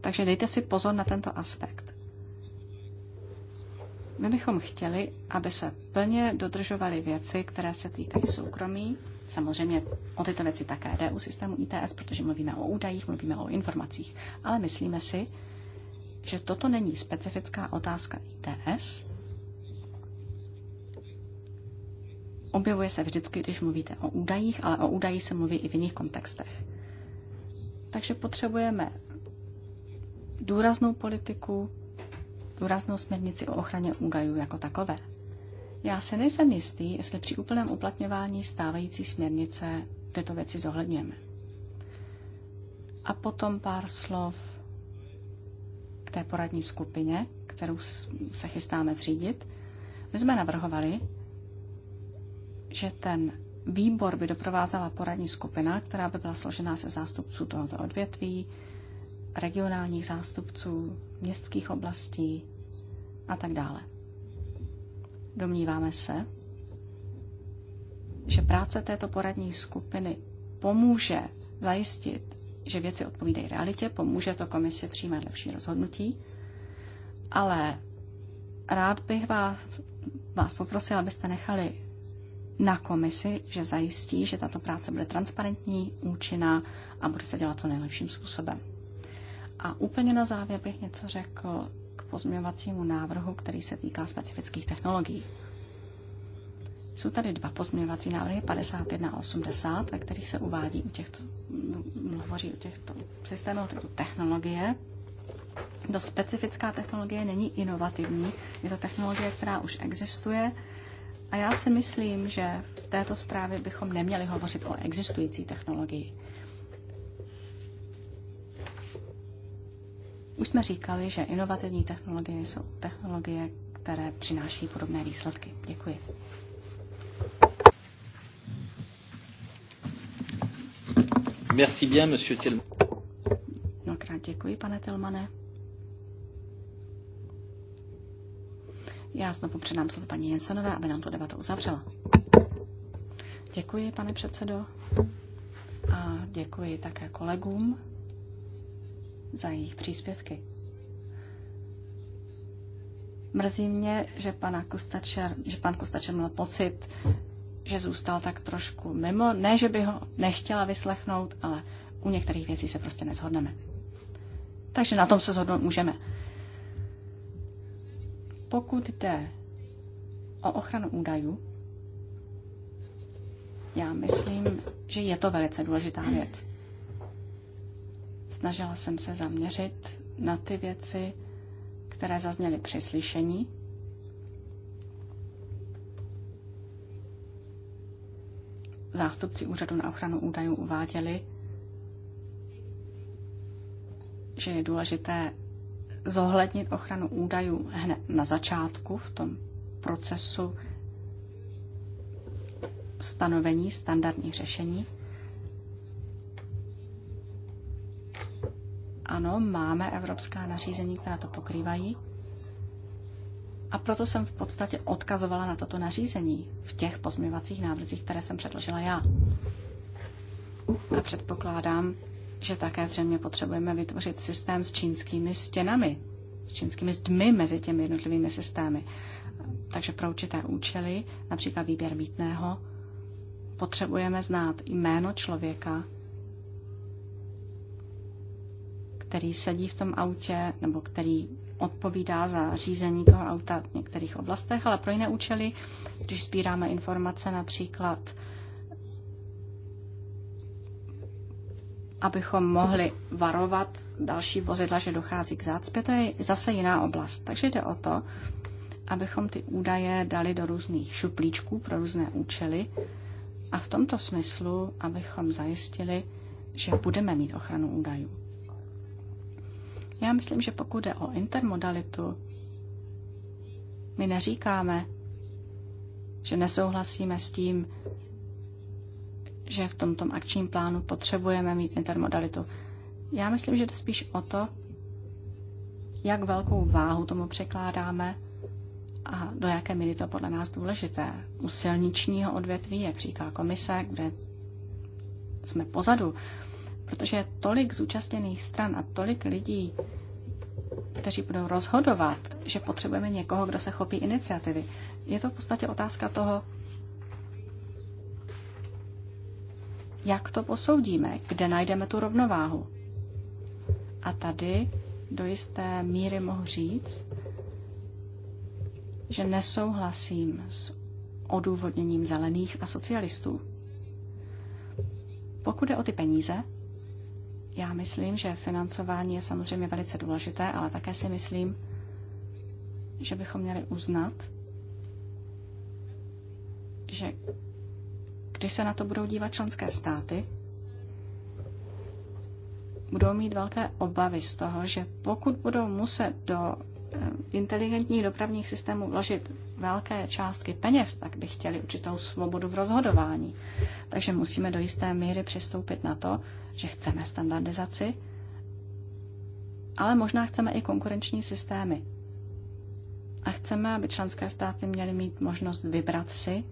Takže dejte si pozor na tento aspekt. My bychom chtěli, aby se plně dodržovaly věci, které se týkají soukromí. Samozřejmě o tyto věci také jde u systému ITS, protože mluvíme o údajích, mluvíme o informacích. Ale myslíme si, že toto není specifická otázka ITS, objevuje se vždycky, když mluvíte o údajích, ale o údajích se mluví i v jiných kontextech. Takže potřebujeme důraznou politiku, důraznou směrnici o ochraně údajů jako takové. Já se nejsem jistý, jestli při úplném uplatňování stávající směrnice tyto věci zohledňujeme. A potom pár slov k té poradní skupině, kterou se chystáme zřídit. My jsme navrhovali, že ten výbor by doprovázela poradní skupina, která by byla složená se zástupců tohoto odvětví, regionálních zástupců, městských oblastí a tak dále. Domníváme se, že práce této poradní skupiny pomůže zajistit, že věci odpovídají realitě, pomůže to komisi přijímat lepší rozhodnutí, ale rád bych vás, vás poprosil, abyste nechali na komisi, že zajistí, že tato práce bude transparentní, účinná a bude se dělat co nejlepším způsobem. A úplně na závěr bych něco řekl k pozměňovacímu návrhu, který se týká specifických technologií. Jsou tady dva pozměňovací návrhy 51 a 80, ve kterých se uvádí u těchto, hovoří o těchto systémů, o těchto technologie. To specifická technologie není inovativní, je to technologie, která už existuje a já si myslím, že v této zprávě bychom neměli hovořit o existující technologii. Už jsme říkali, že inovativní technologie jsou technologie, které přináší podobné výsledky. Děkuji. Merci bien, monsieur Tillman. Mnohokrát děkuji, pane Tillmane. Já znovu předám slovo paní Jensenové, aby nám tu debatu uzavřela. Děkuji, pane předsedo, a děkuji také kolegům za jejich příspěvky. Mrzí mě, že, pana Kustačer, že pan Kustačer měl pocit, že zůstal tak trošku mimo. Ne, že by ho nechtěla vyslechnout, ale u některých věcí se prostě nezhodneme. Takže na tom se zhodnout můžeme. Pokud jde o ochranu údajů, já myslím, že je to velice důležitá hmm. věc. Snažila jsem se zaměřit na ty věci, které zazněly při slyšení. Zástupci úřadu na ochranu údajů uváděli, že je důležité zohlednit ochranu údajů hned na začátku v tom procesu stanovení standardních řešení. Ano, máme evropská nařízení, která to pokrývají. A proto jsem v podstatě odkazovala na toto nařízení v těch pozměvacích návrzích, které jsem předložila já. A předpokládám, že také zřejmě potřebujeme vytvořit systém s čínskými stěnami, s čínskými zdmi mezi těmi jednotlivými systémy. Takže pro určité účely, například výběr mítného, potřebujeme znát jméno člověka, který sedí v tom autě nebo který odpovídá za řízení toho auta v některých oblastech, ale pro jiné účely, když sbíráme informace například abychom mohli varovat další vozidla, že dochází k zácpě, to je zase jiná oblast. Takže jde o to, abychom ty údaje dali do různých šuplíčků pro různé účely a v tomto smyslu, abychom zajistili, že budeme mít ochranu údajů. Já myslím, že pokud jde o intermodalitu, my neříkáme, že nesouhlasíme s tím, že v tomto akčním plánu potřebujeme mít intermodalitu. Já myslím, že jde spíš o to, jak velkou váhu tomu překládáme a do jaké míry to podle nás důležité. U silničního odvětví, jak říká komise, kde jsme pozadu, protože je tolik zúčastněných stran a tolik lidí, kteří budou rozhodovat, že potřebujeme někoho, kdo se chopí iniciativy. Je to v podstatě otázka toho, Jak to posoudíme? Kde najdeme tu rovnováhu? A tady do jisté míry mohu říct, že nesouhlasím s odůvodněním zelených a socialistů. Pokud jde o ty peníze, já myslím, že financování je samozřejmě velice důležité, ale také si myslím, že bychom měli uznat, že když se na to budou dívat členské státy, budou mít velké obavy z toho, že pokud budou muset do eh, inteligentních dopravních systémů vložit velké částky peněz, tak by chtěli určitou svobodu v rozhodování. Takže musíme do jisté míry přistoupit na to, že chceme standardizaci, ale možná chceme i konkurenční systémy. A chceme, aby členské státy měly mít možnost vybrat si,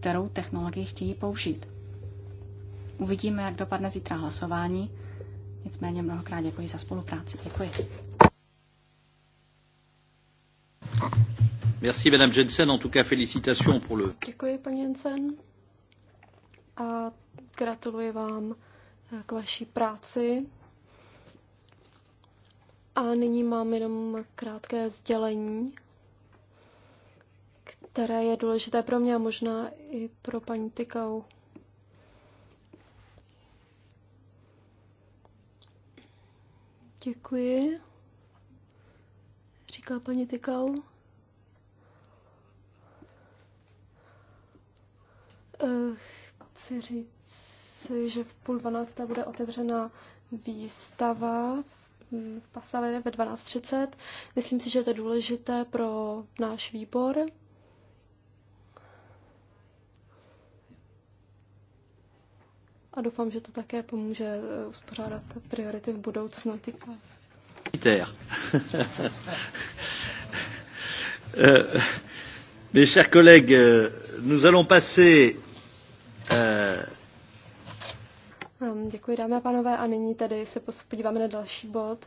kterou technologii chtějí použít. Uvidíme, jak dopadne zítra hlasování. Nicméně mnohokrát děkuji za spolupráci. Děkuji. Merci, Madame Jensen. En tout cas, félicitations pour le... Děkuji, paní Jensen. A gratuluji vám eh, k vaší práci. A nyní mám jenom krátké sdělení které je důležité pro mě a možná i pro paní Tykau. Děkuji, říká paní Tykau. Eh, chci říct, že v půl dvanácté bude otevřena výstava v Pasalene ve 12.30. Myslím si, že je to důležité pro náš výbor. a doufám, že to také pomůže eh, uspořádat priority v budoucnu. Euh, mes chers collègues, euh, nous allons passer. Euh, ehm, děkuji, dámy a pánové, a nyní tady se podíváme na další bod.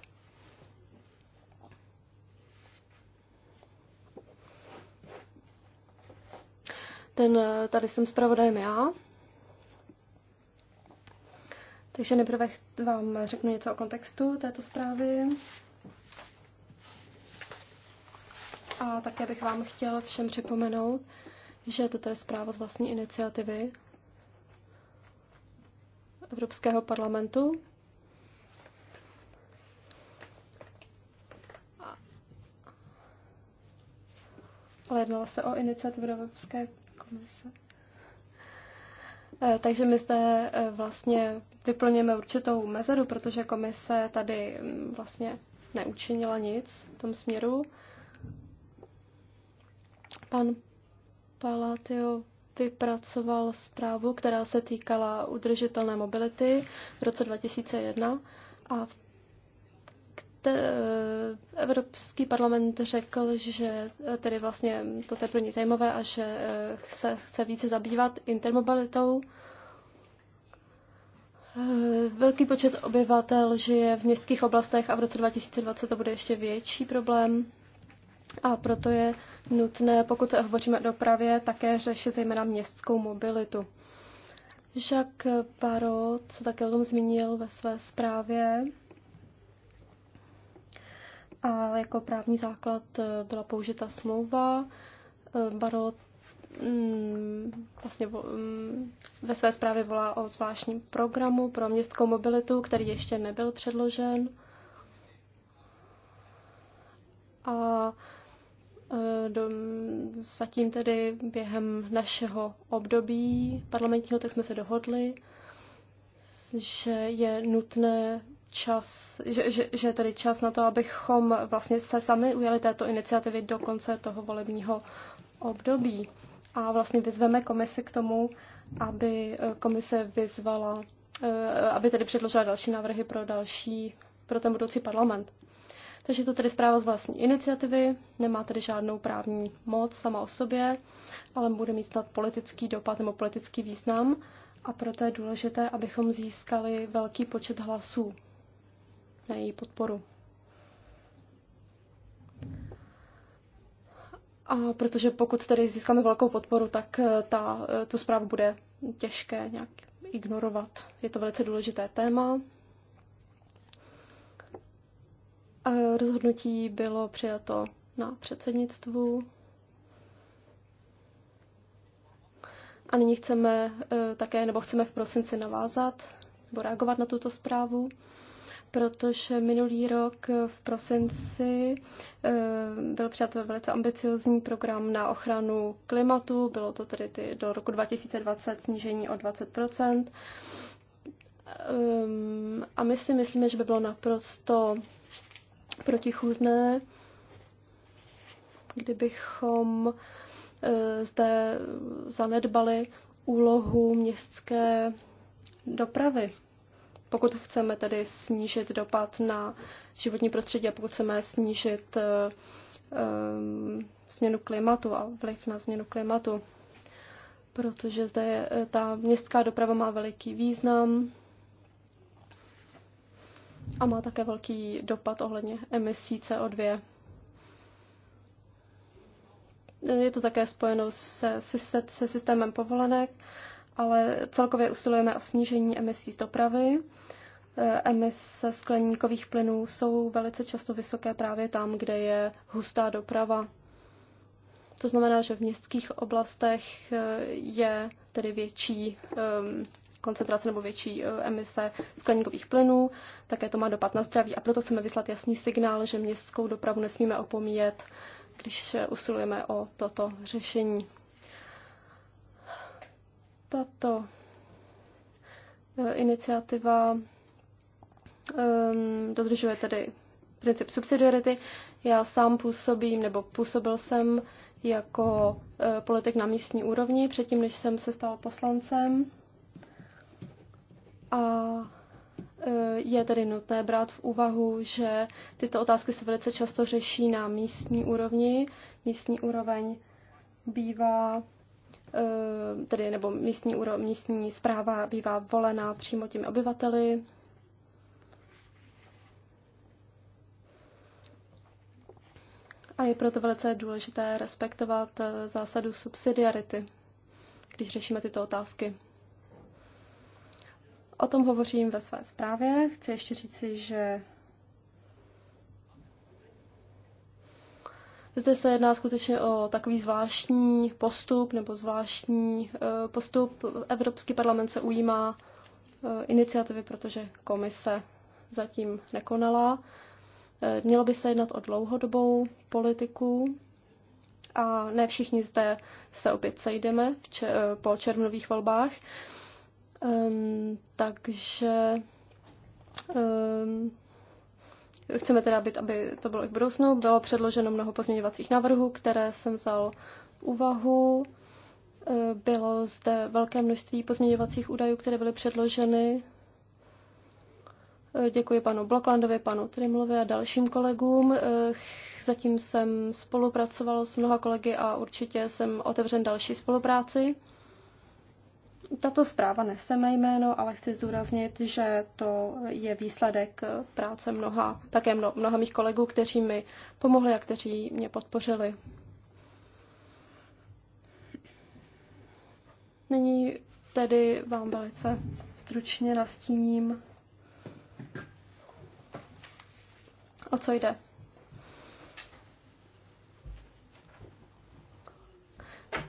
Ten, eh, tady jsem zpravodajem já. Takže nejprve vám řeknu něco o kontextu této zprávy. A také bych vám chtěl všem připomenout, že toto je zpráva z vlastní iniciativy Evropského parlamentu. Ale jednalo se o iniciativu Evropské komise. Eh, takže my zde eh, vlastně vyplněme určitou mezeru, protože komise tady mm, vlastně neučinila nic v tom směru. Pan Palatio vypracoval zprávu, která se týkala udržitelné mobility v roce 2001 a v te, eh, Evropský parlament řekl, že eh, tedy vlastně to je pro ně zajímavé a že se eh, chce více zabývat intermobilitou. Velký počet obyvatel žije v městských oblastech a v roce 2020 to bude ještě větší problém. A proto je nutné, pokud se hovoříme o dopravě, také řešit zejména městskou mobilitu. Jacques Parot se také o tom zmínil ve své zprávě a jako právní základ eh, byla použita smlouva. Eh, Baro mm, vlastně mm, ve své zprávě volá o zvláštním programu pro městskou mobilitu, který ještě nebyl předložen. A eh, do, zatím tedy během našeho období parlamentního, tak jsme se dohodli, že je nutné čas, že, že, že je tady čas na to, abychom vlastně se sami ujeli této iniciativy do konce toho volebního období. A vlastně vyzveme komisi k tomu, aby eh, komise vyzvala, eh, aby tedy předložila další návrhy pro další, pro ten budoucí parlament. Takže je to tedy zpráva z vlastní iniciativy, nemá tedy žádnou právní moc sama o sobě, ale bude mít snad politický dopad nebo politický význam a proto je důležité, abychom získali velký počet hlasů na její podporu. A protože pokud tedy získáme velkou podporu, tak eh, ta, eh, tu zprávu bude těžké nějak ignorovat. Je to velice důležité téma. A rozhodnutí bylo přijato na předsednictvu. A nyní chceme eh, také, nebo chceme v prosinci navázat nebo reagovat na tuto zprávu protože minulý rok v prosinci eh, byl přijat velice ambiciozní program na ochranu klimatu, bylo to tedy ty do roku 2020 snížení o 20 ehm, A my si myslíme, že by bylo naprosto protichůdné, kdybychom eh, zde zanedbali úlohu městské dopravy pokud chceme tedy snížit dopad na životní prostředí a pokud chceme snížit um, změnu klimatu a vliv na změnu klimatu, protože zde je, eh, ta městská doprava má veliký význam a má také velký dopad ohledně emisí CO2. Je to také spojeno se, se, se systémem povolenek ale celkově usilujeme o snížení emisí z dopravy. E, emise skleníkových plynů jsou velice často vysoké právě tam, kde je hustá doprava. To znamená, že v městských oblastech e, je tedy větší koncentrace nebo větší e, emise skleníkových plynů, také to má dopad na zdraví a proto chceme vyslat jasný signál, že městskou dopravu nesmíme opomíjet, když usilujeme o toto řešení. Tato eh, iniciativa ehm, dodržuje tedy princip subsidiarity. Já sám působím, nebo působil jsem jako eh, politik na místní úrovni, předtím, než jsem se stal poslancem. A eh, je tedy nutné brát v úvahu, že tyto otázky se velice často řeší na místní úrovni. Místní úroveň bývá Eh, tedy nebo místní, úro, místní zpráva bývá volená přímo těmi obyvateli. A je proto velice důležité respektovat eh, zásadu subsidiarity, když řešíme tyto otázky. O tom hovořím ve své zprávě. Chci ještě říci, že Zde se jedná skutečně o takový zvláštní postup nebo zvláštní e, postup. Evropský parlament se ujímá e, iniciativy, protože komise zatím nekonala. E, mělo by se jednat o dlouhodobou politiku a ne všichni zde se opět sejdeme če- po červnových volbách. Um, takže um, Chceme teda, být, aby to bylo i v budoucnu. Bylo předloženo mnoho pozměňovacích návrhů, které jsem vzal v úvahu. E, bylo zde velké množství pozměňovacích údajů, které byly předloženy. E, děkuji panu Bloklandovi, panu Trimlovi a dalším kolegům. E, zatím jsem spolupracoval s mnoha kolegy a určitě jsem otevřen další spolupráci. Tato zpráva nese mé jméno, ale chci zdůraznit, že to je výsledek práce mnoha, také mno, mnoha mých kolegů, kteří mi pomohli a kteří mě podpořili. Nyní tedy vám velice stručně nastíním, o co jde.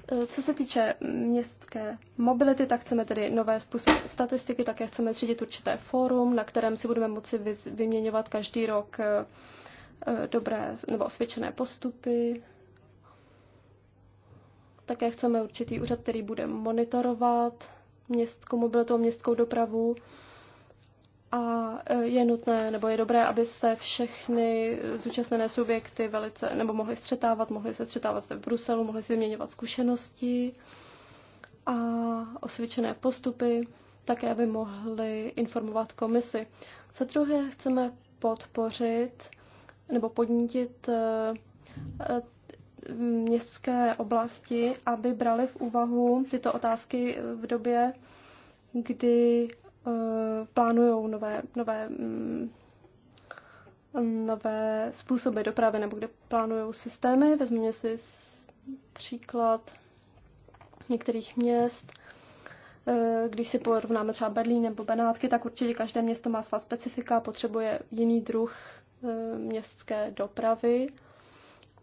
Eh, co se týče městské mobility, tak chceme tedy nové způsoby statistiky, také chceme třídit určité fórum, na kterém si budeme moci vyměňovat každý rok eh, eh, dobré nebo osvědčené postupy. Také chceme určitý úřad, který bude monitorovat městskou mobilitu, městskou dopravu a e, je nutné, nebo je dobré, aby se všechny zúčastněné subjekty velice, nebo mohly střetávat, mohly se střetávat se v Bruselu, mohly si vyměňovat zkušenosti a osvědčené postupy, také aby mohly informovat komisi. Za druhé chceme podpořit nebo podnítit e, e, městské oblasti, aby brali v úvahu tyto otázky v době, kdy Eh, plánují nové, nové, mm, nové způsoby dopravy nebo kde plánují systémy. Vezměme si příklad některých měst. Eh, když si porovnáme třeba Berlín nebo Benátky, tak určitě každé město má svá specifika, potřebuje jiný druh eh, městské dopravy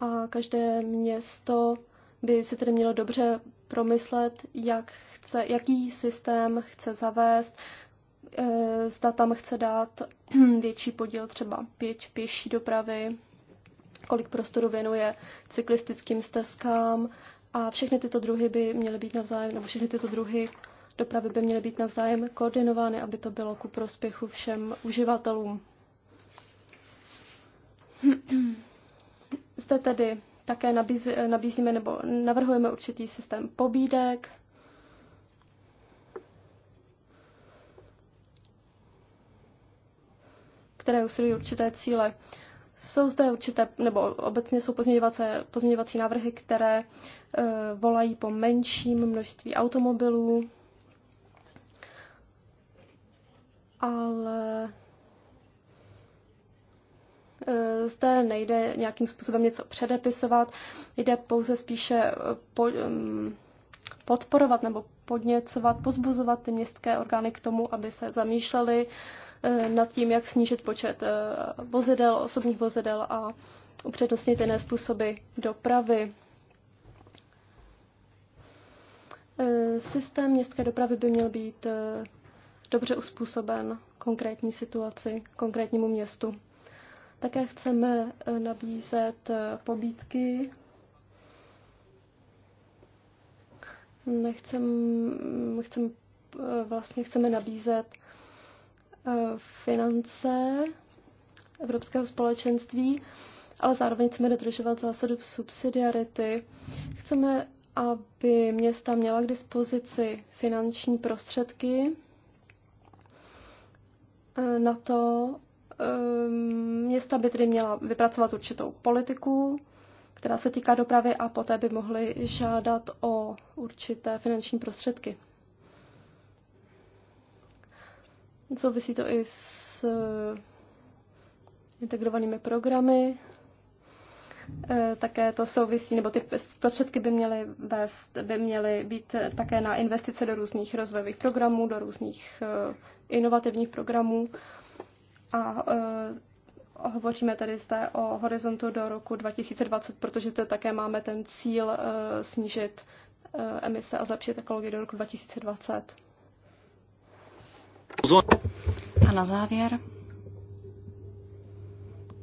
a každé město by si tedy mělo dobře promyslet, jak chce, jaký systém chce zavést, Eh, zda tam chce dát větší podíl třeba pěč, pěší dopravy, kolik prostoru věnuje cyklistickým stezkám a všechny tyto druhy by měly být navzájem, nebo všechny tyto druhy dopravy by měly být navzájem koordinovány, aby to bylo ku prospěchu všem uživatelům. Zde tedy také nabízíme nebo navrhujeme určitý systém pobídek, které usilují určité cíle. Jsou zde určité, nebo obecně jsou pozměňovací, pozměňovací návrhy, které e, volají po menším množství automobilů, ale eh, zde nejde nějakým způsobem něco předepisovat, jde pouze spíše eh, po, mm, podporovat nebo podněcovat, pozbuzovat ty městské orgány k tomu, aby se zamýšleli Eh, nad tím, jak snížit počet eh, vozidel, osobních vozidel a upřednostnit jiné způsoby dopravy. Eh, systém městské dopravy by měl být dobře uspůsoben konkrétní situaci, konkrétnímu městu. Také chceme nabízet pobídky. Nechcem, chcem, vlastně chceme nabízet Eh, finance Evropského společenství, ale zároveň chceme dodržovat zásadu subsidiarity. Chceme, aby města měla k dispozici finanční prostředky eh, na to, eh, města by tedy měla vypracovat určitou politiku, která se týká dopravy a poté by mohly žádat o určité finanční prostředky. Souvisí to i s eh, integrovanými programy. Eh, také to souvisí, nebo ty prostředky by měly, vést, by měly být také na investice do různých rozvojových programů, do různých eh, inovativních programů. A hovoříme tady zde o horizontu do roku 2020, protože to také máme ten cíl snížit emise a zlepšit ekologii do roku 2020. A na závěr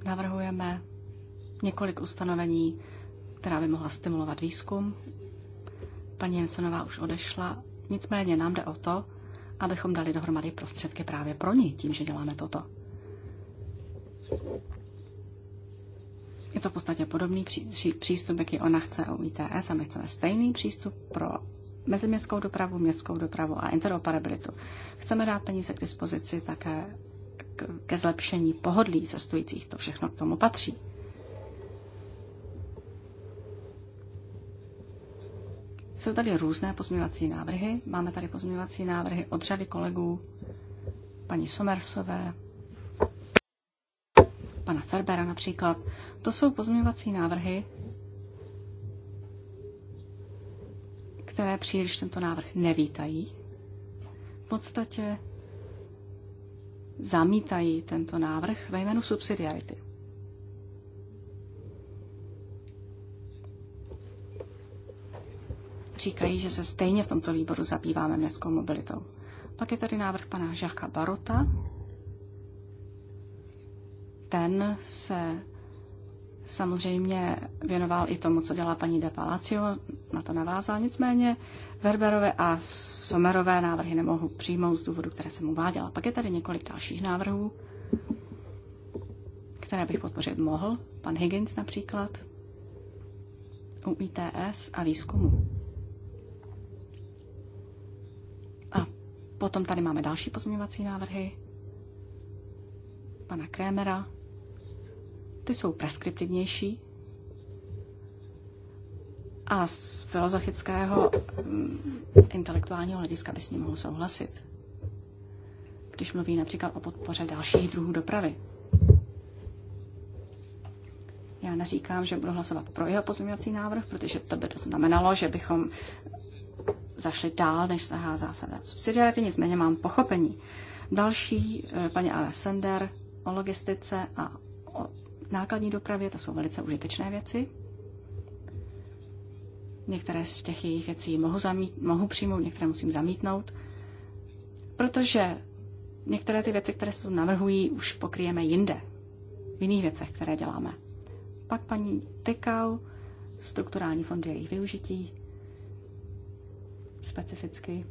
navrhujeme několik ustanovení, která by mohla stimulovat výzkum. Paní Jensenová už odešla, nicméně nám jde o to, abychom dali dohromady prostředky právě pro ní, tím, že děláme toto. Je to v podstatě podobný pří, pří, přístup, jaký ona chce o ITS a my chceme stejný přístup pro meziměstskou dopravu, městskou dopravu a interoperabilitu. Chceme dát peníze k dispozici také ke zlepšení pohodlí cestujících. To všechno k tomu patří. Jsou tady různé pozměvací návrhy. Máme tady pozměvací návrhy od řady kolegů, paní Somersové, pana Ferbera například. To jsou pozměvací návrhy, které příliš tento návrh nevítají. V podstatě zamítají tento návrh ve jménu subsidiarity. Říkají, že se stejně v tomto výboru zabýváme městskou mobilitou. Pak je tady návrh pana žáka Barota. Ten se samozřejmě věnoval i tomu, co dělá paní de Palacio, na to navázal. Nicméně Verberové a Somerové návrhy nemohu přijmout z důvodu, které jsem uváděla. Pak je tady několik dalších návrhů, které bych podpořit mohl. Pan Higgins například u ITS a výzkumu. A potom tady máme další pozměňovací návrhy pana Krémera, ty jsou preskriptivnější a z filozofického mm, intelektuálního hlediska by s ním mohl souhlasit. Když mluví například o podpoře dalších druhů dopravy. Já neříkám, že budu hlasovat pro jeho pozměňovací návrh, protože to by to znamenalo, že bychom zašli dál, než sahá zásada subsidiarity, nicméně mám pochopení. Další, eh, paní Alessander, o logistice a nákladní dopravě, to jsou velice užitečné věci. Některé z těch jejich věcí mohu, zamít, mohu přijmout, některé musím zamítnout, protože některé ty věci, které se tu navrhují, už pokryjeme jinde, v jiných věcech, které děláme. Pak paní Tykau, strukturální fondy jejich využití, specificky.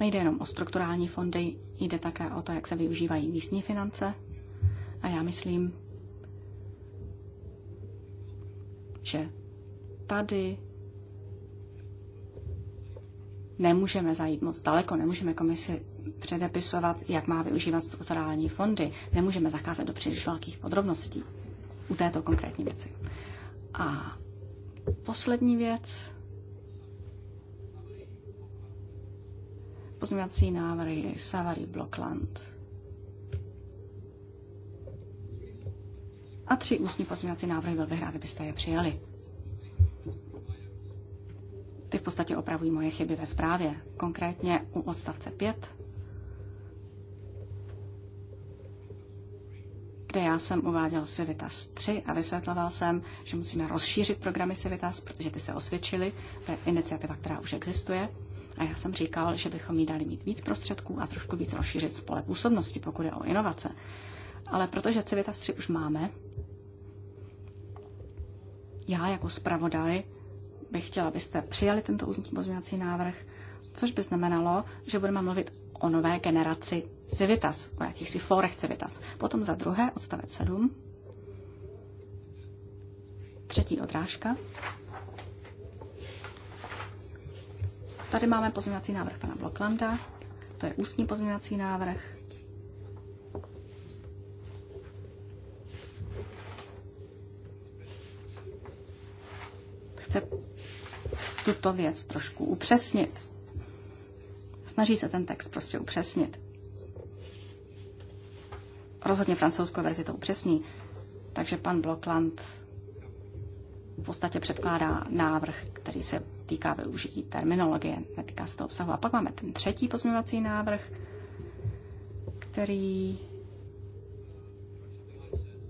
Nejde jenom o strukturální fondy, Jde také o to, jak se využívají místní finance. A já myslím, že tady nemůžeme zajít moc daleko, nemůžeme komisi předepisovat, jak má využívat strukturální fondy, nemůžeme zakázat do příliš velkých podrobností u této konkrétní věci. A poslední věc, Pozměňovací návrhy Savary Blokland. A tři ústní pozměňovací návrhy byl bych rád, kdybyste je přijali. Ty v podstatě opravují moje chyby ve zprávě, konkrétně u odstavce 5, kde já jsem uváděl Civitas 3 a vysvětloval jsem, že musíme rozšířit programy Civitas, protože ty se osvědčily, to je iniciativa, která už existuje, a já jsem říkal, že bychom jí dali mít víc prostředků a trošku víc rozšířit spole působnosti, pokud je o inovace. Ale protože Civitas 3 už máme, já jako zpravodaj bych chtěla, abyste přijali tento úzký pozměňovací návrh, což by znamenalo, že budeme mluvit o nové generaci Civitas, o jakýchsi fórech Civitas. Potom za druhé, odstavec 7, třetí odrážka, Tady máme pozměňovací návrh pana Bloklanda. To je ústní pozměňovací návrh. Chce tuto věc trošku upřesnit. Snaží se ten text prostě upřesnit. Rozhodně francouzskou verzi to upřesní. Takže pan Blokland v podstatě předkládá návrh, který se týká využití terminologie, netýká se toho obsahu. A pak máme ten třetí pozměňovací návrh, který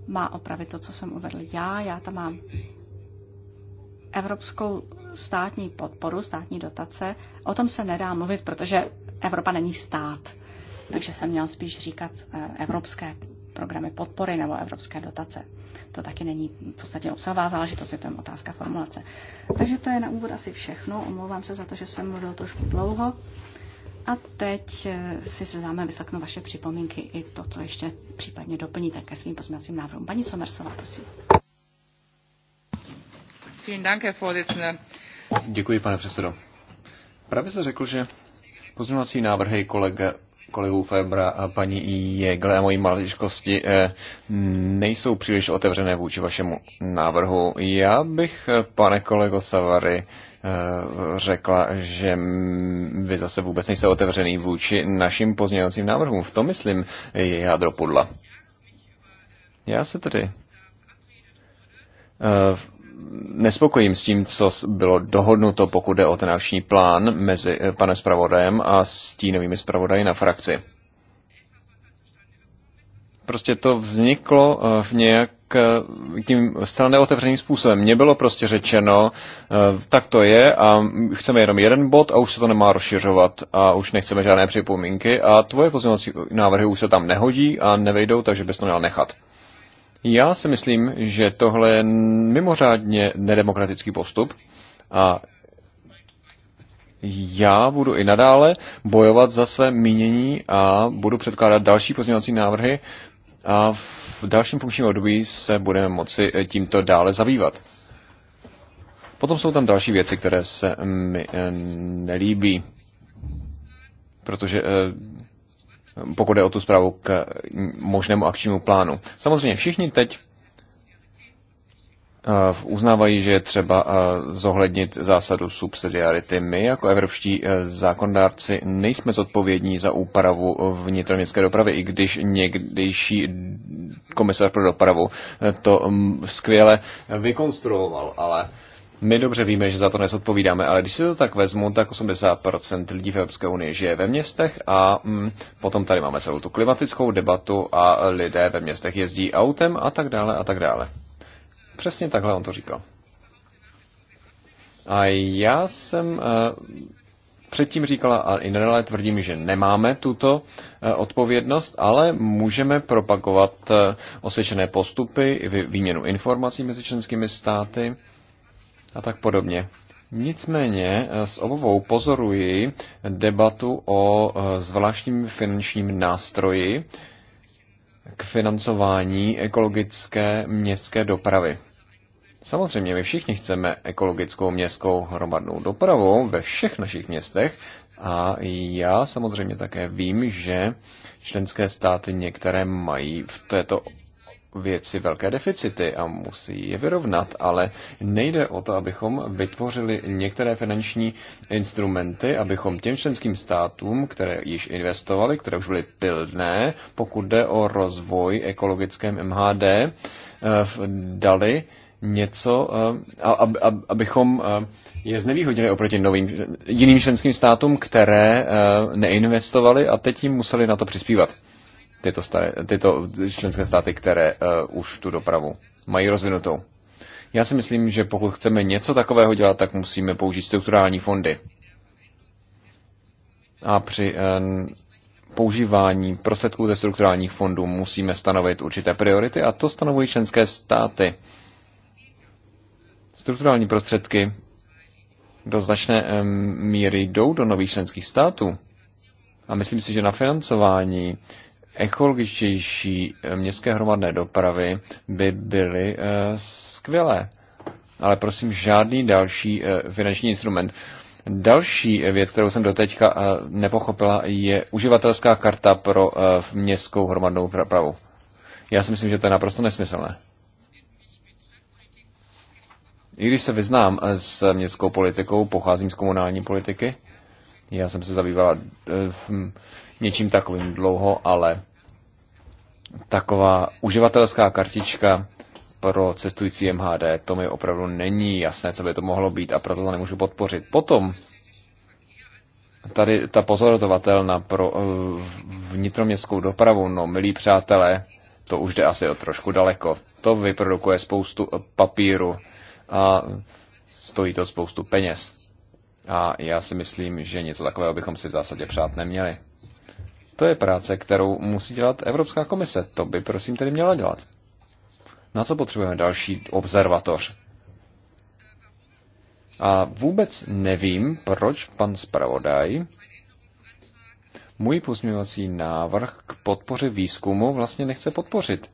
má opravit to, co jsem uvedl já. Já tam mám evropskou státní podporu, státní dotace. O tom se nedá mluvit, protože Evropa není stát. Takže jsem měl spíš říkat eh, evropské programy podpory nebo evropské dotace. To taky není v podstatě obsahová záležitost, je to jen otázka formulace. Takže to je na úvod asi všechno. Omlouvám se za to, že jsem mluvil trošku dlouho. A teď eh, si se záme vyslechnu vaše připomínky i to, co ještě případně doplníte ke svým pozměňovacím návrhům. Paní Somersová, prosím. Děkuji, pane předsedo. Právě se řekl, že pozměňovací návrhy kolega, kolegů Febra a paní Jegle a mojí maličkosti eh, nejsou příliš otevřené vůči vašemu návrhu. Já bych, eh, pane kolego Savary, eh, řekla, že vy zase vůbec nejste otevřený vůči našim pozměňovacím návrhům. V tom, myslím, je jádro pudla. Já se tedy nespokojím s tím, co bylo dohodnuto, pokud jde o ten akční plán mezi eh, panem zpravodajem a stínovými zpravodaji na frakci. Prostě to vzniklo eh, v nějak eh, tím zcela neotevřeným způsobem. Mně bylo prostě řečeno, tak to je a chceme jenom jeden bod a už se to nemá rozšiřovat a už nechceme žádné připomínky a tvoje pozměňovací návrhy už se tam nehodí a nevejdou, takže bys to měl nechat. Já si myslím, že tohle je mimořádně nedemokratický postup a já budu i nadále bojovat za své mínění a budu předkládat další pozměňovací návrhy a v dalším funkčním období se budeme moci tímto dále zabývat. Potom jsou tam další věci, které se mi eh, nelíbí, protože eh, Ehm, pokud je o tu zprávu k možnému akčnímu plánu. Samozřejmě všichni teď eh, uznávají, že je třeba eh, zohlednit zásadu subsidiarity. My jako evropští eh, zákondárci nejsme zodpovědní za úpravu vnitroměstské dopravy, i když někdejší komisař pro dopravu to mm, skvěle vykonstruoval, ale my dobře víme, že za to nezodpovídáme, ale když si to tak vezmu, tak 80% lidí v Evropské unii žije ve městech a mm, potom tady máme celou tu klimatickou debatu a lidé ve městech jezdí autem a tak dále a tak dále. Přesně takhle on to říkal. A já jsem eh, předtím říkala a i nadále tvrdím, že nemáme tuto eh, odpovědnost, ale můžeme propagovat eh, osvědčené postupy, výměnu informací mezi členskými státy, a tak podobně. Nicméně eh, s obovou pozoruji debatu o eh, zvláštním finančním nástroji k financování ekologické městské dopravy. Samozřejmě my všichni chceme ekologickou městskou hromadnou dopravu ve všech našich městech a já samozřejmě také vím, že členské státy některé mají v této věci velké deficity a musí je vyrovnat, ale nejde o to, abychom vytvořili některé finanční instrumenty, abychom těm členským státům, které již investovaly, které už byly pilné, pokud jde o rozvoj ekologickém MHD, eh, dali něco, eh, abychom eh, je znevýhodnili oproti novým, jiným členským státům, které neinvestovaly a teď jim museli na to přispívat tyto, staré, tyto členské státy, které uh, už tu dopravu mají rozvinutou. Já si myslím, že pokud chceme něco takového dělat, tak musíme použít strukturální fondy. A při uh, používání prostředků ze strukturálních fondů musíme stanovit určité priority a to stanovují členské státy. Strukturální prostředky do značné eh, míry jdou do nových členských států. A myslím si, že na financování ekologičtější eh, městské hromadné dopravy by byly eh, skvělé. Ale prosím, žádný další eh, finanční instrument. Další věc, kterou jsem doteďka nepochopila, je uživatelská karta pro městskou hromadnou dopravu. Já si myslím, že to je naprosto nesmyslné. I když se vyznám s městskou politikou, pocházím z komunální politiky, já jsem se zabývala v něčím takovým dlouho, ale taková uživatelská kartička pro cestující MHD, to mi opravdu není jasné, co by to mohlo být a proto to nemůžu podpořit. Potom tady ta pozorovatelna pro eh, vnitroměstskou dopravu, no milí přátelé, to už jde asi o trošku daleko. To vyprodukuje spoustu eh, papíru a stojí to spoustu peněz. A já si myslím, že něco takového bychom si v zásadě přát neměli. To je práce, kterou musí dělat Evropská komise. To by prosím tedy měla dělat. Na co potřebujeme další observatoř? A vůbec nevím, proč pan zpravodaj můj pozměňovací návrh k podpoře výzkumu vlastně nechce podpořit.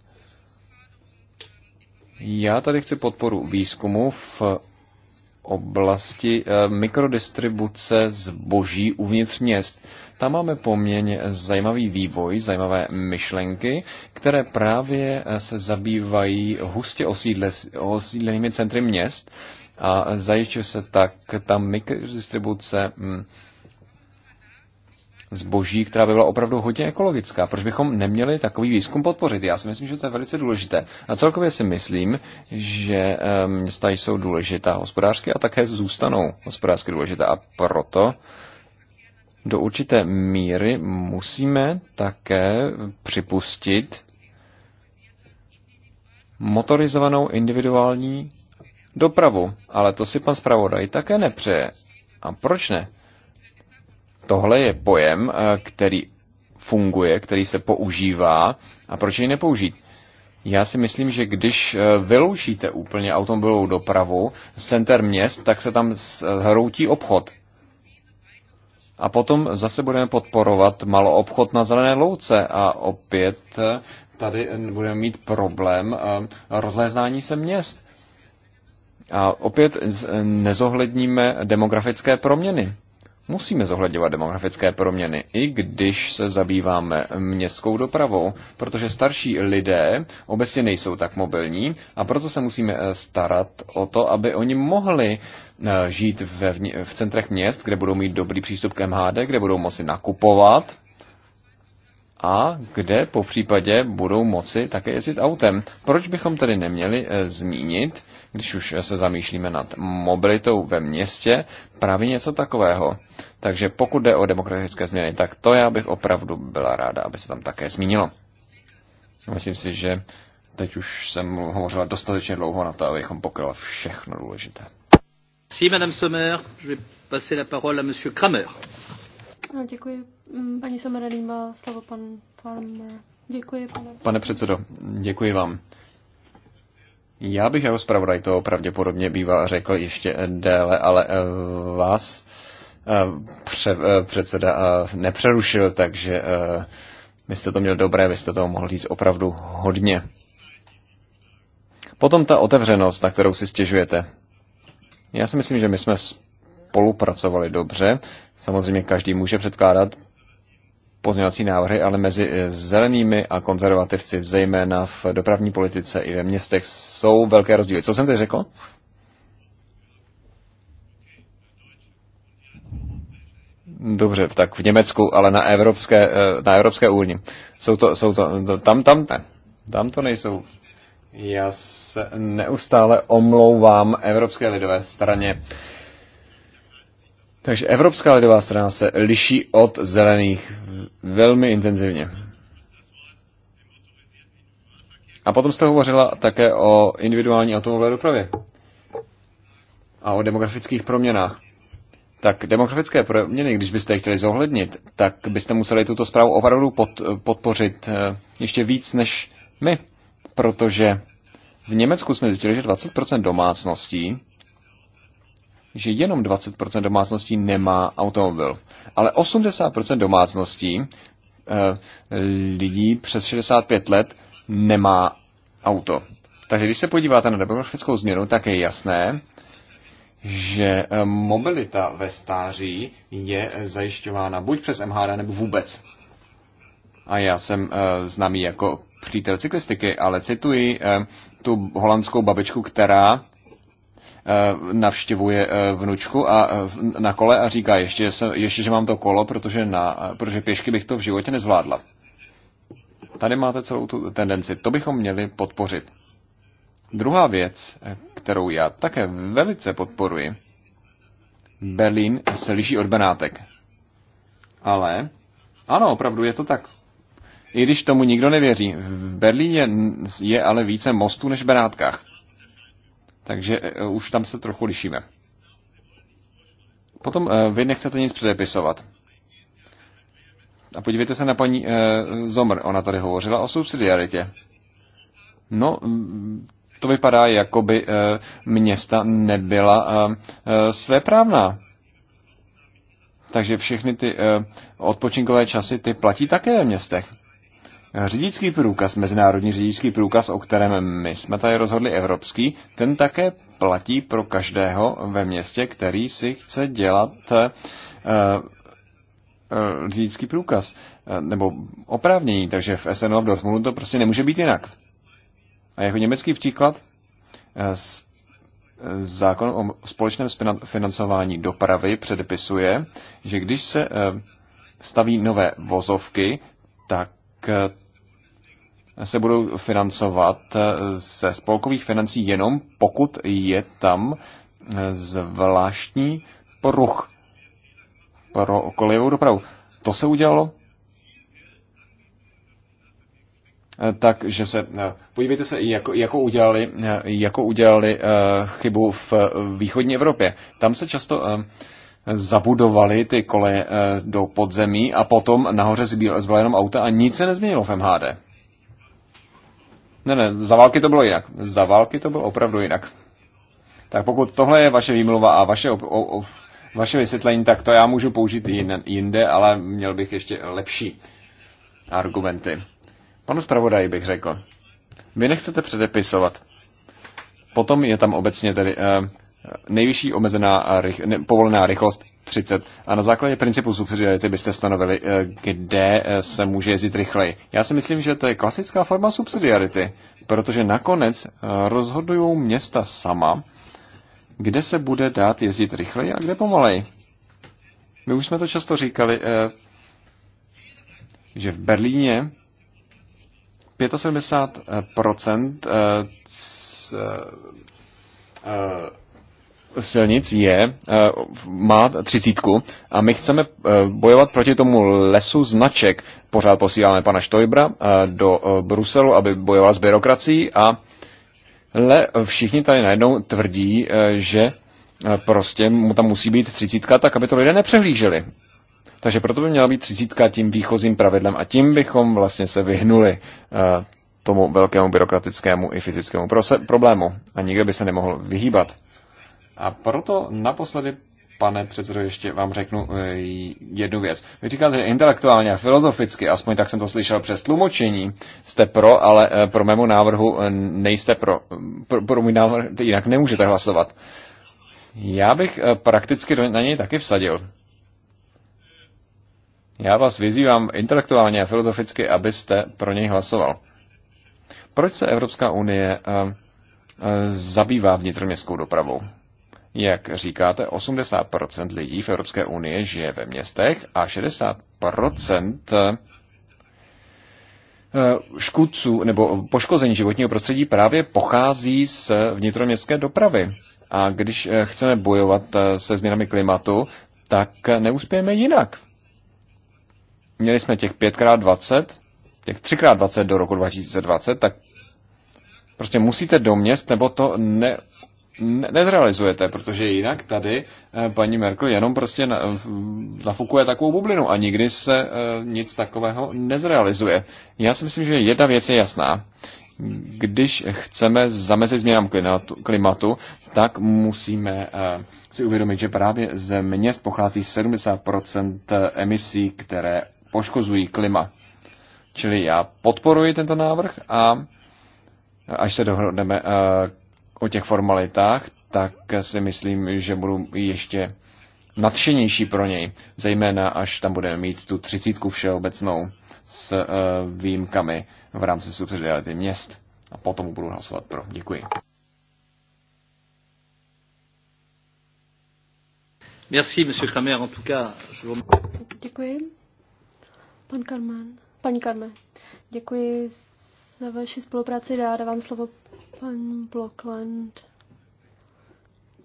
Já tady chci podporu výzkumu v oblasti eh, mikrodistribuce zboží uvnitř měst. Tam máme poměrně zajímavý vývoj, zajímavé myšlenky, které právě eh, se zabývají hustě osídle, osídlenými centry měst a zajišťuje se tak ta mikrodistribuce mm, zboží, která by byla opravdu hodně ekologická. Proč bychom neměli takový výzkum podpořit? Já si myslím, že to je velice důležité. A celkově si myslím, že eh, města jsou důležitá hospodářsky a také zůstanou hospodářsky důležitá. A proto do určité míry musíme také připustit motorizovanou individuální dopravu. Ale to si pan zpravodaj také nepřeje. A proč ne? Tohle je pojem, eh, který funguje, který se používá a proč jej nepoužít? Já si myslím, že když eh, vyloučíte úplně automobilovou dopravu z center měst, tak se tam eh, hroutí obchod. A potom zase budeme podporovat maloobchod na zelené louce a opět tady budeme mít problém rozléznání se měst. A opět nezohledníme demografické proměny musíme zohledňovat demografické proměny, i když se zabýváme městskou dopravou, protože starší lidé obecně nejsou tak mobilní a proto se musíme eh, starat o to, aby oni mohli eh, žít ve, v centrech měst, kde budou mít dobrý přístup k MHD, kde budou moci nakupovat a kde po případě budou moci také jezdit autem. Proč bychom tedy neměli eh, zmínit, když už se zamýšlíme nad mobilitou ve městě, právě něco takového. Takže pokud jde o demokratické změny, tak to já bych opravdu byla ráda, aby se tam také zmínilo. Myslím si, že teď už jsem hovořila dostatečně dlouho na to, abychom pokryla všechno důležité. Si, Madame Sommer, je vais passer la parole à Monsieur Kramer. No, děkuji. Mm, paní Sommer, slovo pan Farmer. Děkuji, pane. Pane předsedo, děkuji vám. Já bych jako zpravodaj toho pravděpodobně býval řekl ještě déle, ale eh, vás eh, pře- eh, předseda nepřerušil, takže vy jste to měl dobré, vy jste toho mohl říct opravdu hodně. Potom ta otevřenost, na kterou si stěžujete. Já si myslím, že my jsme spolupracovali dobře. Samozřejmě každý může předkládat pozměňovací návrhy, ale mezi eh, zelenými a konzervativci, zejména v dopravní politice i ve městech, jsou velké rozdíly. Co jsem teď řekl? Dobře, tak v Německu, ale na evropské, eh, na evropské úrovni. Jsou to, jsou to, tam, tam ne. Tam to nejsou. Já se neustále omlouvám Evropské lidové straně. Uh, takže Evropská lidová strana se liší od zelených velmi intenzivně. A potom jste hovořila také o individuální automobilové dopravě a o demografických proměnách. Tak demografické proměny, když byste je chtěli zohlednit, tak byste museli tuto zprávu opravdu pod, podpořit eh, ještě víc než my, protože v Německu jsme zjistili, že 20% domácností že jenom 20% domácností nemá automobil, ale 80% domácností eh, lidí přes 65 let nemá auto. Takže když se podíváte na demografickou změnu, tak je jasné, že eh, mobilita ve stáří je zajišťována buď přes MHD nebo vůbec. A já jsem eh, známý jako přítel cyklistiky, ale cituji tu holandskou babičku, která Eh, navštěvuje eh, vnučku a eh, na kole a říká, ještě, ještě že mám to kolo, protože, na, protože pěšky bych to v životě nezvládla. Tady máte celou tu tendenci. To bychom měli podpořit. Druhá věc, kterou já také velice podporuji, Berlín se liší od Benátek. Ale, ano, opravdu je to tak. I když tomu nikdo nevěří, v Berlíně je ale více mostů než v Benátkách. Takže eh, už tam se trochu lišíme. Potom eh, vy nechcete nic předepisovat. A podívejte se na paní eh, Zomr, ona tady hovořila o subsidiaritě. No, to vypadá, jako by města nebyla svéprávná. Takže všechny ty odpočinkové časy, ty platí také ve městech. Řidičský průkaz, mezinárodní řidičský průkaz, o kterém my jsme tady rozhodli evropský, ten také platí pro každého ve městě, který si chce dělat eh, eh, řidičský průkaz eh, nebo oprávnění, takže v SNL v Dortmundu to prostě nemůže být jinak. A jako německý příklad, zákon o společném financování dopravy předepisuje, že když se staví nové vozovky, tak se budou financovat eh, ze spolkových financí jenom pokud je tam eh, zvláštní poruch pro kolejovou dopravu. To se udělalo eh, takže se, podívejte se, jako, jako udělali, jako udělali chybu v východní Evropě. Tam se často zabudovali ty koleje do podzemí a potom nahoře zbyla jenom auta a nic se nezměnilo v MHD. Ne, ne, za války to bylo jinak. Za války to bylo opravdu jinak. Tak pokud tohle je vaše výmluva a vaše, o, o, vaše vysvětlení, tak to já můžu použít jinde, ale měl bych ještě lepší argumenty. Panu zpravodaji bych řekl, vy nechcete předepisovat. Potom je tam obecně tedy eh, nejvyšší omezená eh, rych, ne, povolená rychlost 30. A na základě principu subsidiarity byste stanovili, eh, kde eh, se může jezdit rychleji. Já si myslím, že to je klasická forma subsidiarity, protože nakonec eh, rozhodují města sama, kde se bude dát jezdit rychleji a kde pomaleji. My už jsme to často říkali, že v Berlíně 75% silnic je, eh, má třicítku a my chceme eh, bojovat proti tomu lesu značek. Pořád posíláme pana Štojbra eh, do Bruselu, aby bojoval s byrokracií a le, všichni tady najednou tvrdí, že prostě mu tam musí být třicítka, tak aby to lidé nepřehlíželi. Takže proto by měla být třicítka tím výchozím pravidlem a tím bychom vlastně se vyhnuli tomu velkému byrokratickému i fyzickému problému a nikdo by se nemohl vyhýbat. A proto naposledy, pane předsedo, ještě vám řeknu eh, jednu věc. Vy říkáte, že intelektuálně a filozoficky, aspoň tak jsem to slyšel přes tlumočení, jste pro, ale eh, pro mému návrhu eh, nejste pro. Pro, pro můj návrh jinak nemůžete hlasovat. Já bych prakticky na něj taky vsadil. Já vás vyzývám intelektuálně a filozoficky, abyste pro něj hlasoval. Proč se Evropská unie zabývá vnitroměstskou dopravou? Jak říkáte, 80% lidí v Evropské unii žije ve městech a 60% eh, škůdců nebo poškození životního prostředí právě pochází z vnitroměstské dopravy. A když eh, chceme bojovat eh, se změnami klimatu, tak neuspějeme jinak. Měli jsme těch 5x20, těch 3x20 do roku 2020, tak prostě musíte do měst, nebo to ne, nezrealizujete, protože jinak tady eh, paní Merkel jenom prostě nafukuje takovou bublinu a nikdy se eh, nic takového nezrealizuje. Já si myslím, že jedna věc je jasná. Když chceme zamezit změnám klimatu, tak musíme eh, si uvědomit, že právě ze měst pochází 70% emisí, které poškozují klima. Čili já podporuji tento návrh a až se dohodneme, o těch formalitách, tak si myslím, že budu ještě nadšenější pro něj, zejména až tam budeme mít tu třicítku všeobecnou s uh, výjimkami v rámci subsidiarity měst a potom budu hlasovat pro. Děkuji. Merci, monsieur Kramer, en tout cas. Je vous... Děkuji. Pan Karman, paní Karme, děkuji za vaši spolupráci. Ráda vám slovo Pan Blokland.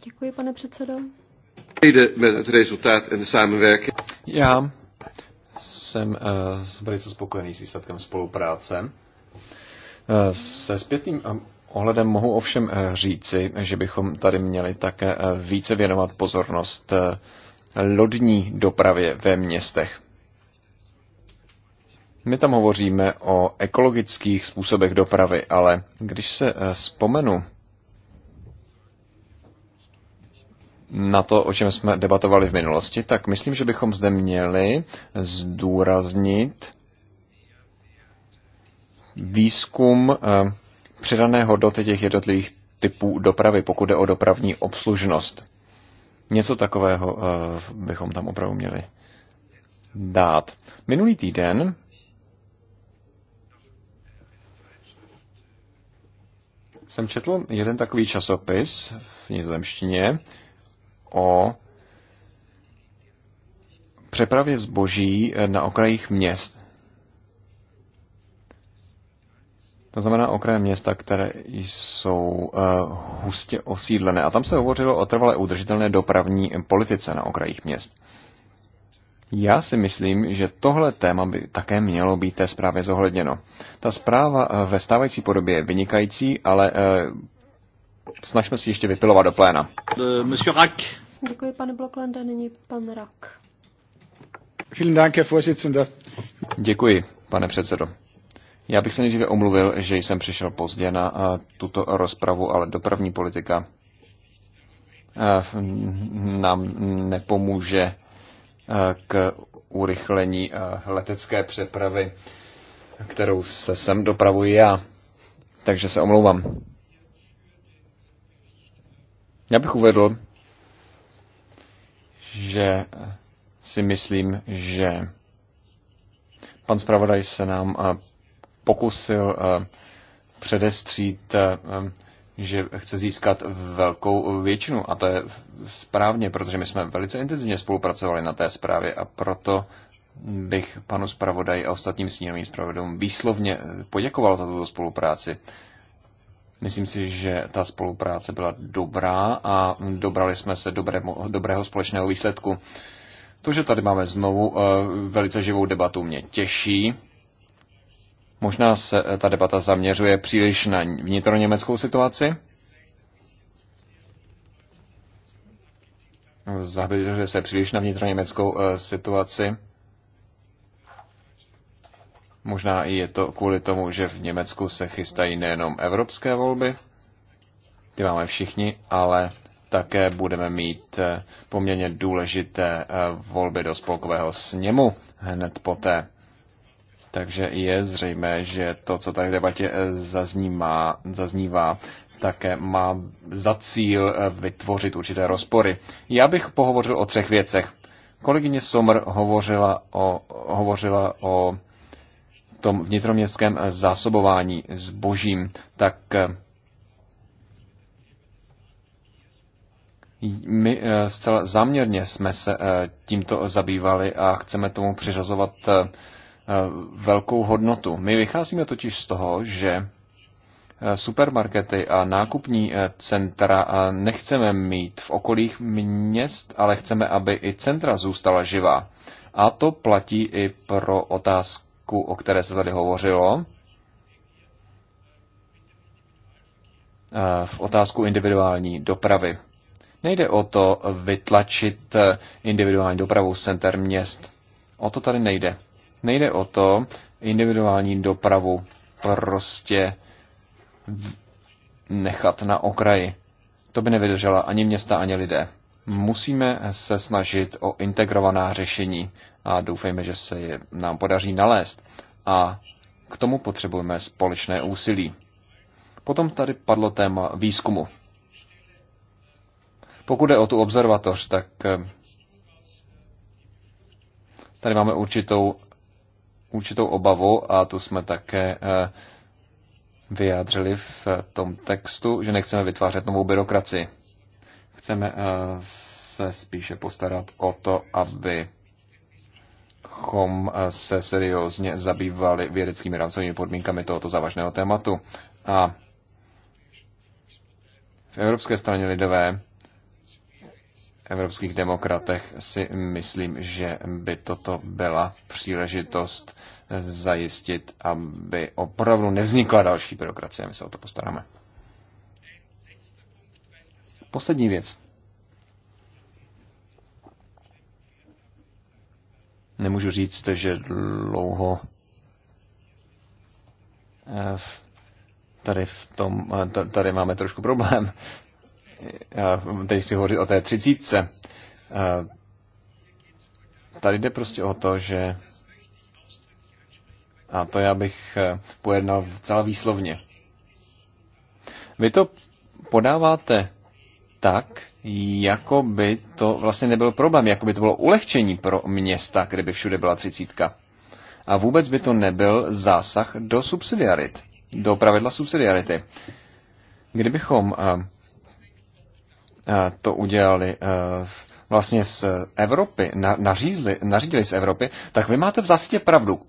Děkuji, pane předsedo. Já jsem uh, velice spokojený s výsledkem spolupráce. Uh, se zpětným eh, ohledem mohu ovšem říci, že bychom tady měli také více věnovat pozornost lodní dopravě ve městech. My tam hovoříme o ekologických způsobech dopravy, ale když se eh, vzpomenu na to, o čem jsme debatovali v minulosti, tak myslím, že bychom zde měli zdůraznit výzkum eh, přidané hodnoty těch jednotlivých typů dopravy, pokud jde o dopravní obslužnost. Něco takového eh, bychom tam opravdu měli dát. Minulý týden jsem četl jeden takový časopis v nizozemštině o přepravě zboží eh, na okrajích měst. To znamená okraje města, které jsou uh, hustě osídlené. A tam se hovořilo o trvalé udržitelné dopravní politice na okrajích měst. Já si myslím, že tohle téma by také mělo být té zprávě zohledněno. Ta zpráva eh, ve stávající podobě je vynikající, ale eh, snažme si ještě vypilovat do pléna. Monsieur Rack. Děkuji, pane Blocklande, nyní pan Rak. Vielen Dank, Herr Vorsitzender. Děkuji, pane předsedo. Já bych se nejdříve omluvil, že jsem přišel pozdě na eh, tuto rozpravu, ale dopravní politika eh, nám nepomůže k urychlení eh, letecké přepravy, kterou se sem dopravuji já. Takže se omlouvám. Já bych uvedl, že si myslím, že pan zpravodaj se nám eh, pokusil eh, předestřít že chce získat velkou většinu. A to je správně, protože my jsme velice intenzivně spolupracovali na té zprávě a proto bych panu zpravodaji a ostatním snímovým zpravodům výslovně poděkoval za tuto spolupráci. Myslím si, že ta spolupráce byla dobrá a dobrali jsme se dobrému, dobrého společného výsledku. To, že tady máme znovu eh, velice živou debatu, mě těší. Možná se eh, ta debata zaměřuje příliš na vnitroněmeckou situaci. Zaměřuje se příliš na vnitroněmeckou eh, situaci. Možná i je to kvůli tomu, že v Německu se chystají nejenom evropské volby, ty máme všichni, ale také budeme mít eh, poměrně důležité volby do spolkového sněmu hned poté. Takže je zřejmé, že to, co tady v debatě eh, zaznívá, zaznívá také má za cíl eh, vytvořit určité rozpory. Já bych pohovořil o třech věcech. Kolegyně Somr hovořila o, hovořila o tom vnitroměstském eh, zásobování zbožím, tak my zcela záměrně jsme se tímto zabývali a chceme tomu přiřazovat Eh, velkou hodnotu. My vycházíme totiž z toho, že eh, supermarkety a nákupní eh, centra nechceme mít v okolích měst, ale chceme, aby i centra zůstala živá. A to platí i pro otázku, o které se tady hovořilo. V otázku individuální dopravy. Nejde o to vytlačit individuální dopravu z center měst. O to tady nejde. Nejde o to individuální dopravu prostě nechat na okraji. To by nevydržela ani města, ani lidé. Musíme se snažit o integrovaná řešení a doufejme, že se je nám podaří nalézt. A k tomu potřebujeme společné úsilí. Potom tady padlo téma výzkumu. Pokud jde o tu observatoř, tak eh, tady máme určitou určitou obavu, a tu jsme také eh, vyjádřili v tom textu, že nechceme vytvářet novou byrokracii. Chceme eh, se spíše postarat o to, aby eh, se seriózně zabývali vědeckými rámcovými podmínkami tohoto závažného tématu. A v Evropské straně lidové evropských demokratech si myslím, že by toto byla příležitost zajistit, aby opravdu nevznikla další byrokracie. My se o to postaráme. Poslední věc. Nemůžu říct, že dlouho eh, tady, v tom, eh, tady máme trošku problém teď chci hovořit o té třicítce, tady jde prostě o to, že a to já bych eh, pojednal celá výslovně. Vy to podáváte tak, jako by to vlastně nebyl problém, jako by to bylo ulehčení pro města, kdyby všude byla třicítka. A vůbec by to nebyl zásah do subsidiarit, do pravidla subsidiarity. Kdybychom eh, Eh, to udělali eh, vlastně z Evropy, nařízli, nařídili z Evropy, tak vy máte v zásadě pravdu.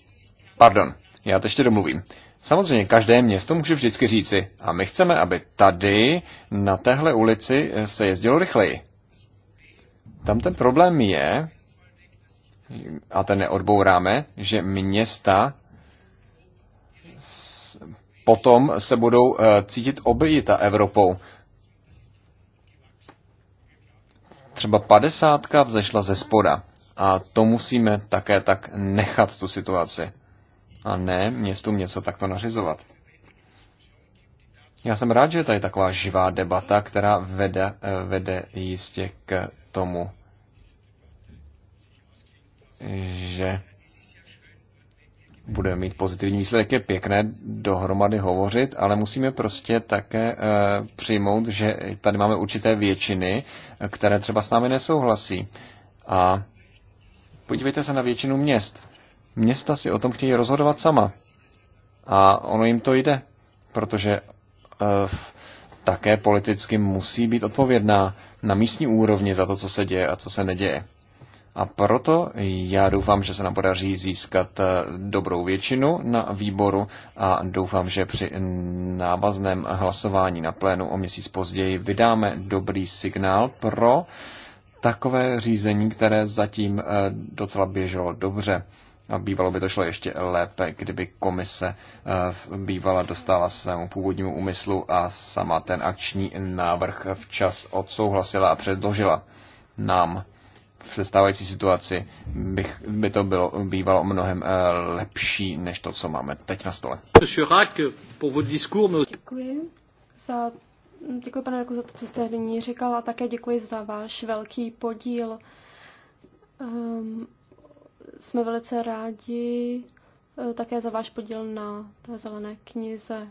Pardon, já to ještě domluvím. Samozřejmě každé město může vždycky říci, a my chceme, aby tady, na téhle ulici, eh, se jezdilo rychleji. Tam ten problém je, a ten neodbouráme, že města potom se budou cítit obejita Evropou. třeba padesátka vzešla ze spoda. A to musíme také tak nechat tu situaci. A ne městům něco takto nařizovat. Já jsem rád, že je tady taková živá debata, která vede, eh, vede jistě k tomu, že budeme mít pozitivní výsledek. Je pěkné dohromady hovořit, ale musíme prostě také e, přijmout, že tady máme určité většiny, které třeba s námi nesouhlasí. A podívejte se na většinu měst. Města si o tom chtějí rozhodovat sama. A ono jim to jde, protože e, také politicky musí být odpovědná na místní úrovni za to, co se děje a co se neděje. A proto já doufám, že se nám podaří získat eh, dobrou většinu na výboru a doufám, že při návazném hlasování na plénu o měsíc později vydáme dobrý signál pro takové řízení, které zatím eh, docela běželo dobře. A bývalo by to šlo ještě lépe, kdyby komise eh, bývala dostala svému původnímu úmyslu a sama ten akční návrh včas odsouhlasila a předložila nám v sestávající situaci bych, by to bylo, bývalo mnohem eh, lepší než to, co máme teď na stole. Děkuji za Děkuji, pane Reku, za to, co jste nyní říkal a také děkuji za váš velký podíl. Um, jsme velice rádi eh, také za váš podíl na té zelené knize.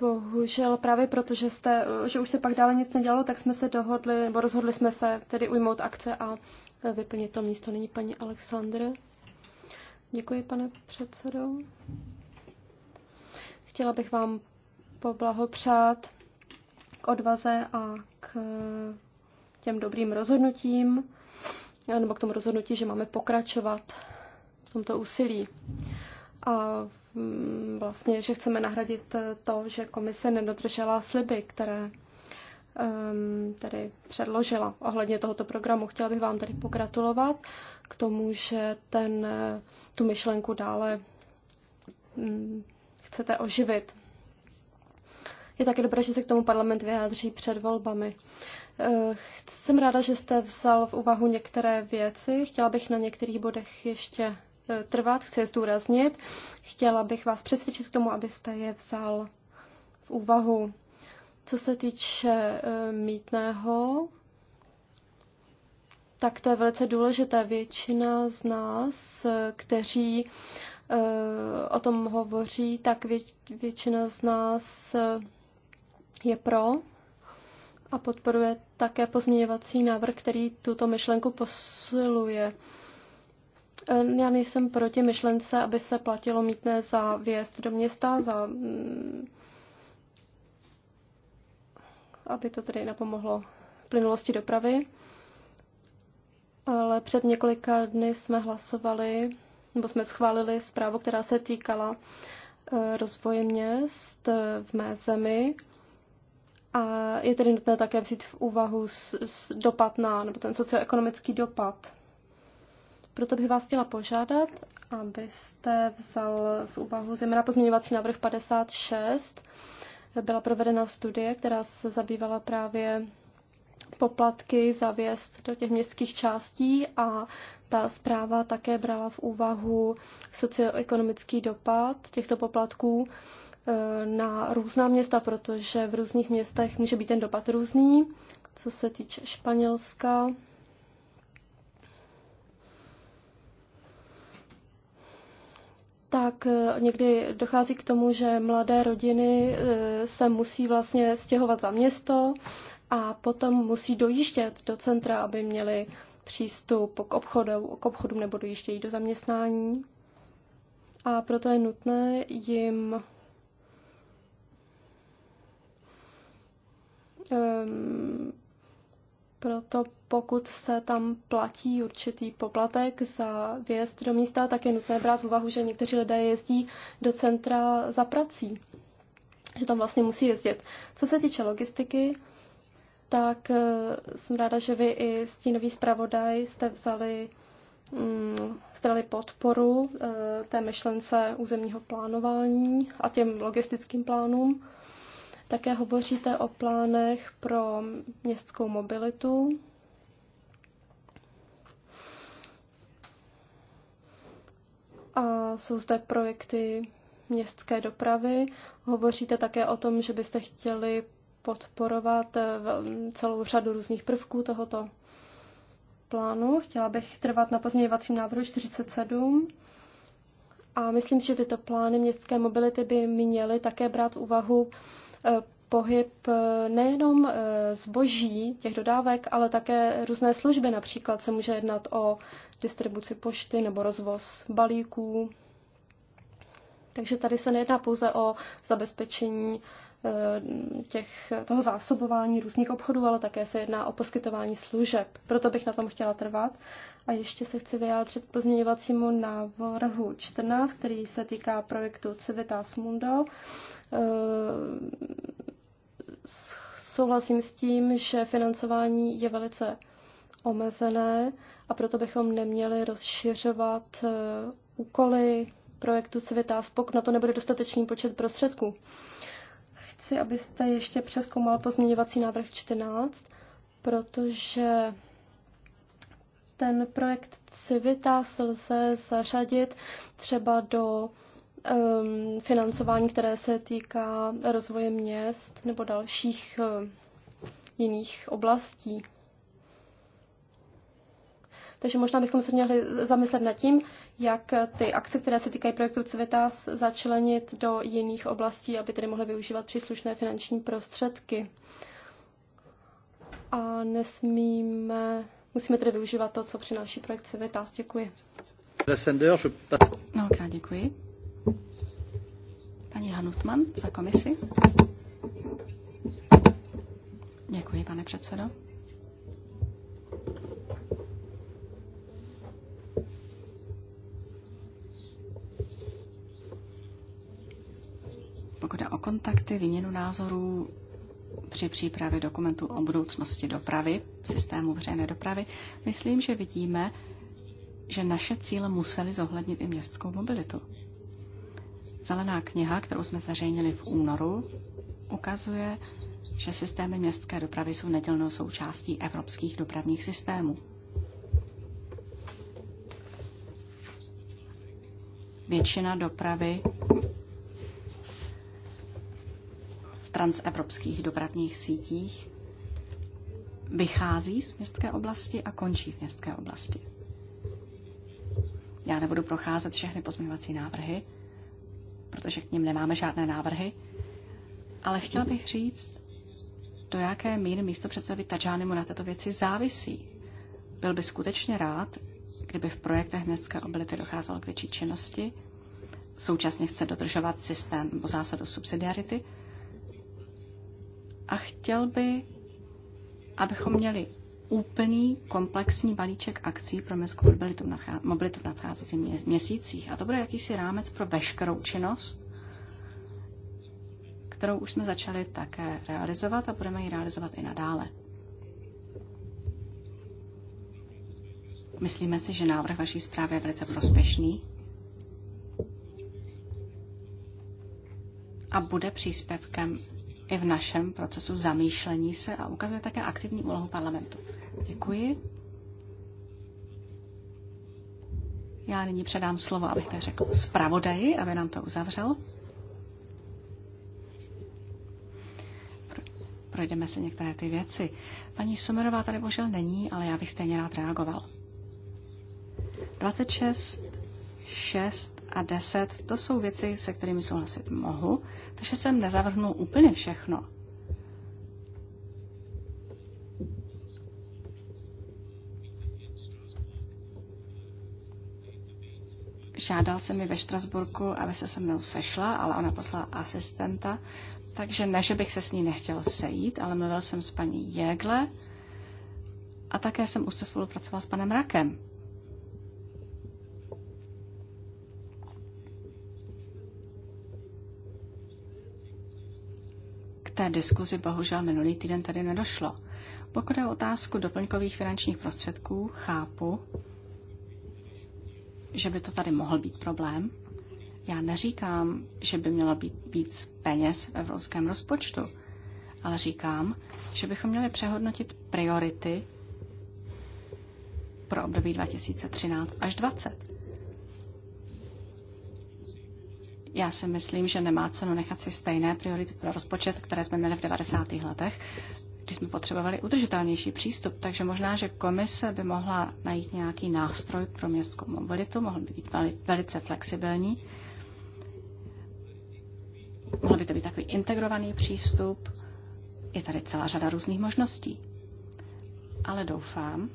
Bohužel právě proto, že, jste, že už se pak dále nic nedělalo, tak jsme se dohodli, nebo rozhodli jsme se tedy ujmout akce a vyplnit to místo. Nyní paní Aleksandr. Děkuji, pane předsedo. Chtěla bych vám poblahopřát k odvaze a k těm dobrým rozhodnutím, nebo k tomu rozhodnutí, že máme pokračovat v tomto úsilí. A Mm, vlastně, že chceme nahradit to, že komise nedodržela sliby, které tedy předložila ohledně tohoto programu. Chtěla bych vám tady pogratulovat k tomu, že ten, tu myšlenku dále mm, chcete oživit. Je také dobré, že se k tomu parlament vyjádří před volbami. Eh, jsem ráda, že jste vzal v úvahu některé věci. Chtěla bych na některých bodech ještě trvat, chci je zdůraznit. Chtěla bych vás přesvědčit k tomu, abyste je vzal v úvahu. Co se týče eh, mítného, tak to je velice důležité. Většina z nás, eh, kteří eh, o tom hovoří, tak většina z nás je pro a podporuje také pozměňovací návrh, který tuto myšlenku posiluje. Eh, já nejsem proti myšlence, aby se platilo mítné za vjezd do města, za, mm, aby to tedy napomohlo plynulosti dopravy. Ale před několika dny jsme hlasovali, nebo jsme schválili zprávu, která se týkala eh, rozvoje měst eh, v mé zemi. A je tedy nutné také vzít v úvahu s, s dopad na, nebo ten socioekonomický dopad proto bych vás chtěla požádat, abyste vzal v úvahu zejména pozměňovací návrh 56. Byla provedena studie, která se zabývala právě poplatky vjezd do těch městských částí a ta zpráva také brala v úvahu socioekonomický dopad těchto poplatků eh, na různá města, protože v různých městech může být ten dopad různý. Co se týče Španělska, tak e, někdy dochází k tomu, že mladé rodiny e, se musí vlastně stěhovat za město a potom musí dojíždět do centra, aby měli přístup k obchodu, k obchodu nebo dojíždějí do zaměstnání. A proto je nutné jim um, proto pokud se tam platí určitý poplatek za vjezd do místa, tak je nutné brát v úvahu, že někteří lidé jezdí do centra za prací, že tam vlastně musí jezdit. Co se týče logistiky, tak eh, jsem ráda, že vy i stínový zpravodaj jste vzali strali mm, podporu eh, té myšlence územního plánování a těm logistickým plánům. Také hovoříte o plánech pro městskou mobilitu. A jsou zde projekty městské dopravy. Hovoříte také o tom, že byste chtěli podporovat eh, celou řadu různých prvků tohoto plánu. Chtěla bych trvat na pozměňovacím návrhu 47. A myslím že tyto plány městské mobility by měly také brát v úvahu Eh, pohyb eh, nejenom eh, zboží těch dodávek, ale také různé služby. Například se může jednat o distribuci pošty nebo rozvoz balíků. Takže tady se nejedná pouze o zabezpečení Eh, těch, toho zásobování různých obchodů, ale také se jedná o poskytování služeb. Proto bych na tom chtěla trvat. A ještě se chci vyjádřit pozměňovacímu návrhu 14, který se týká projektu Civitas Mundo. Eh, souhlasím s tím, že financování je velice omezené a proto bychom neměli rozšiřovat eh, úkoly projektu Civitas, pokud na to nebude dostatečný počet prostředků. Chci, abyste ještě přeskoumal pozměňovací návrh 14, protože ten projekt Civitas lze zařadit třeba do um, financování, které se týká rozvoje měst nebo dalších um, jiných oblastí. Takže možná bychom se měli zamyslet nad tím, jak ty akce, které se týkají projektu Civitas, začlenit do jiných oblastí, aby tedy mohly využívat příslušné finanční prostředky. A nesmíme, musíme tedy využívat to, co přináší projekt Civitas. Děkuji. krát děkuji. Paní Hanutman za komisi. Děkuji, pane předsedo. kontakty, výměnu názorů při přípravě dokumentů o budoucnosti dopravy, systému veřejné dopravy, myslím, že vidíme, že naše cíle museli zohlednit i městskou mobilitu. Zelená kniha, kterou jsme zveřejnili v únoru, ukazuje, že systémy městské dopravy jsou nedělnou součástí evropských dopravních systémů. Většina dopravy transevropských dopravních sítích vychází z městské oblasti a končí v městské oblasti. Já nebudu procházet všechny pozměňovací návrhy, protože k ním nemáme žádné návrhy, ale chtěla bych říct, do jaké míry místo předsedy Tajanimu na této věci závisí. Byl by skutečně rád, kdyby v projektech městské oblasti docházelo k větší činnosti, současně chce dodržovat systém nebo zásadu subsidiarity, a chtěl by, abychom měli úplný komplexní balíček akcí pro městskou mobilitu, mobilitu v nadcházejících měsících. A to bude jakýsi rámec pro veškerou činnost, kterou už jsme začali také realizovat a budeme ji realizovat i nadále. Myslíme si, že návrh vaší zprávy je velice prospěšný a bude příspěvkem i v našem procesu zamýšlení se a ukazuje také aktivní úlohu parlamentu. Děkuji. Já nyní předám slovo, abych to řekl, zpravodaji, aby nám to uzavřel. Projdeme se některé ty věci. Paní Somerová tady bohužel není, ale já bych stejně rád reagoval. 26, 6 a 10, to jsou věci, se kterými souhlasit mohu, takže jsem nezavrhnul úplně všechno. Žádal jsem mi ve Štrasburku, aby se se mnou sešla, ale ona poslala asistenta, takže ne, že bych se s ní nechtěl sejít, ale mluvil jsem s paní Jegle a také jsem už se spolupracoval s panem Rakem. té diskuzi bohužel minulý týden tady nedošlo. Pokud je o otázku doplňkových finančních prostředků, chápu, že by to tady mohl být problém. Já neříkám, že by mělo být víc peněz v evropském rozpočtu, ale říkám, že bychom měli přehodnotit priority pro období 2013 až 2020. Já si myslím, že nemá cenu nechat si stejné priority pro rozpočet, které jsme měli v 90. letech, kdy jsme potřebovali udržitelnější přístup. Takže možná, že komise by mohla najít nějaký nástroj pro městskou mobilitu, mohl by být velice flexibilní. Mohl by to být takový integrovaný přístup. Je tady celá řada různých možností. Ale doufám,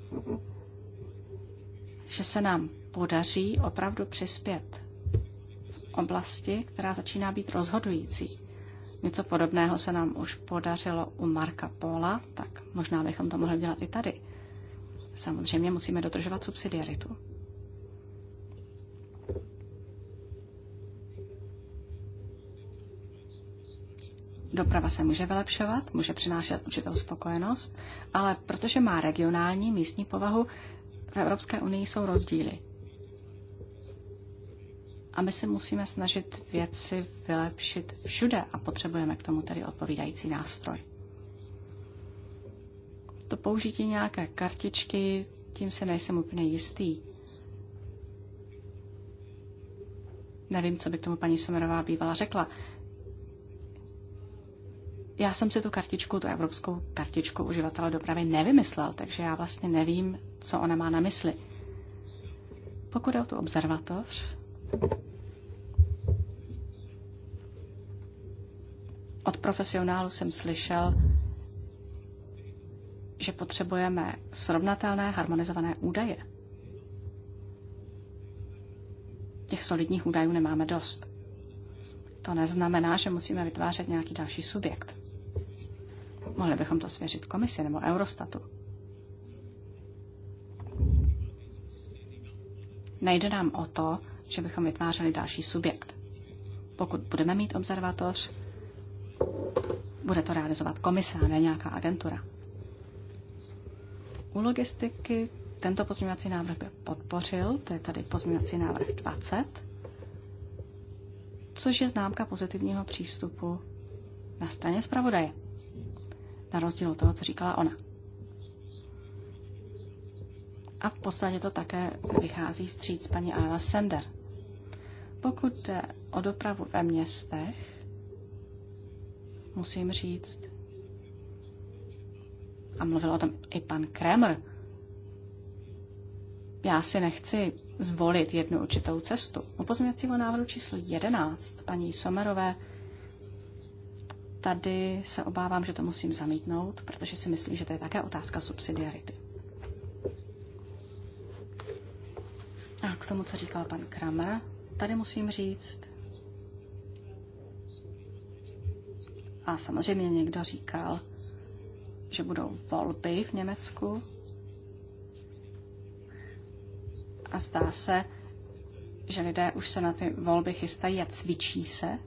že se nám podaří opravdu přispět oblasti, která začíná být rozhodující. Něco podobného se nám už podařilo u Marka Pola, tak možná bychom to mohli dělat i tady. Samozřejmě musíme dodržovat subsidiaritu. Doprava se může vylepšovat, může přinášet určitou spokojenost, ale protože má regionální místní povahu, v Evropské unii jsou rozdíly. A my se musíme snažit věci vylepšit všude a potřebujeme k tomu tedy odpovídající nástroj. To použití nějaké kartičky, tím se nejsem úplně jistý. Nevím, co by k tomu paní Somerová bývala řekla. Já jsem si tu kartičku, tu evropskou kartičku uživatele dopravy nevymyslel, takže já vlastně nevím, co ona má na mysli. Pokud je o tu observatoř, od profesionálu jsem slyšel, že potřebujeme srovnatelné harmonizované údaje. Těch solidních údajů nemáme dost. To neznamená, že musíme vytvářet nějaký další subjekt. Mohli bychom to svěřit komisi nebo Eurostatu. Nejde nám o to, že bychom vytvářeli další subjekt. Pokud budeme mít observatoř, bude to realizovat komise a ne nějaká agentura. U logistiky tento pozměňovací návrh by podpořil, to je tady pozměňovací návrh 20, což je známka pozitivního přístupu na straně zpravodaje, na rozdíl od toho, co říkala ona. A v podstatě to také vychází vstříc paní Ayla Sender – pokud jde o dopravu ve městech, musím říct, a mluvil o tom i pan Kremer, já si nechci zvolit jednu určitou cestu. U pozměňovacího návrhu číslo 11 paní Somerové tady se obávám, že to musím zamítnout, protože si myslím, že to je také otázka subsidiarity. A k tomu, co říkal pan Kramer, tady musím říct, a samozřejmě někdo říkal, že budou volby v Německu. A zdá se, že lidé už se na ty volby chystají a cvičí se.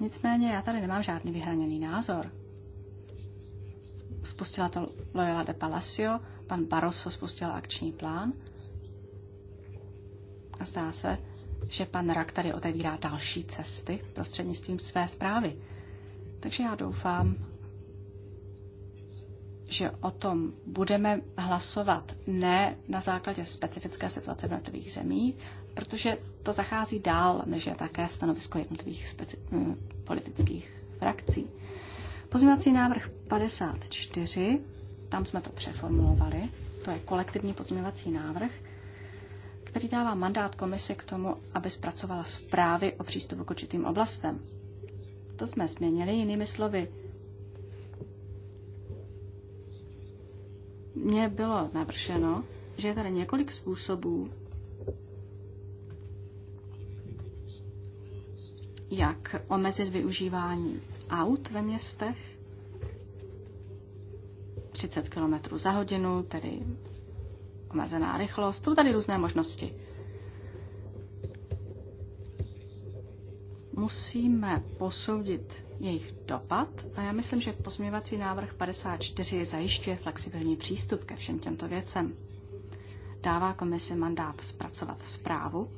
Nicméně já tady nemám žádný vyhraněný názor. Spustila to Loyola de Palacio, pan Barroso spustil akční plán a zdá se, že pan Rak tady otevírá další cesty prostřednictvím své zprávy. Takže já doufám, že o tom budeme hlasovat ne na základě specifické situace v jednotlivých zemí, protože to zachází dál, než je také stanovisko jednotlivých speci- mm, politických frakcí. Pozměňovací návrh 54, tam jsme to přeformulovali, to je kolektivní pozměňovací návrh, který dává mandát komise k tomu, aby zpracovala zprávy o přístupu k určitým oblastem. To jsme změnili jinými slovy. Mně bylo navršeno, že je tady několik způsobů, jak omezit využívání aut ve městech 30 km za hodinu, tedy omezená rychlost, jsou tady různé možnosti. Musíme posoudit jejich dopad a já myslím, že pozměvací návrh 54 zajišťuje flexibilní přístup ke všem těmto věcem. Dává komisi mandát zpracovat zprávu,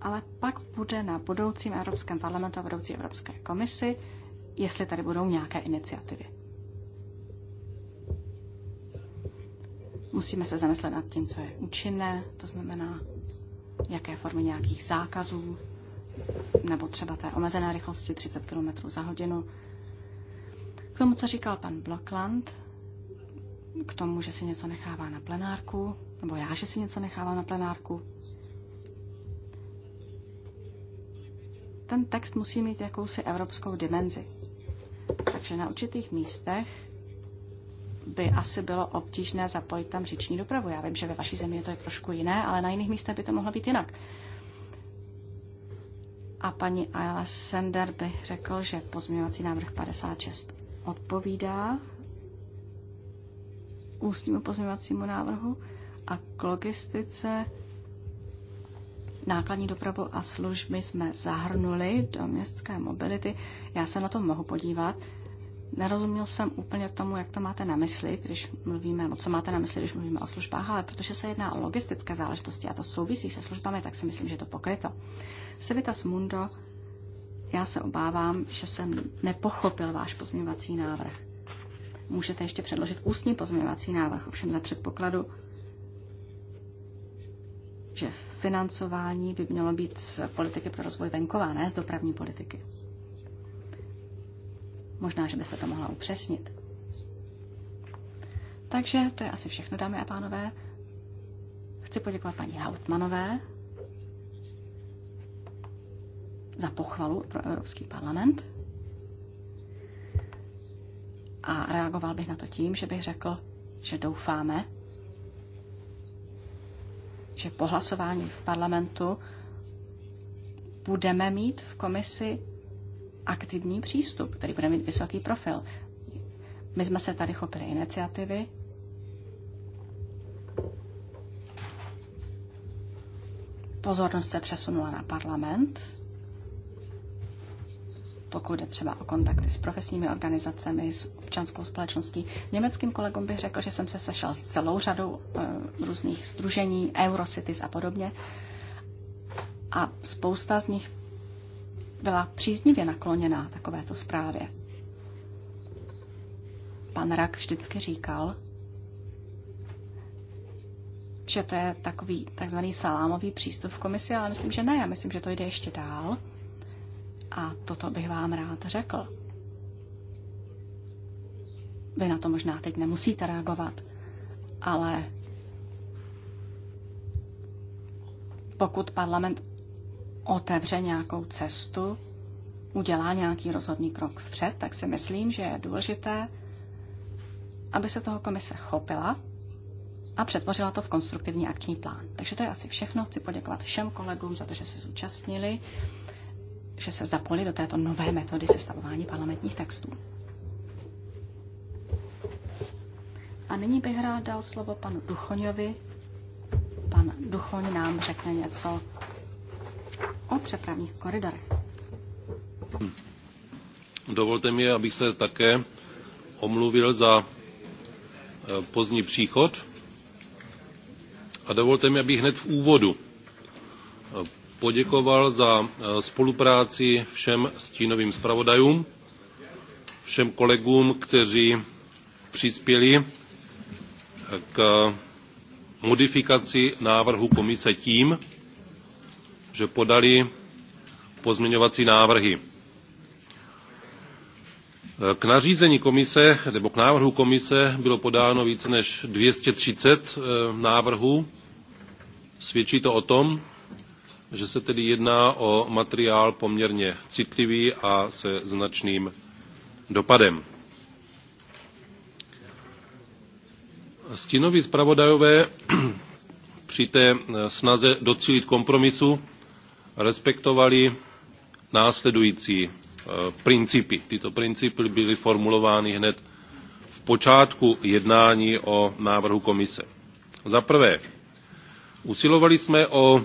ale pak bude na budoucím Evropském parlamentu a budoucí Evropské komisi, jestli tady budou nějaké iniciativy. Musíme se zamyslet nad tím, co je účinné, to znamená, jaké formy nějakých zákazů, nebo třeba té omezené rychlosti 30 km za hodinu. K tomu, co říkal pan Blockland, k tomu, že si něco nechává na plenárku, nebo já, že si něco nechávám na plenárku. Ten text musí mít jakousi evropskou dimenzi. Takže na určitých místech by asi bylo obtížné zapojit tam říční dopravu. Já vím, že ve vaší zemi to je trošku jiné, ale na jiných místech by to mohlo být jinak. A paní Ayala Sender by řekl, že pozměňovací návrh 56 odpovídá ústnímu pozměňovacímu návrhu a k logistice nákladní dopravu a služby jsme zahrnuli do městské mobility. Já se na to mohu podívat Nerozuměl jsem úplně tomu, jak to máte na mysli, když mluvíme, no co máte na mysli, když mluvíme o službách, ale protože se jedná o logistické záležitosti a to souvisí se službami, tak si myslím, že je to pokryto. Sevitas Mundo, já se obávám, že jsem nepochopil váš pozměňovací návrh. Můžete ještě předložit ústní pozměňovací návrh, ovšem za předpokladu, že financování by mělo být z politiky pro rozvoj venkova, ne z dopravní politiky. Možná, že byste to mohla upřesnit. Takže to je asi všechno, dámy a pánové. Chci poděkovat paní Hautmanové za pochvalu pro Evropský parlament. A reagoval bych na to tím, že bych řekl, že doufáme, že po hlasování v parlamentu budeme mít v komisi aktivní přístup, který bude mít vysoký profil. My jsme se tady chopili iniciativy. Pozornost se přesunula na parlament, pokud jde třeba o kontakty s profesními organizacemi, s občanskou společností. Německým kolegům bych řekl, že jsem se sešel s celou řadou e, různých združení, Eurocities a podobně. A spousta z nich byla příznivě nakloněná takovéto zprávě. Pan Rak vždycky říkal, že to je takový takzvaný salámový přístup v komisi, ale myslím, že ne. Já myslím, že to jde ještě dál. A toto bych vám rád řekl. Vy na to možná teď nemusíte reagovat, ale pokud parlament otevře nějakou cestu, udělá nějaký rozhodný krok vpřed, tak si myslím, že je důležité, aby se toho komise chopila a přetvořila to v konstruktivní akční plán. Takže to je asi všechno. Chci poděkovat všem kolegům za to, že se zúčastnili, že se zapojili do této nové metody sestavování parlamentních textů. A nyní bych rád dal slovo panu Duchoňovi. Pan Duchoň nám řekne něco o přepravních koridorech. Dovolte mi, abych se také omluvil za eh, pozdní příchod a dovolte mi, abych hned v úvodu eh, poděkoval za eh, spolupráci všem stínovým zpravodajům, všem kolegům, kteří přispěli k modifikaci návrhu komise tím, že podali pozměňovací návrhy. K nařízení komise, nebo k návrhu komise bylo podáno více než 230 eh, návrhů. Svědčí to o tom, že se tedy jedná o materiál poměrně citlivý a se značným dopadem. Stinoví zpravodajové při té eh, snaze docílit kompromisu respektovali následující eh, principy. Tyto principy byly formulovány hned v počátku jednání o návrhu komise. Za prvé, usilovali jsme o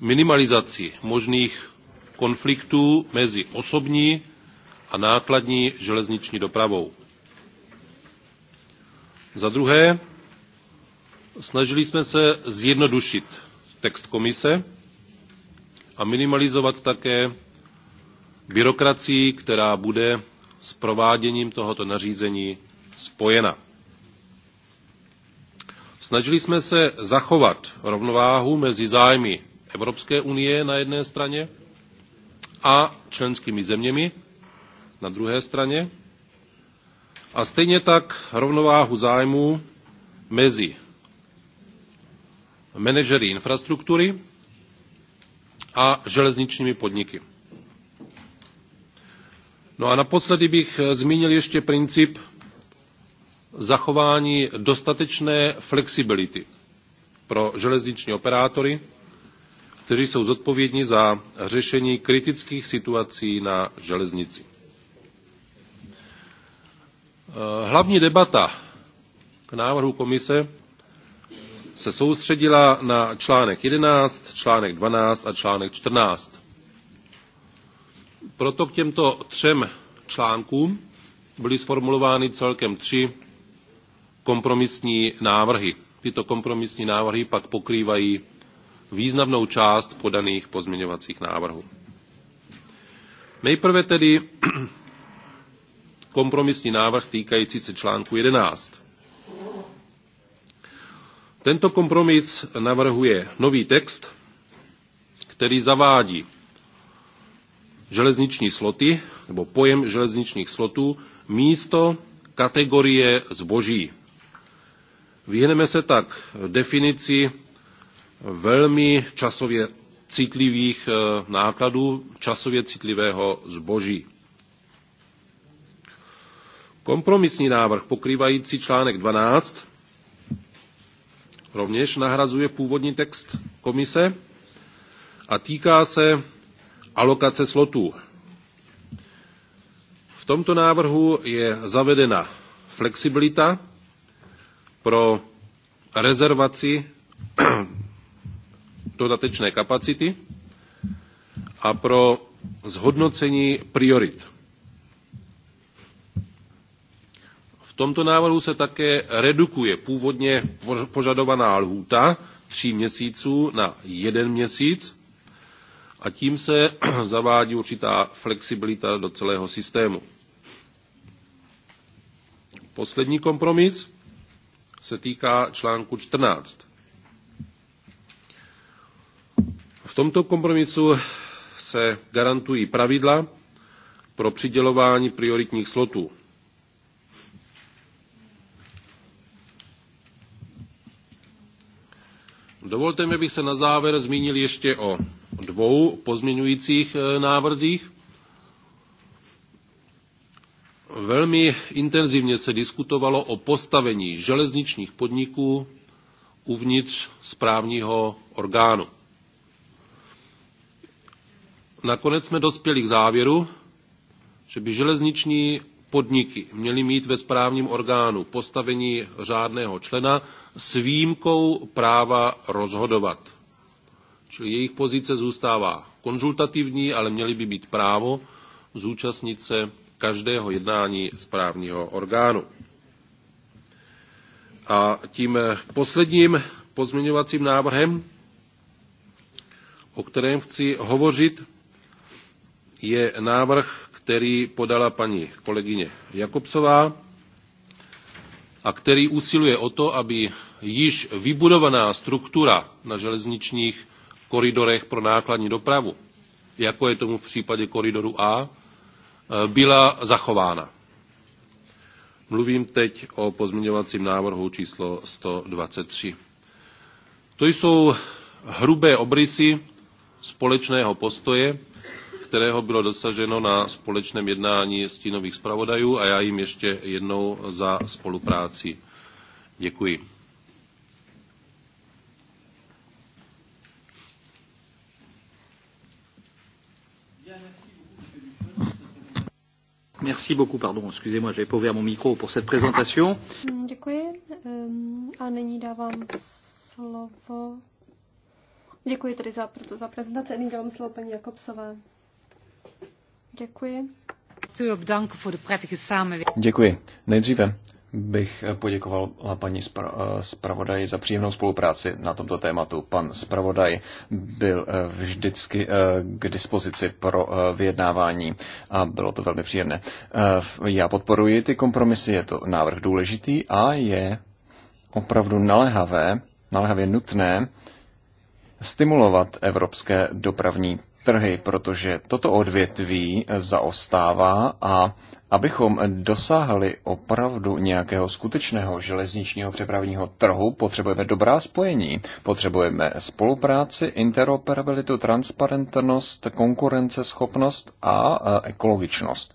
minimalizaci možných konfliktů mezi osobní a nákladní železniční dopravou. Za druhé, snažili jsme se zjednodušit text komise, a minimalizovat také byrokracii, která bude s prováděním tohoto nařízení spojena. Snažili jsme se zachovat rovnováhu mezi zájmy Evropské unie na jedné straně a členskými zeměmi na druhé straně a stejně tak rovnováhu zájmů mezi manažery infrastruktury a železničními podniky. No a naposledy bych eh, zmínil ještě princip zachování dostatečné flexibility pro železniční operátory, kteří jsou zodpovědní za řešení kritických situací na železnici. Eh, hlavní debata k návrhu komise se soustředila na článek 11, článek 12 a článek 14. Proto k těmto třem článkům byly sformulovány celkem tři kompromisní návrhy. Tyto kompromisní návrhy pak pokrývají významnou část podaných pozměňovacích návrhů. Nejprve tedy kompromisní návrh týkající se článku 11. Tento kompromis navrhuje nový text, který zavádí železniční sloty, nebo pojem železničních slotů, místo kategorie zboží. Vyhneme se tak definici velmi časově citlivých eh, nákladů, časově citlivého zboží. Kompromisní návrh pokrývající článek 12 rovněž nahrazuje původní text komise a týká se alokace slotů. V tomto návrhu je zavedena flexibilita pro rezervaci dodatečné kapacity a pro zhodnocení priorit. tomto návrhu se také redukuje původně požadovaná lhůta tří měsíců na jeden měsíc a tím se zavádí určitá flexibilita do celého systému. Poslední kompromis se týká článku 14. V tomto kompromisu se garantují pravidla pro přidělování prioritních slotů. Dovolte mi, abych se na závěr zmínil ještě o dvou pozměňujících eh, návrzích. Velmi intenzivně se diskutovalo o postavení železničních podniků uvnitř správního orgánu. Nakonec jsme dospěli k závěru, že by železniční podniky měly mít ve správním orgánu postavení řádného člena s výjimkou práva rozhodovat. Čili jejich pozice zůstává konzultativní, ale měly by být právo zúčastnit se každého jednání správního orgánu. A tím posledním pozměňovacím návrhem, o kterém chci hovořit, je návrh, který podala paní kolegyně Jakobsová a který usiluje o to, aby již vybudovaná struktura na železničních koridorech pro nákladní dopravu, jako je tomu v případě koridoru A, e, byla zachována. Mluvím teď o pozměňovacím návrhu číslo 123. To jsou hrubé obrysy společného postoje, kterého bylo dosaženo na společném jednání stínových zpravodajů a já jim ještě jednou za spolupráci děkuji. Merci beaucoup, pardon, excusez-moi, j'avais pas ouvert mon micro pour cette présentation. Mm, děkuji. A nyní dávám slovo. Děkuji tedy za, proto, za prezentaci. Nyní dávám slovo paní Jakobsové. Děkuji. Děkuji. Nejdříve bych poděkoval paní zpravodaji za příjemnou spolupráci na tomto tématu. Pan zpravodaj byl eh, vždycky eh, k dispozici pro eh, vyjednávání a bylo to velmi příjemné. Já podporuji ty kompromisy, je to návrh důležitý a je opravdu naléhavé, naléhavě nutné stimulovat evropské dopravní trhy, protože toto odvětví zaostává a abychom dosáhli opravdu nějakého skutečného železničního přepravního trhu, potřebujeme dobrá spojení, potřebujeme spolupráci, interoperabilitu, transparentnost, konkurenceschopnost a e, ekologičnost.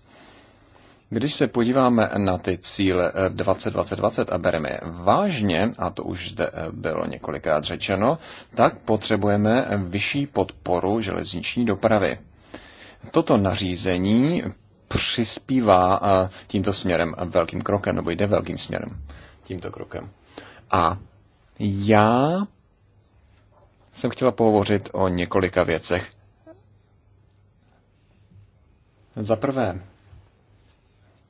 Když se podíváme na ty cíle 2020 eh, a bereme je vážně, a to už zde eh, bylo několikrát řečeno, tak potřebujeme vyšší podporu železniční dopravy. Toto nařízení přispívá eh, tímto směrem velkým krokem, nebo jde velkým směrem tímto krokem. A já jsem chtěla pohovořit o několika věcech. Za prvé,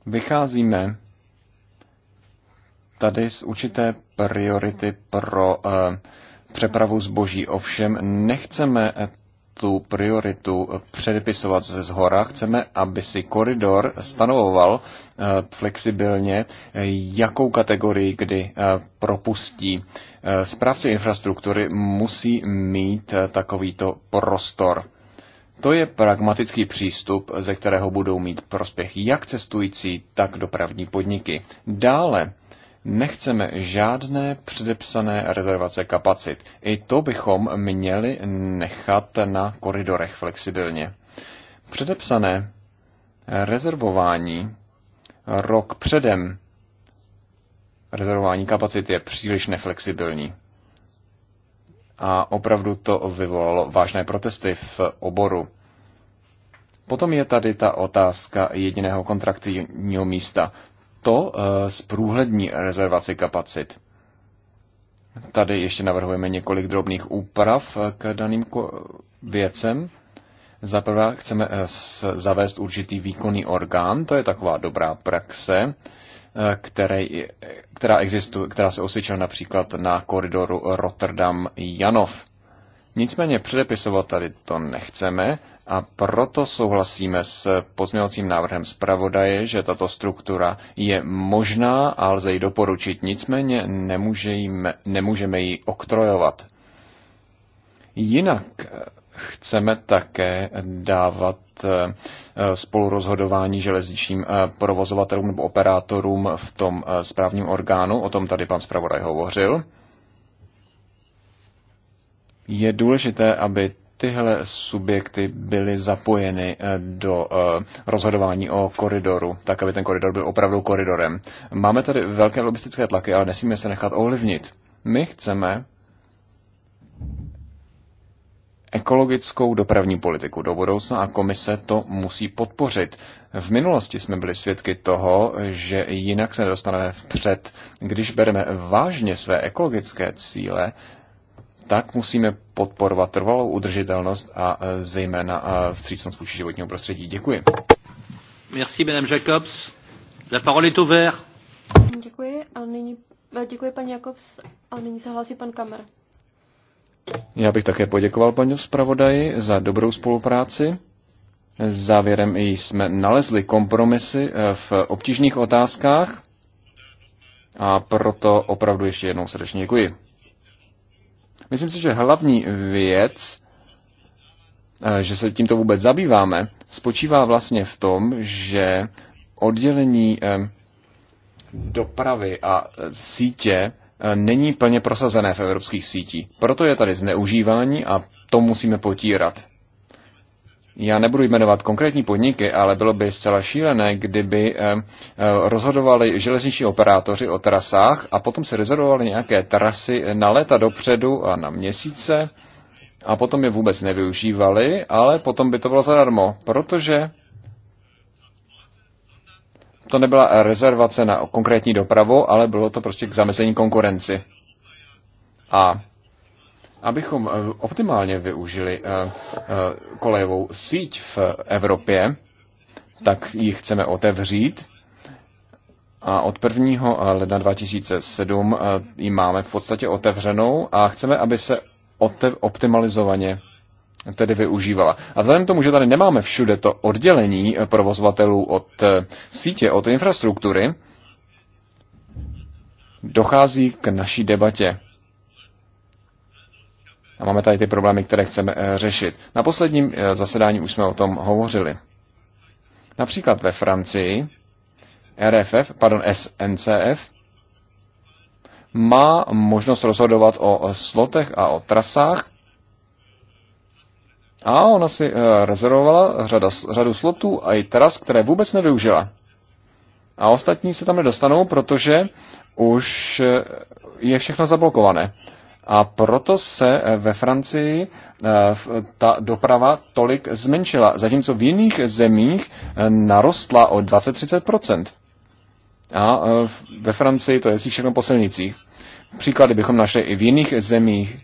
Vycházíme tady z určité priority pro uh, přepravu zboží. Ovšem nechceme eh, tu prioritu eh, předepisovat ze zhora. Chceme, aby si koridor stanovoval flexibilně, jakou kategorii kdy propustí. Správci infrastruktury musí mít takovýto prostor. To je pragmatický přístup, ze kterého budou mít prospěch jak cestující, tak dopravní podniky. Dále nechceme žádné předepsané rezervace kapacit. I to bychom měli nechat na koridorech flexibilně. Předepsané rezervování rok předem rezervování kapacit je příliš neflexibilní a opravdu to vyvolalo vážné protesty v oboru. Potom je tady ta otázka jediného kontraktního místa. To eh, zprůhlední rezervaci kapacit. Tady ještě navrhujeme několik drobných úprav eh, k daným věcem. Za prvé chceme eh, zavést určitý výkonný orgán, to je taková dobrá praxe. Eh, které, která, existuje, která se osvědčila například na koridoru Rotterdam-Janov. Nicméně předepisovat tady to nechceme a proto souhlasíme s pozměňovacím návrhem zpravodaje, že tato struktura je možná a lze ji doporučit, nicméně nemůžeme, nemůžeme ji oktrojovat. Jinak eh, chceme také dávat eh, eh, spolurozhodování železničním eh, provozovatelům nebo operátorům v tom správním orgánu. O tom tady pan zpravodaj hovořil. Je důležité, aby tyhle subjekty byly zapojeny do rozhodování o koridoru, tak aby ten koridor byl opravdu koridorem. Máme tady velké lobistické tlaky, ale nesmíme se nechat ovlivnit. My chceme ekologickou dopravní politiku do budoucna a komise to musí podpořit. V minulosti jsme byli svědky toho, že jinak se nedostaneme vpřed. Když bereme vážně své ekologické cíle, tak musíme podporovat trvalou udržitelnost a e, zejména e, vstřícnost vůči životního prostředí. Děkuji. Merci, Madame Jacobs. La parole est ouverte. Děkuji a nyní, e, děkuji paní Jacobs a nyní se hlásí pan Kamer. Já bych také poděkoval paní zpravodaji za dobrou spolupráci. Závěrem i jsme nalezli kompromisy eh, v obtížných otázkách a proto opravdu ještě jednou srdečně děkuji. Myslím si, že hlavní věc, eh, že se tímto vůbec zabýváme, spočívá vlastně v tom, že oddělení eh, dopravy a sítě Eh, není plně prosazené v evropských sítí. Proto je tady zneužívání a to musíme potírat. Já nebudu jmenovat konkrétní podniky, ale bylo by zcela šílené, kdyby eh, eh, rozhodovali železniční operátoři o trasách a potom si rezervovali nějaké trasy na léta dopředu a na měsíce a potom je vůbec nevyužívali, ale potom by to bylo zadarmo, protože to nebyla rezervace na konkrétní dopravu, ale bylo to prostě k zamezení konkurenci. A abychom eh, optimálně využili eh, eh, kolejovou síť v Evropě, tak ji chceme otevřít a od 1. ledna 2007 ji máme v podstatě otevřenou a chceme, aby se optimalizovaně tedy využívala. A vzhledem k tomu, že tady nemáme všude to oddělení eh, provozovatelů od eh, sítě, od infrastruktury, dochází k naší debatě. A máme tady ty problémy, které chceme eh, řešit. Na posledním zasedání už jsme o tom hovořili. Například ve Francii RFF, pardon, SNCF, má možnost rozhodovat o slotech a o trasách a ona si eh, rezervovala řada, řadu slotů a i teraz, které vůbec nevyužila. A ostatní se tam nedostanou, protože už eh, je všechno zablokované. A proto se eh, ve Francii ta doprava tolik zmenšila, zatímco v jiných zemích narostla o 20-30%. A ve Francii to je si všechno po silnicích. Příklady bychom našli i v jiných zemích,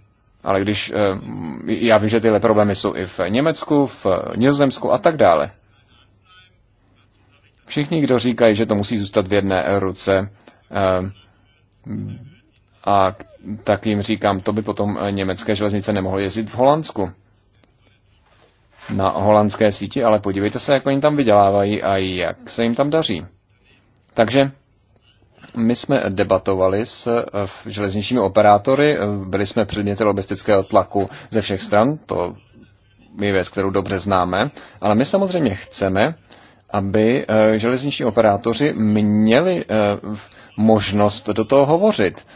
ale když, eh, já vím, že tyhle problémy jsou i v Německu, v Nizozemsku a tak dále. Všichni, kdo říkají, že to musí zůstat v jedné ruce, eh, a tak jim říkám, to by potom eh, německé železnice nemohly jezdit v Holandsku. Na holandské síti, ale podívejte se, jak oni tam vydělávají a jak se jim tam daří. Takže my jsme debatovali s eh, železničními operátory, eh, byli jsme předměty lobistického tlaku ze všech stran, to je věc, kterou dobře známe, ale my samozřejmě chceme, aby eh, železniční operátoři měli možnost do toho hovořit.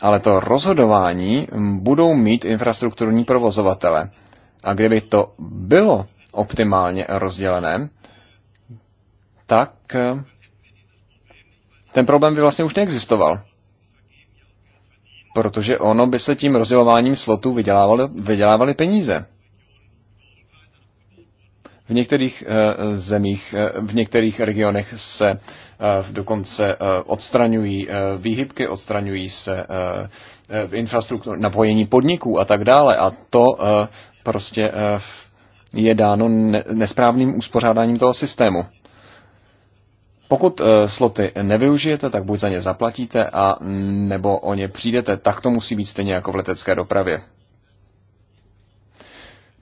Ale to rozhodování budou mít infrastrukturní provozovatele. A kdyby to bylo optimálně rozdělené, tak ten problém by vlastně už neexistoval. Protože ono by se tím rozdělováním slotů vydělávali vydělávali peníze. V některých eh, zemích, eh, v některých regionech se eh, dokonce odstraňují výhybky, odstraňují se v infrastruktur, napojení podniků a tak dále. A to prostě je dáno nesprávným uspořádáním toho systému. Pokud eh, sloty nevyužijete, tak buď za ně zaplatíte a nebo o ně přijdete. Tak to musí být stejně jako v letecké dopravě.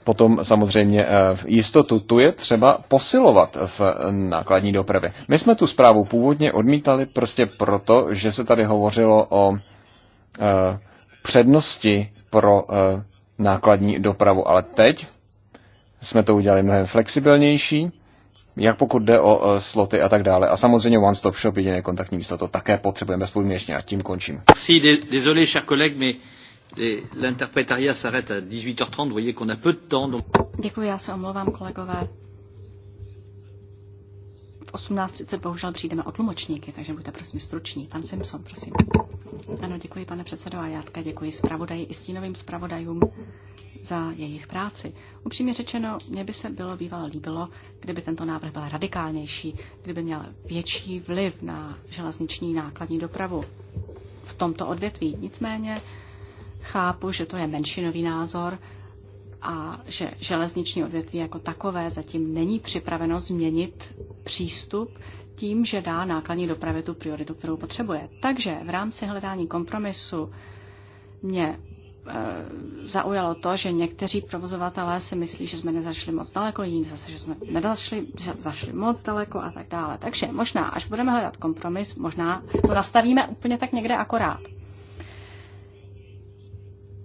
Potom samozřejmě eh, jistotu tu je třeba posilovat v nákladní dopravě. My jsme tu zprávu původně odmítali prostě proto, že se tady hovořilo o eh, přednosti pro nákladní dopravu, ale teď jsme to udělali mnohem flexibilnější jak pokud jde o uh, sloty a tak dále. A samozřejmě One Stop Shop, jediné kontaktní místo, to také potřebujeme spolupněčně a tím končím. Merci, désolé, cher collègues, mais l'interprétariat s'arrête à 18h30, voyez qu'on a peu de temps. Donc... Děkuji, já se omlouvám, kolegové. V 18.30 bohužel přijdeme o tlumočníky, takže buďte prosím struční. Pan Simpson, prosím. Ano, děkuji, pane předsedo, a já také děkuji zpravodaji i stínovým zpravodajům za jejich práci. Upřímně řečeno, mně by se bylo bývalo líbilo, kdyby tento návrh byl radikálnější, kdyby měl větší vliv na železniční nákladní dopravu v tomto odvětví. Nicméně chápu, že to je menšinový názor a že železniční odvětví jako takové zatím není připraveno změnit přístup tím, že dá nákladní dopravě tu prioritu, kterou potřebuje. Takže v rámci hledání kompromisu mě Eh, zaujalo to, že někteří provozovatelé si myslí, že jsme nezašli moc daleko, jiní zase, že jsme nezašli že zašli moc daleko a tak dále. Takže možná, až budeme hledat kompromis, možná to nastavíme úplně tak někde akorát.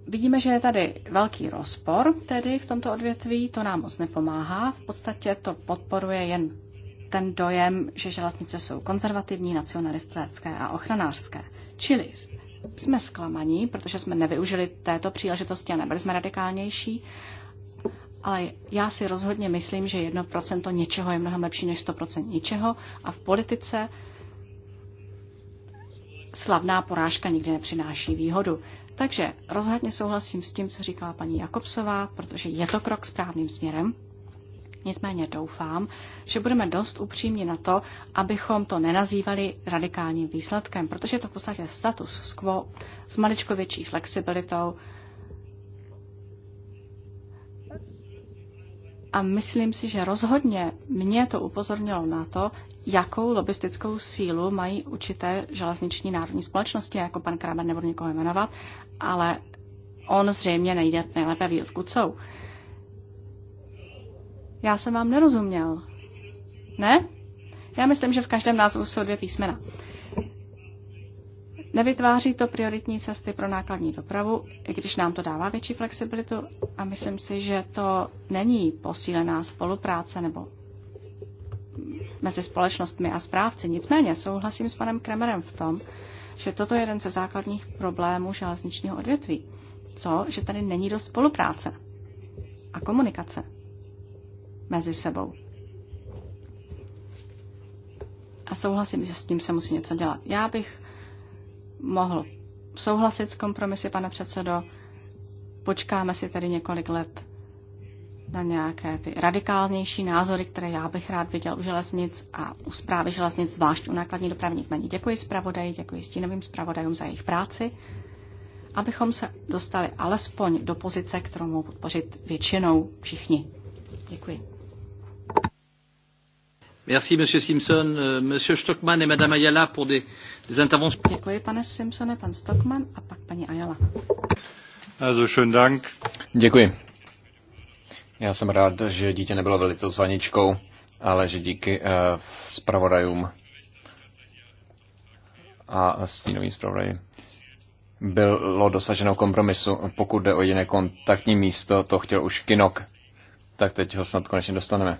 Vidíme, že je tady velký rozpor tedy v tomto odvětví, to nám moc nepomáhá. V podstatě to podporuje jen ten dojem, že železnice jsou konzervativní, nacionalistické a ochranářské. Čili jsme zklamaní, protože jsme nevyužili této příležitosti a nebyli jsme radikálnější, ale já si rozhodně myslím, že 1% něčeho je mnohem lepší než 100% ničeho a v politice slavná porážka nikdy nepřináší výhodu. Takže rozhodně souhlasím s tím, co říkala paní Jakobsová, protože je to krok správným směrem. Nicméně doufám, že budeme dost upřímní na to, abychom to nenazývali radikálním výsledkem, protože je to v podstatě status quo s maličko větší flexibilitou. A myslím si, že rozhodně mě to upozornilo na to, jakou lobistickou sílu mají určité železniční národní společnosti, jako pan Kramer nebudu nikoho jmenovat, ale on zřejmě nejde nejlépe výhodku, co jsou. Já jsem vám nerozuměl. Ne? Já myslím, že v každém názvu jsou dvě písmena. Nevytváří to prioritní cesty pro nákladní dopravu, i když nám to dává větší flexibilitu a myslím si, že to není posílená spolupráce nebo mezi společnostmi a správci. Nicméně souhlasím s panem Kremerem v tom, že toto je jeden ze základních problémů železničního odvětví. To, že tady není dost spolupráce a komunikace mezi sebou. A souhlasím, že s tím se musí něco dělat. Já bych mohl souhlasit s kompromisy, pane předsedo. Počkáme si tedy několik let na nějaké ty radikálnější názory, které já bych rád viděl u železnic a u zprávy železnic, zvlášť u nákladní dopravy. zmení. děkuji zpravodaji, děkuji stínovým zpravodajům za jejich práci, abychom se dostali alespoň do pozice, kterou mohou podpořit většinou všichni. Děkuji. Merci, Monsieur Simpson. Euh, Monsieur Stockman et Madame Ayala pour des, des interventions. Děkuji, pane Simpsone, pan Stockman a pak paní Ayala. Also, schönen Dank. Děkuji. Já jsem rád, že dítě nebylo velitou zvaničkou, ale že díky uh, zpravodajům a stínovým zpravodaji bylo dosaženo kompromisu. Pokud jde o jiné kontaktní místo, to chtěl už Kinok. Tak teď ho snad konečně dostaneme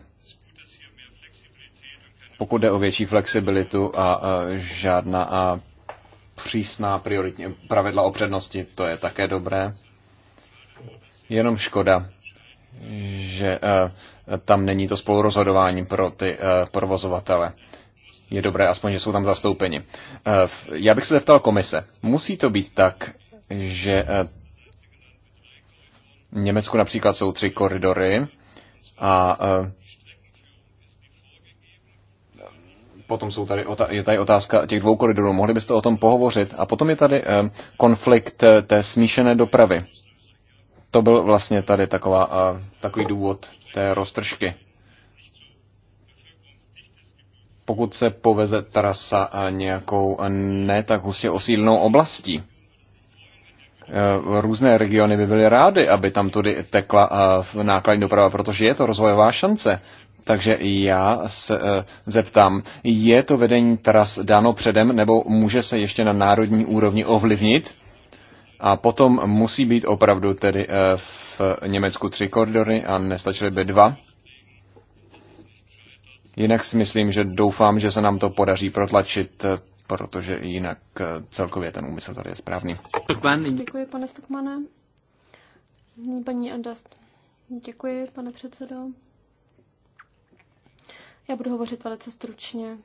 pokud jde o větší flexibilitu a žádná a přísná prioritní pravidla o přednosti, to je také dobré. Jenom škoda, že tam není to spolurozhodování pro ty provozovatele. Je dobré aspoň, že jsou tam zastoupeni. Já bych se zeptal komise. Musí to být tak, že v Německu například jsou tři koridory a Potom jsou tady, je tady otázka těch dvou koridorů. Mohli byste o tom pohovořit? A potom je tady eh, konflikt eh, té smíšené dopravy. To byl vlastně tady taková, eh, takový důvod té roztržky. Pokud se poveze trasa nějakou ne tak hustě osídlenou oblastí, různé regiony by byly rády, aby tam tudy tekla nákladní doprava, protože je to rozvojová šance. Takže já se eh, zeptám, je to vedení tras dáno předem nebo může se ještě na národní úrovni ovlivnit? A potom musí být opravdu tedy eh, v Německu tři koridory a nestačily by dva? Jinak si myslím, že doufám, že se nám to podaří protlačit, eh, protože jinak celkově ten úmysl tady je správný. Děkuji, pane Stokmane. Paní Andast. Děkuji, pane předsedo. Já budu hovořit velice stručně.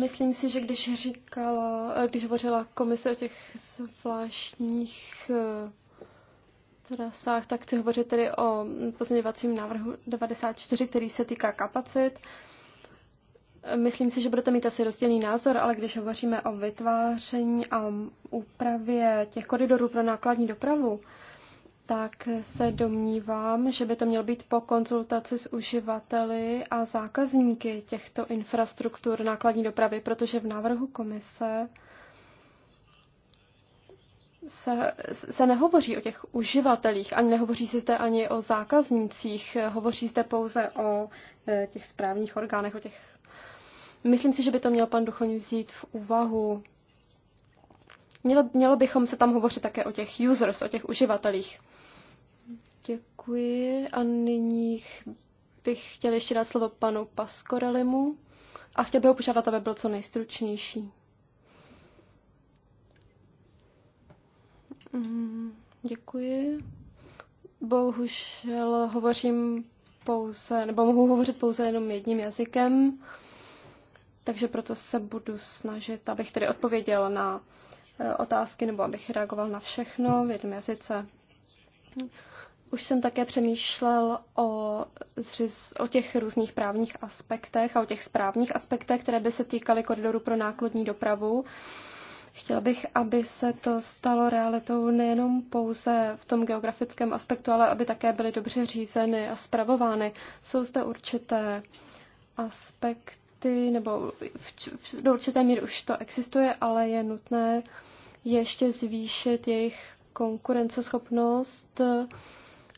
Myslím si, že když říkala, když hovořila komise o těch zvláštních eh, trasách, tak chci hovořit tedy o pozměňovacím návrhu 94, který se týká kapacit. Myslím si, že budete mít asi rozdělný názor, ale když hovoříme o vytváření a úpravě těch koridorů pro nákladní dopravu, tak se domnívám, že by to mělo být po konzultaci s uživateli a zákazníky těchto infrastruktur nákladní dopravy, protože v návrhu komise se, se nehovoří o těch uživatelích, ani nehovoří se zde ani o zákaznících, hovoří zde pouze o e, těch správních orgánech, o těch Myslím si, že by to měl pan Duchoň vzít v úvahu. Mělo, mělo bychom se tam hovořit také o těch users, o těch uživatelích. Děkuji a nyní bych chtěl ještě dát slovo panu Paskorelimu a chtěl bych ho požádat, aby byl co nejstručnější. Mm, děkuji. Bohužel hovořím pouze, nebo mohu hovořit pouze jenom jedním jazykem. Takže proto se budu snažit, abych tedy odpověděl na eh, otázky nebo abych reagoval na všechno v jednom jazyce. Už jsem také přemýšlel o, zřiz, o těch různých právních aspektech a o těch správních aspektech, které by se týkaly koridoru pro nákladní dopravu. Chtěl bych, aby se to stalo realitou nejenom pouze v tom geografickém aspektu, ale aby také byly dobře řízeny a zpravovány. Jsou zde určité aspekty projekty, nebo v, v, do určité míry už to existuje, ale je nutné ještě zvýšit jejich konkurenceschopnost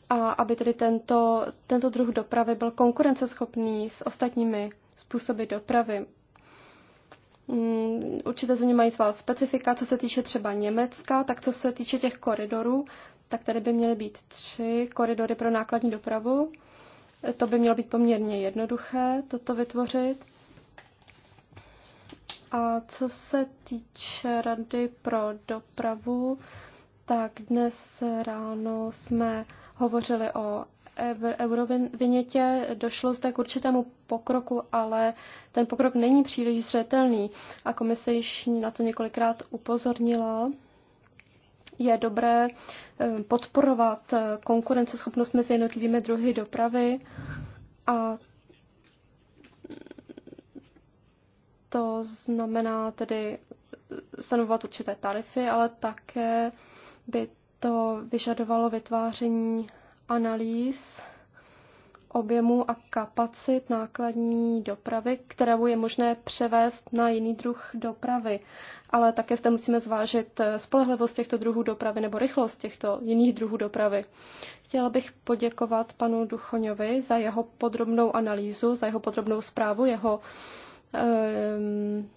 a aby tedy tento, tento druh dopravy byl konkurenceschopný s ostatními způsoby dopravy. Hmm, určité země mají svá specifika, co se týče třeba Německa, tak co se týče těch koridorů, tak tady by měly být tři koridory pro nákladní dopravu. To by mělo být poměrně jednoduché toto vytvořit. A co se týče Rady pro dopravu, tak dnes ráno jsme hovořili o eurovinětě. Došlo zde k určitému pokroku, ale ten pokrok není příliš zřetelný a komise již na to několikrát upozornila. Je dobré eh, podporovat eh, konkurenceschopnost mezi jednotlivými druhy dopravy a To znamená tedy stanovat určité tarify, ale také by to vyžadovalo vytváření analýz objemu a kapacit nákladní dopravy, kterou je možné převést na jiný druh dopravy. Ale také zde musíme zvážit spolehlivost těchto druhů dopravy nebo rychlost těchto jiných druhů dopravy. Chtěla bych poděkovat panu Duchoňovi za jeho podrobnou analýzu, za jeho podrobnou zprávu. Jeho Ehm,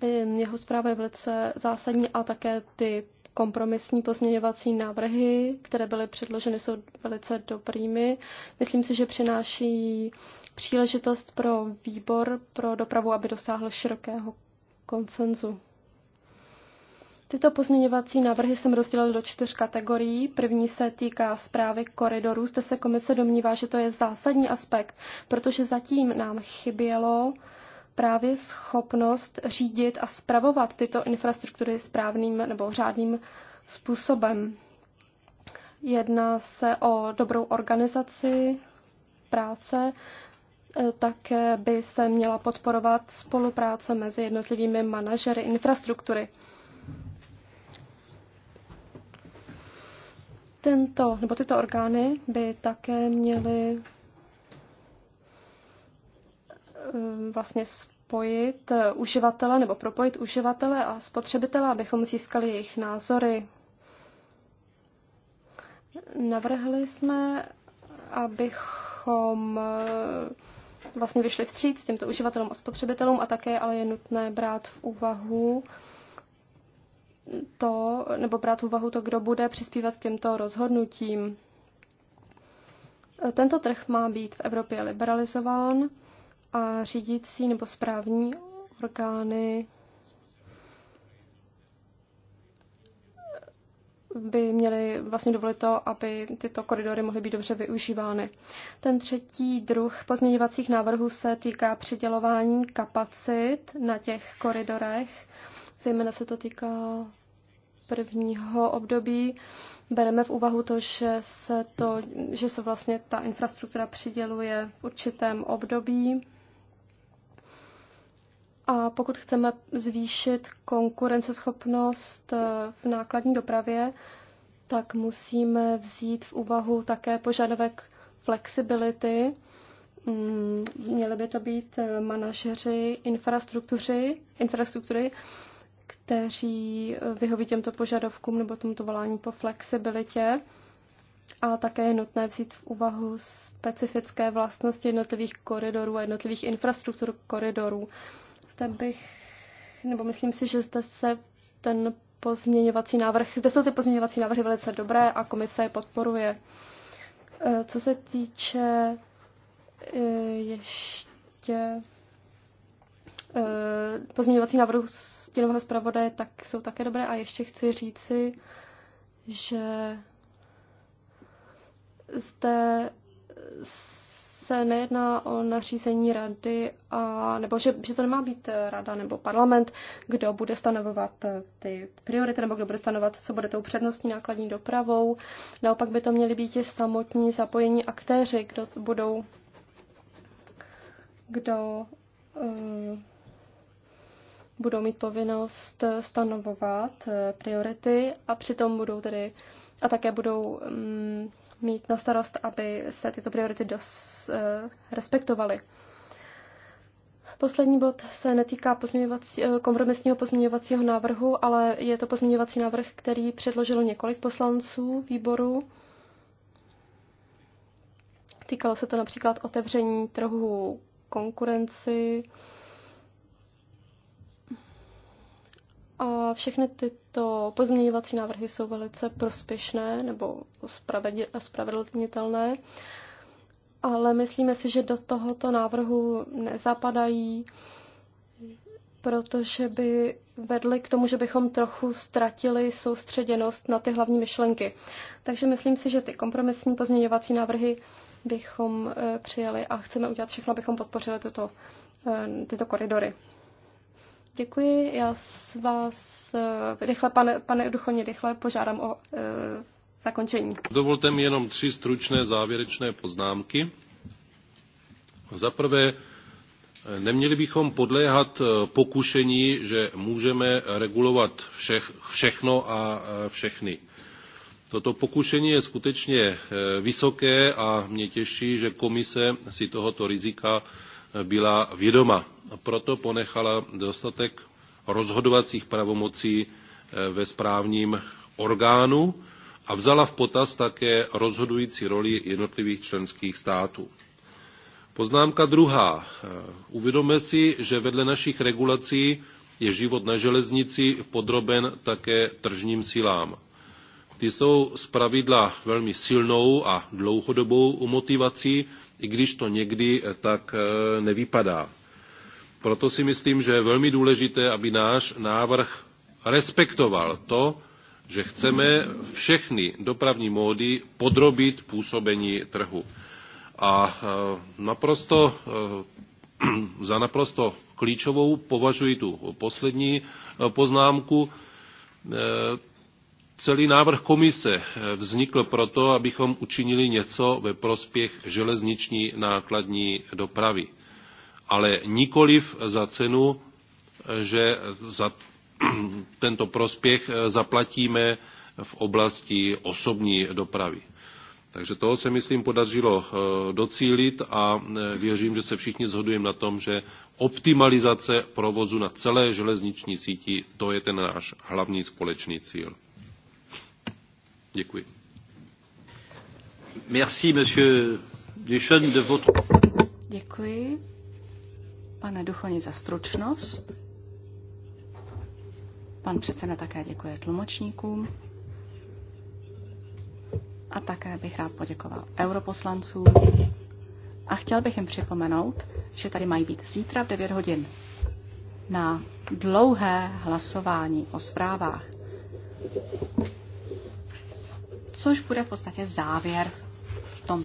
ehm, jeho zpráva je velice zásadní a také ty kompromisní pozměňovací návrhy, které byly předloženy, jsou velice dobrými. Myslím si, že přináší příležitost pro výbor pro dopravu, aby dosáhl širokého koncenzu. Tyto pozměňovací návrhy jsem rozdělil do čtyř kategorií. První se týká zprávy koridorů. Zde se komise domnívá, že to je zásadní aspekt, protože zatím nám chybělo uh, právě schopnost řídit a spravovat tyto infrastruktury správným nebo řádným způsobem. Jedná se o dobrou organizaci práce, eh, také by se měla podporovat spolupráce mezi jednotlivými manažery infrastruktury. Tento, nebo tyto orgány by také měly Eh, vlastně spojit eh, uživatele nebo propojit uživatele a spotřebitele, abychom získali jejich názory. Navrhli jsme, abychom eh, vlastně vyšli vstříc těmto uživatelům a spotřebitelům a také ale je nutné brát v úvahu to, nebo brát v úvahu to, kdo bude přispívat těmto rozhodnutím. Tento trh má být v Evropě liberalizován a řídící nebo správní orgány by měly vlastně dovolit to, aby tyto koridory mohly být dobře využívány. Ten třetí druh pozměňovacích návrhů se týká přidělování kapacit na těch koridorech. Zejména se to týká prvního období. Bereme v úvahu to, že se, to, že se vlastně ta infrastruktura přiděluje v určitém období a pokud chceme zvýšit konkurenceschopnost eh, v nákladní dopravě, tak musíme vzít v úvahu také požadavek flexibility. Mm, Měli by to být eh, manažeři infrastruktury, infrastruktury kteří eh, vyhoví těmto požadavkům nebo tomuto volání po flexibilitě. A také je nutné vzít v úvahu specifické vlastnosti jednotlivých koridorů a jednotlivých infrastruktur koridorů. Zde bych, nebo myslím si, že zde se ten pozměňovací návrh, zde jsou ty pozměňovací návrhy velice dobré a komise je podporuje. E, co se týče e, ještě e, pozměňovací návrhu stínového zpravodaje, tak jsou také dobré a ještě chci říci, že zde se nejedná o nařízení rady, a, nebo že, že to nemá být rada nebo parlament, kdo bude stanovovat eh, ty priority, nebo kdo bude stanovat, co bude tou přednostní nákladní dopravou. Naopak by to měly být i samotní zapojení aktéři, kdo budou, kdo um, budou mít povinnost eh, stanovovat priority a přitom budou tedy a také budou um, mít na starost, aby se tyto priority dos, eh, respektovaly. Poslední bod se netýká pozměňovací, eh, kompromisního pozměňovacího návrhu, ale je to pozměňovací návrh, který předložilo několik poslanců výboru. Týkalo se to například otevření trhu konkurenci, A všechny tyto pozměňovací návrhy jsou velice prospěšné nebo spravedlnitelné, ale myslíme si, že do tohoto návrhu nezapadají, protože by vedly k tomu, že bychom trochu ztratili soustředěnost na ty hlavní myšlenky. Takže myslím si, že ty kompromisní pozměňovací návrhy bychom eh, přijali a chceme udělat všechno, abychom podpořili tyto eh, tyto koridory. Děkuji, já s vás eh, rychle, pane, pane Duchoně, rychle požádám o e, zakončení. Dovolte mi jenom tři stručné závěrečné poznámky. Za prvé, eh, neměli bychom podléhat pokušení, že můžeme regulovat všech, všechno a všechny. Toto pokušení je skutečně vysoké a mě těší, že komise si tohoto rizika byla vědoma. A proto ponechala dostatek rozhodovacích pravomocí eh, ve správním orgánu a vzala v potaz také rozhodující roli jednotlivých členských států. Poznámka druhá. Eh, uvědomme si, že vedle našich regulací je život na železnici podroben také tržním silám. Ty jsou pravidla velmi silnou a dlouhodobou motivací i když to někdy eh, tak eh, nevypadá. Proto si myslím, že je velmi důležité, aby náš návrh respektoval to, že chceme všechny dopravní módy podrobit působení trhu. A eh, naprosto, za naprosto klíčovou považuji tu poslední poznámku, Celý návrh komise eh, vznikl proto, abychom učinili něco ve prospěch železniční nákladní dopravy. Ale nikoliv za cenu, eh, že za tento prospěch eh, zaplatíme v oblasti osobní dopravy. Takže toho se, myslím, podařilo docílit a věřím, že se všichni zhodujeme na tom, že optimalizace provozu na celé železniční síti, to je ten náš hlavní společný cíl. Děkuji. Merci, monsieur Duchon, de votre... Děkuji, pane Duchoni, za stručnost. Pan předseda také děkuje tlumočníkům. A také bych rád poděkoval europoslancům. A chtěl bych jim připomenout, že tady mají být zítra v 9 hodin na dlouhé hlasování o zprávách což bude v podstatě závěr